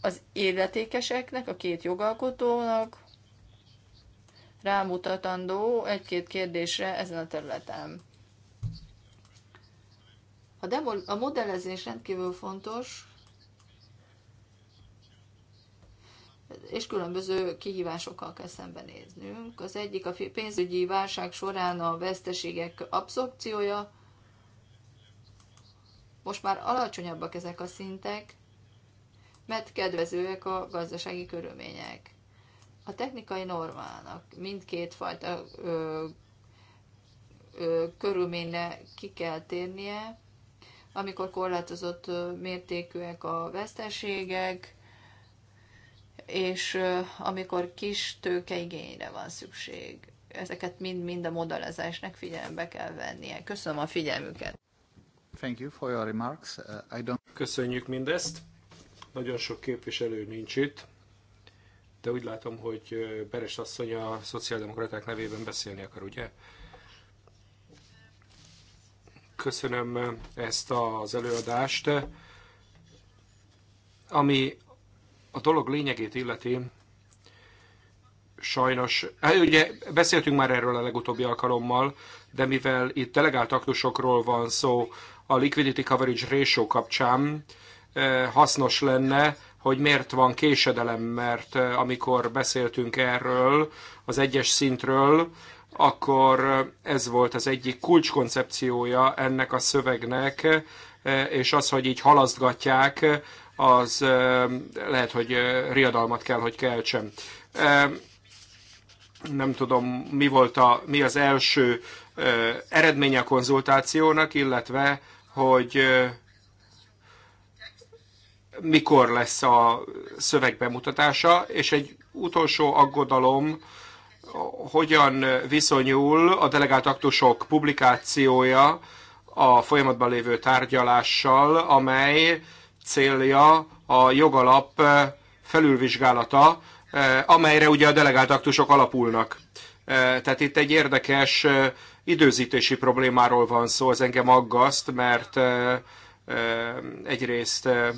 [SPEAKER 3] az életékeseknek, a két jogalkotónak rámutatandó egy-két kérdésre ezen a területen. A, demo, a modellezés rendkívül fontos, és különböző kihívásokkal kell szembenéznünk. Az egyik a pénzügyi válság során a veszteségek abszorpciója, most már alacsonyabbak ezek a szintek, mert kedvezőek a gazdasági körülmények. A technikai normának mindkét fajta ö, ö, körülményre ki kell térnie, amikor korlátozott mértékűek a veszteségek, és amikor kis tőkeigényre van szükség. Ezeket mind-mind a modellezésnek figyelembe kell vennie. Köszönöm a figyelmüket.
[SPEAKER 2] Thank you for your remarks. Uh, I don't... Köszönjük mindezt. Nagyon sok képviselő nincs itt, de úgy látom, hogy Beres asszony a szociáldemokraták nevében beszélni akar, ugye? Köszönöm ezt az előadást. Ami a dolog lényegét illeti, sajnos, hát ugye beszéltünk már erről a legutóbbi alkalommal, de mivel itt delegált aktusokról van szó a liquidity coverage ratio kapcsán, hasznos lenne, hogy miért van késedelem, mert amikor beszéltünk erről, az egyes szintről, akkor ez volt az egyik kulcskoncepciója ennek a szövegnek, és az, hogy így halasztgatják, az lehet, hogy riadalmat kell, hogy keltsem. Nem tudom, mi volt a, mi az első eredménye a konzultációnak, illetve, hogy mikor lesz a szöveg bemutatása, és egy utolsó aggodalom, hogyan viszonyul a delegált aktusok publikációja a folyamatban lévő tárgyalással, amely célja a jogalap felülvizsgálata, amelyre ugye a delegált aktusok alapulnak. Tehát itt egy érdekes időzítési problémáról van szó, ez engem aggaszt, mert eh, egyrészt eh,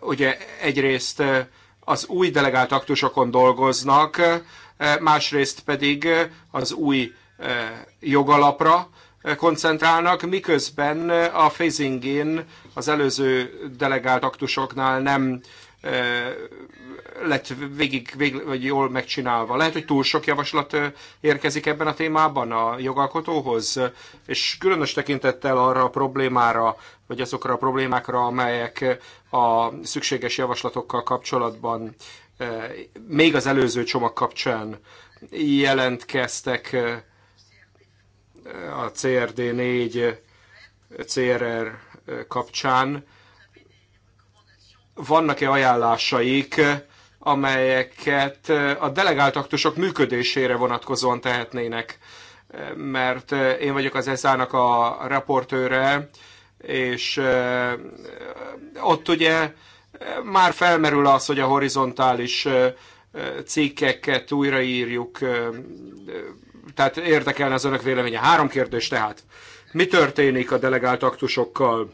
[SPEAKER 2] ugye egyrészt az új delegált aktusokon dolgoznak, másrészt pedig az új jogalapra koncentrálnak, miközben a phasing in az előző delegált aktusoknál nem lett végig, végig vagy jól megcsinálva. Lehet, hogy túl sok javaslat érkezik ebben a témában a jogalkotóhoz, és különös tekintettel arra a problémára, vagy azokra a problémákra, amelyek a szükséges javaslatokkal kapcsolatban még az előző csomag kapcsán jelentkeztek a CRD 4 CRR kapcsán vannak-e ajánlásaik amelyeket a delegált aktusok működésére vonatkozóan tehetnének. Mert én vagyok az ESZÁ-nak a raportőre, és ott ugye már felmerül az, hogy a horizontális cikkeket újraírjuk, tehát érdekelne az önök véleménye. Három kérdés tehát. Mi történik a delegált aktusokkal?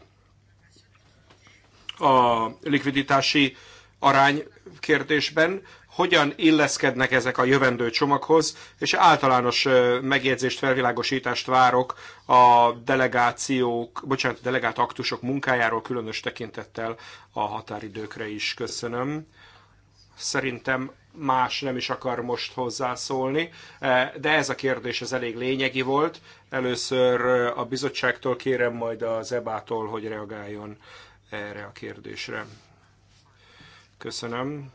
[SPEAKER 2] A likviditási arány kérdésben, hogyan illeszkednek ezek a jövendő csomaghoz, és általános megjegyzést, felvilágosítást várok a delegációk, bocsánat, delegált aktusok munkájáról különös tekintettel a határidőkre is köszönöm. Szerintem más nem is akar most hozzászólni, de ez a kérdés az elég lényegi volt. Először a bizottságtól kérem majd az EBA-tól, hogy reagáljon erre a kérdésre. Köszönöm.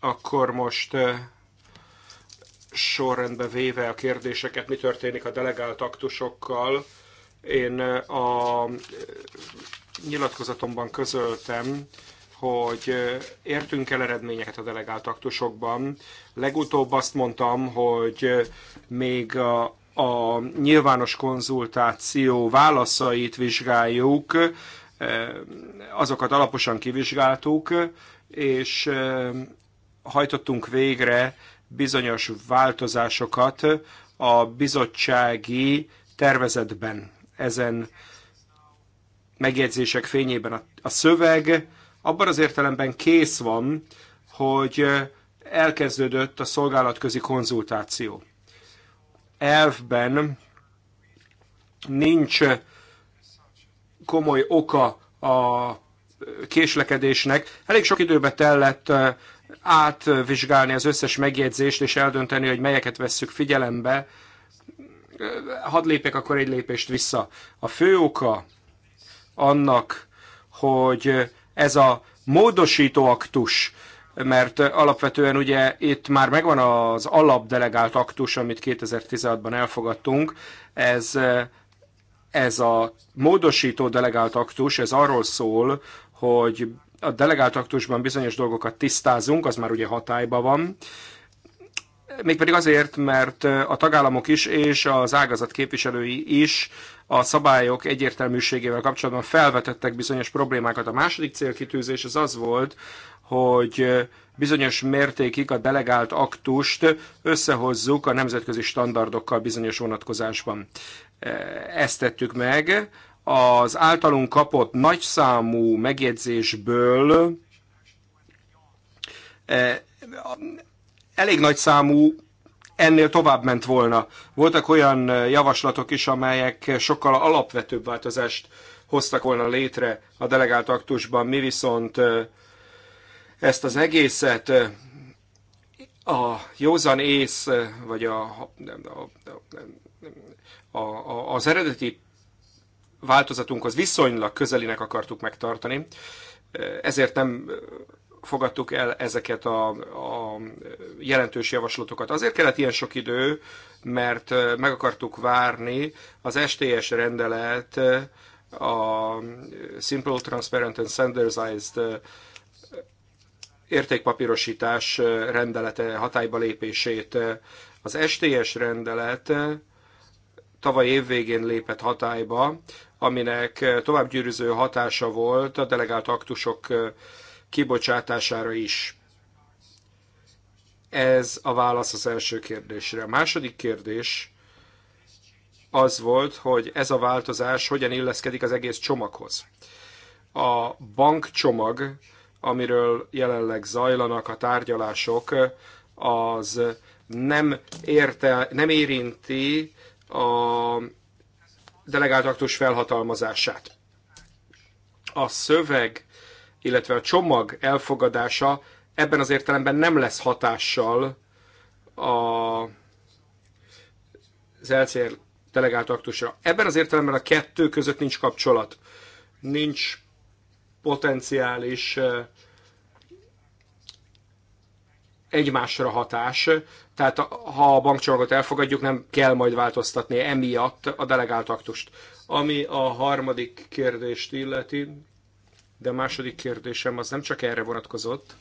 [SPEAKER 2] Akkor most eh, sorrendbe véve a kérdéseket, mi történik a delegált aktusokkal. Én eh, a eh, nyilatkozatomban közöltem, hogy értünk el eredményeket a delegált aktusokban. Legutóbb azt mondtam, hogy még a, a nyilvános konzultáció válaszait vizsgáljuk, azokat alaposan kivizsgáltuk, és hajtottunk végre bizonyos változásokat a bizottsági tervezetben. Ezen megjegyzések fényében a szöveg abban az értelemben kész van, hogy elkezdődött a szolgálatközi konzultáció. Elvben nincs komoly oka a késlekedésnek. Elég sok időbe tellett átvizsgálni az összes megjegyzést, és eldönteni, hogy melyeket vesszük figyelembe. Hadd lépek akkor egy lépést vissza. A fő oka annak, hogy ez a módosító aktus, mert alapvetően ugye itt már megvan az alapdelegált aktus, amit 2016-ban elfogadtunk, ez ez a módosító delegált aktus, ez arról szól, hogy a delegált aktusban bizonyos dolgokat tisztázunk, az már ugye hatályban van, mégpedig azért, mert a tagállamok is és az ágazat képviselői is a szabályok egyértelműségével kapcsolatban felvetettek bizonyos problémákat. A második célkitűzés az az volt, hogy bizonyos mértékig a delegált aktust összehozzuk a nemzetközi standardokkal bizonyos vonatkozásban ezt tettük meg. Az általunk kapott nagyszámú megjegyzésből e, elég nagy számú ennél tovább ment volna. Voltak olyan javaslatok is, amelyek sokkal alapvetőbb változást hoztak volna létre a delegált aktusban. Mi viszont e, ezt az egészet e, a józan ész, vagy a, nem a, nem a, a, az eredeti változatunkhoz viszonylag közelinek akartuk megtartani, ezért nem fogadtuk el ezeket a, a jelentős javaslatokat. Azért kellett ilyen sok idő, mert meg akartuk várni az STS rendelet a Simple Transparent and Standardized értékpapírosítás rendelete hatályba lépését. Az STS rendelet tavaly év végén lépett hatályba, aminek eh, tovább gyűrűző hatása volt a delegált aktusok eh, kibocsátására is. Ez a válasz az első kérdésre. A második kérdés az volt, hogy ez a változás hogyan illeszkedik az egész csomaghoz. A bankcsomag, amiről jelenleg zajlanak a tárgyalások, az nem, érte, nem érinti a delegált aktus felhatalmazását. A szöveg, illetve a csomag elfogadása ebben az értelemben nem lesz hatással a, az LCR delegált aktusra. Ebben az értelemben a kettő között nincs kapcsolat. Nincs potenciális eh, egymásra hatás, tehát ha a bankcsomagot elfogadjuk, nem kell majd változtatni emiatt a delegált aktust. Ami a harmadik kérdést illeti, de a második kérdésem az nem csak erre vonatkozott,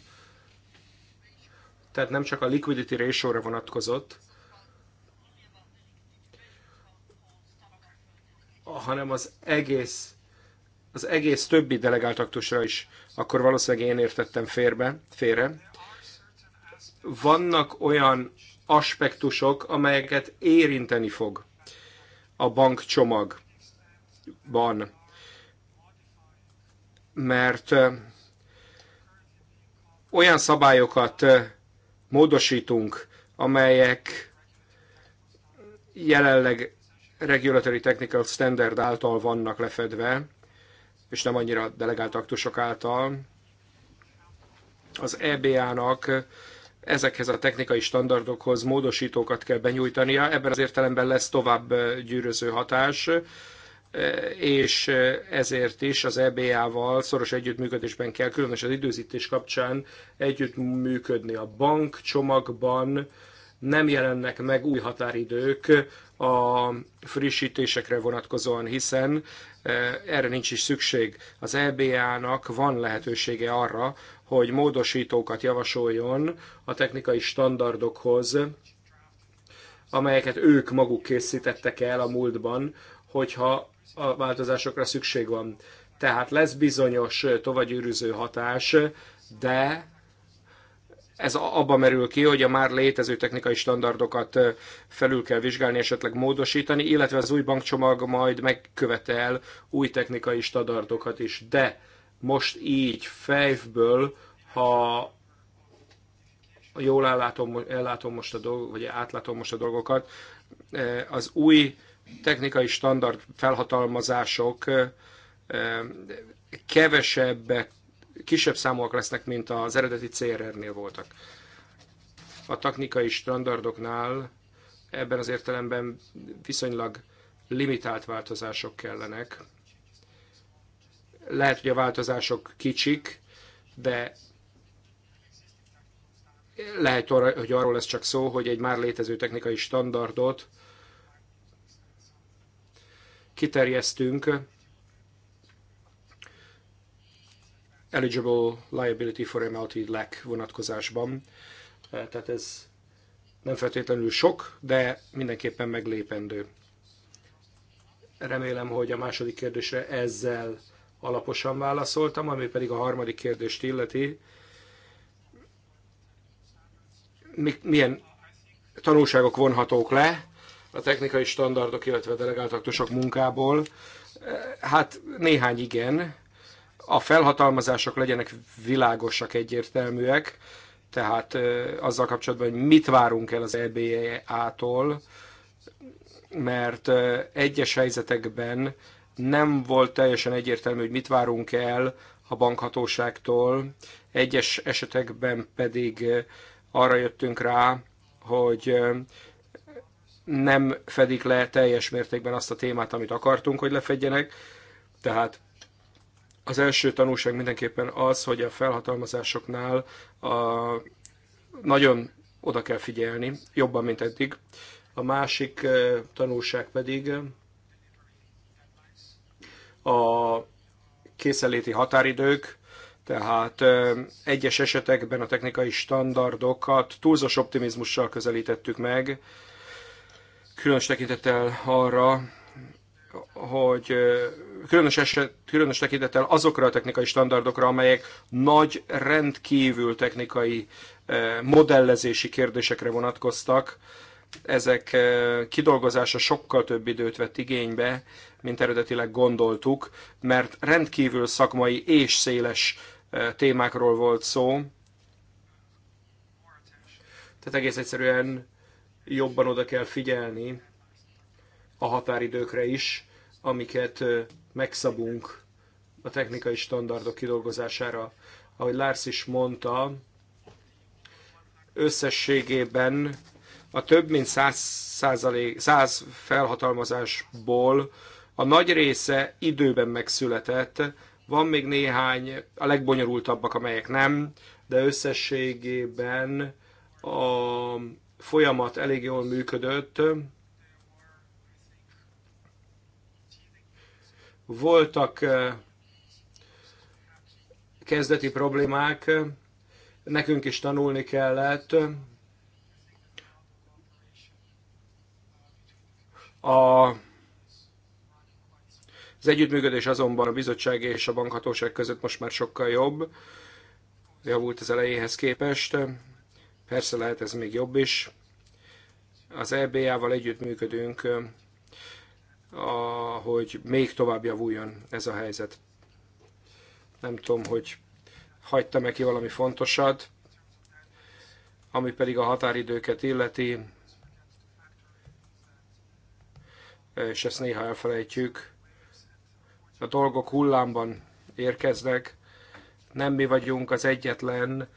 [SPEAKER 2] tehát nem csak a liquidity ratio vonatkozott, hanem az egész, az egész többi delegált aktusra is, akkor valószínűleg én értettem férbe, félre vannak olyan aspektusok, amelyeket érinteni fog a bankcsomagban. Mert olyan szabályokat módosítunk, amelyek jelenleg Regulatory Technical Standard által vannak lefedve, és nem annyira delegált aktusok által, az EBA-nak ezekhez a technikai standardokhoz módosítókat kell benyújtania, ebben az értelemben lesz tovább gyűröző hatás, és ezért is az EBA-val szoros együttműködésben kell, különösen az időzítés kapcsán együttműködni a bank csomagban, nem jelennek meg új határidők a frissítésekre vonatkozóan, hiszen erre nincs is szükség. Az EBA-nak van lehetősége arra, hogy módosítókat javasoljon a technikai standardokhoz, amelyeket ők maguk készítettek el a múltban, hogyha a változásokra szükség van. Tehát lesz bizonyos tovagyűrűző hatás, de ez abba merül ki, hogy a már létező technikai standardokat felül kell vizsgálni, esetleg módosítani, illetve az új bankcsomag majd megkövetel új technikai standardokat is. De most így fejből, ha jól ellátom, ellátom most a dolgok, vagy átlátom most a dolgokat, az új technikai standard felhatalmazások kevesebbek kisebb számúak lesznek, mint az eredeti CRR-nél voltak. A technikai standardoknál ebben az értelemben viszonylag limitált változások kellenek. Lehet, hogy a változások kicsik, de lehet, hogy arról lesz csak szó, hogy egy már létező technikai standardot kiterjesztünk eligible liability for MLT lack vonatkozásban. E, tehát ez nem feltétlenül sok, de mindenképpen meglépendő. Remélem, hogy a második kérdésre ezzel alaposan válaszoltam, ami pedig a harmadik kérdést illeti. Milyen tanulságok vonhatók le a technikai standardok, illetve delegáltaktusok munkából? E, hát néhány igen, a felhatalmazások legyenek világosak, egyértelműek, tehát azzal kapcsolatban, hogy mit várunk el az EBA-tól, mert egyes helyzetekben nem volt teljesen egyértelmű, hogy mit várunk el a bankhatóságtól, egyes esetekben pedig arra jöttünk rá, hogy nem fedik le teljes mértékben azt a témát, amit akartunk, hogy lefedjenek, tehát az első tanulság mindenképpen az, hogy a felhatalmazásoknál a, nagyon oda kell figyelni, jobban, mint eddig. A másik eh, tanulság pedig a készenléti határidők, tehát eh, egyes esetekben a technikai standardokat túlzos optimizmussal közelítettük meg, különös tekintettel arra, hogy eh, különös, eset, különös tekintettel azokra a technikai standardokra, amelyek nagy, rendkívül technikai eh, modellezési kérdésekre vonatkoztak. Ezek eh, kidolgozása sokkal több időt vett igénybe, mint eredetileg gondoltuk, mert rendkívül szakmai és széles eh, témákról volt szó. Tehát egész egyszerűen jobban oda kell figyelni a határidőkre is, amiket megszabunk a technikai standardok kidolgozására. Ahogy Lars is mondta, összességében a több mint 100, felhatalmazásból a nagy része időben megszületett, van még néhány, a legbonyolultabbak, amelyek nem, de összességében a folyamat elég jól működött, Voltak eh, kezdeti problémák, nekünk is tanulni kellett. A az együttműködés azonban a bizottság és a bankhatóság között most már sokkal jobb, javult az elejéhez képest. Persze lehet ez még jobb is. Az EBA-val együttműködünk hogy még tovább javuljon ez a helyzet. Nem tudom, hogy hagytam-e ki valami fontosat, ami pedig a határidőket illeti, és ezt néha elfelejtjük. A dolgok hullámban érkeznek, nem mi vagyunk az egyetlen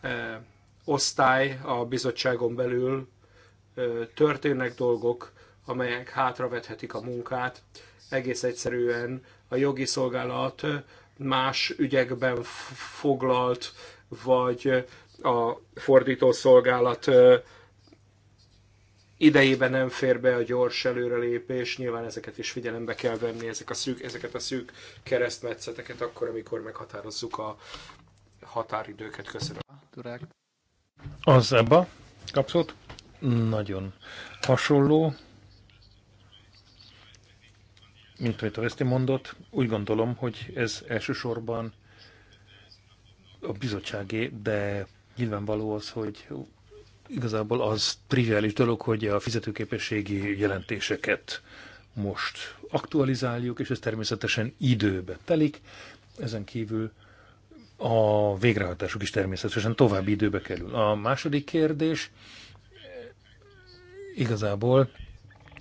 [SPEAKER 2] e, osztály a bizottságon belül, e, történnek dolgok, amelyek hátravethetik a munkát. Egész egyszerűen a jogi szolgálat más ügyekben foglalt, vagy a fordító szolgálat idejében nem fér be a gyors előrelépés, nyilván ezeket is figyelembe kell venni, ezek a szűk, ezeket a szűk keresztmetszeteket akkor, amikor meghatározzuk a határidőket. Köszönöm.
[SPEAKER 1] Az ebbe kapszott. Nagyon hasonló mint amit a Veszti mondott, úgy gondolom, hogy ez elsősorban a bizottságé, de nyilvánvaló az, hogy igazából az triviális dolog, hogy a fizetőképességi jelentéseket most aktualizáljuk, és ez természetesen időbe telik. Ezen kívül a végrehajtásuk is természetesen további időbe kerül. A második kérdés igazából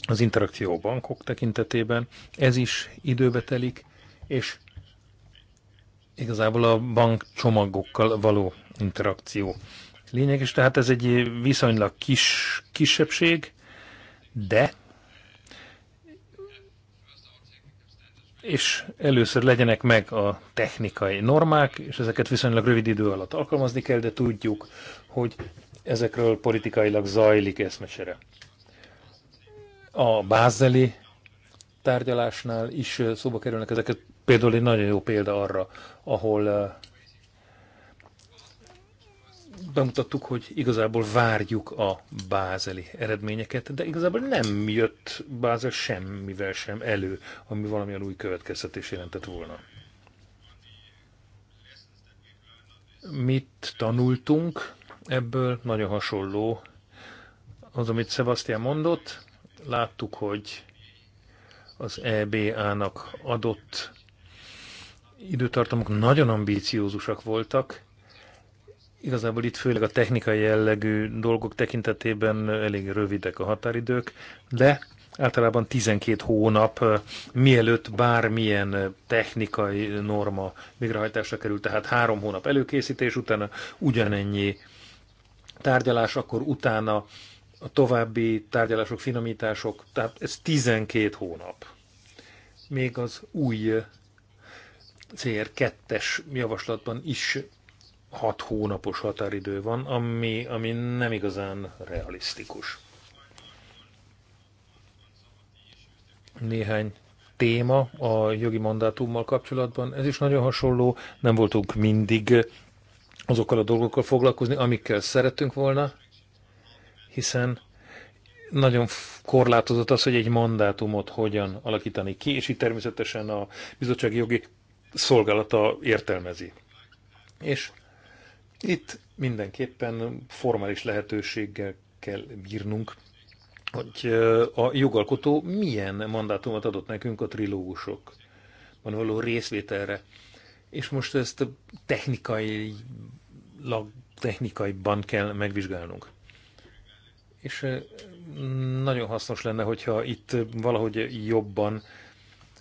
[SPEAKER 1] az interakció a bankok tekintetében, ez is időbe telik, és igazából a bank csomagokkal való interakció lényeges, tehát ez egy viszonylag kis, kisebbség, de és először legyenek meg a technikai normák, és ezeket viszonylag rövid idő alatt alkalmazni kell, de tudjuk, hogy ezekről politikailag zajlik eszmesere a bázeli tárgyalásnál is szóba kerülnek ezeket. Például egy nagyon jó példa arra, ahol bemutattuk, hogy igazából várjuk a bázeli eredményeket, de igazából nem jött bázel semmivel sem elő, ami valamilyen új következtetés jelentett volna. Mit tanultunk ebből? Nagyon hasonló az, amit Sebastian mondott láttuk, hogy az EBA-nak adott időtartamok nagyon ambíciózusak voltak. Igazából itt főleg a technikai jellegű dolgok tekintetében elég rövidek a határidők, de általában 12 hónap, eh, mielőtt bármilyen technikai norma végrehajtásra kerül, tehát három hónap előkészítés, utána ugyanennyi tárgyalás, akkor utána a további tárgyalások, finomítások, tehát ez 12 hónap. Még az új CR2-es javaslatban is 6 hónapos határidő van, ami, ami nem igazán realisztikus. Néhány téma a jogi mandátummal kapcsolatban, ez is nagyon hasonló, nem voltunk mindig azokkal a dolgokkal foglalkozni, amikkel szerettünk volna, hiszen nagyon korlátozott az, hogy egy mandátumot hogyan alakítani ki, és itt természetesen a bizottsági jogi szolgálata értelmezi. És itt mindenképpen formális lehetőséggel kell bírnunk, hogy a jogalkotó milyen mandátumot adott nekünk a trilógusokban való részvételre. És most ezt technikai technikaiban kell megvizsgálnunk és nagyon hasznos lenne, hogyha itt valahogy jobban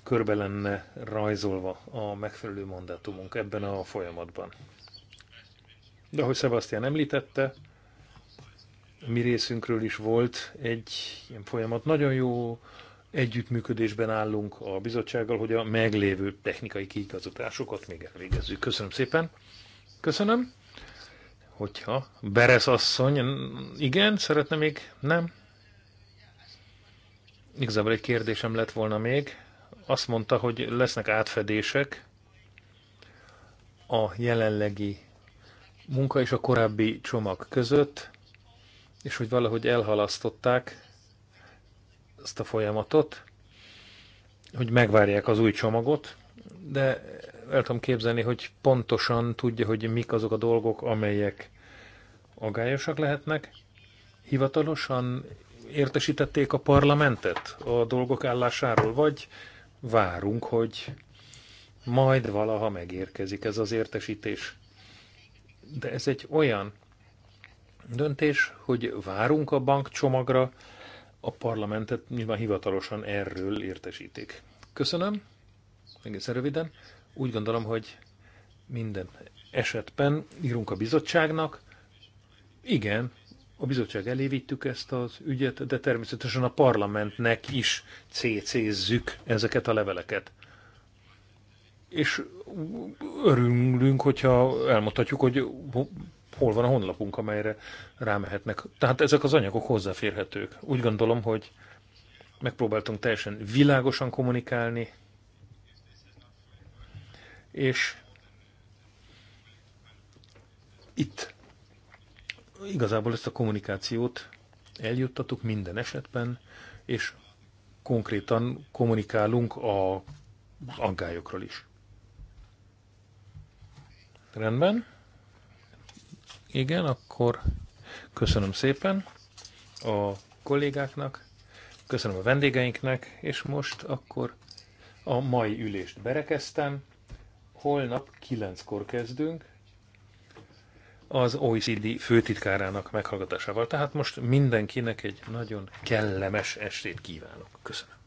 [SPEAKER 1] körbe lenne rajzolva a megfelelő mandátumunk ebben a folyamatban. De ahogy Sebastian említette, mi részünkről is volt egy ilyen folyamat. Nagyon jó együttműködésben állunk a bizottsággal, hogy a meglévő technikai kiigazításokat még elvégezzük. Köszönöm szépen. Köszönöm hogyha Berez asszony, igen, szeretne még, nem? Igazából egy kérdésem lett volna még. Azt mondta, hogy lesznek átfedések a jelenlegi munka és a korábbi csomag között, és hogy valahogy elhalasztották ezt a folyamatot, hogy megvárják az új csomagot, de el tudom képzelni, hogy pontosan tudja, hogy mik azok a dolgok, amelyek agályosak lehetnek. Hivatalosan értesítették a parlamentet a dolgok állásáról, vagy várunk, hogy majd valaha megérkezik ez az értesítés. De ez egy olyan döntés, hogy várunk a bankcsomagra, a parlamentet nyilván hivatalosan erről értesítik. Köszönöm, egészen röviden. Úgy gondolom, hogy minden esetben írunk a bizottságnak. Igen, a bizottság elé vittük ezt az ügyet, de természetesen a parlamentnek is cc-zzük ezeket a leveleket. És örülünk, hogyha elmondhatjuk, hogy hol van a honlapunk, amelyre rámehetnek. Tehát ezek az anyagok hozzáférhetők. Úgy gondolom, hogy megpróbáltunk teljesen világosan kommunikálni, és itt igazából ezt a kommunikációt eljuttatuk minden esetben, és konkrétan kommunikálunk a aggályokról is. Rendben. Igen, akkor köszönöm szépen a kollégáknak, köszönöm a vendégeinknek, és most akkor a mai ülést berekeztem. Holnap kilenckor kezdünk az OECD főtitkárának meghallgatásával. Tehát most mindenkinek egy nagyon kellemes estét kívánok. Köszönöm.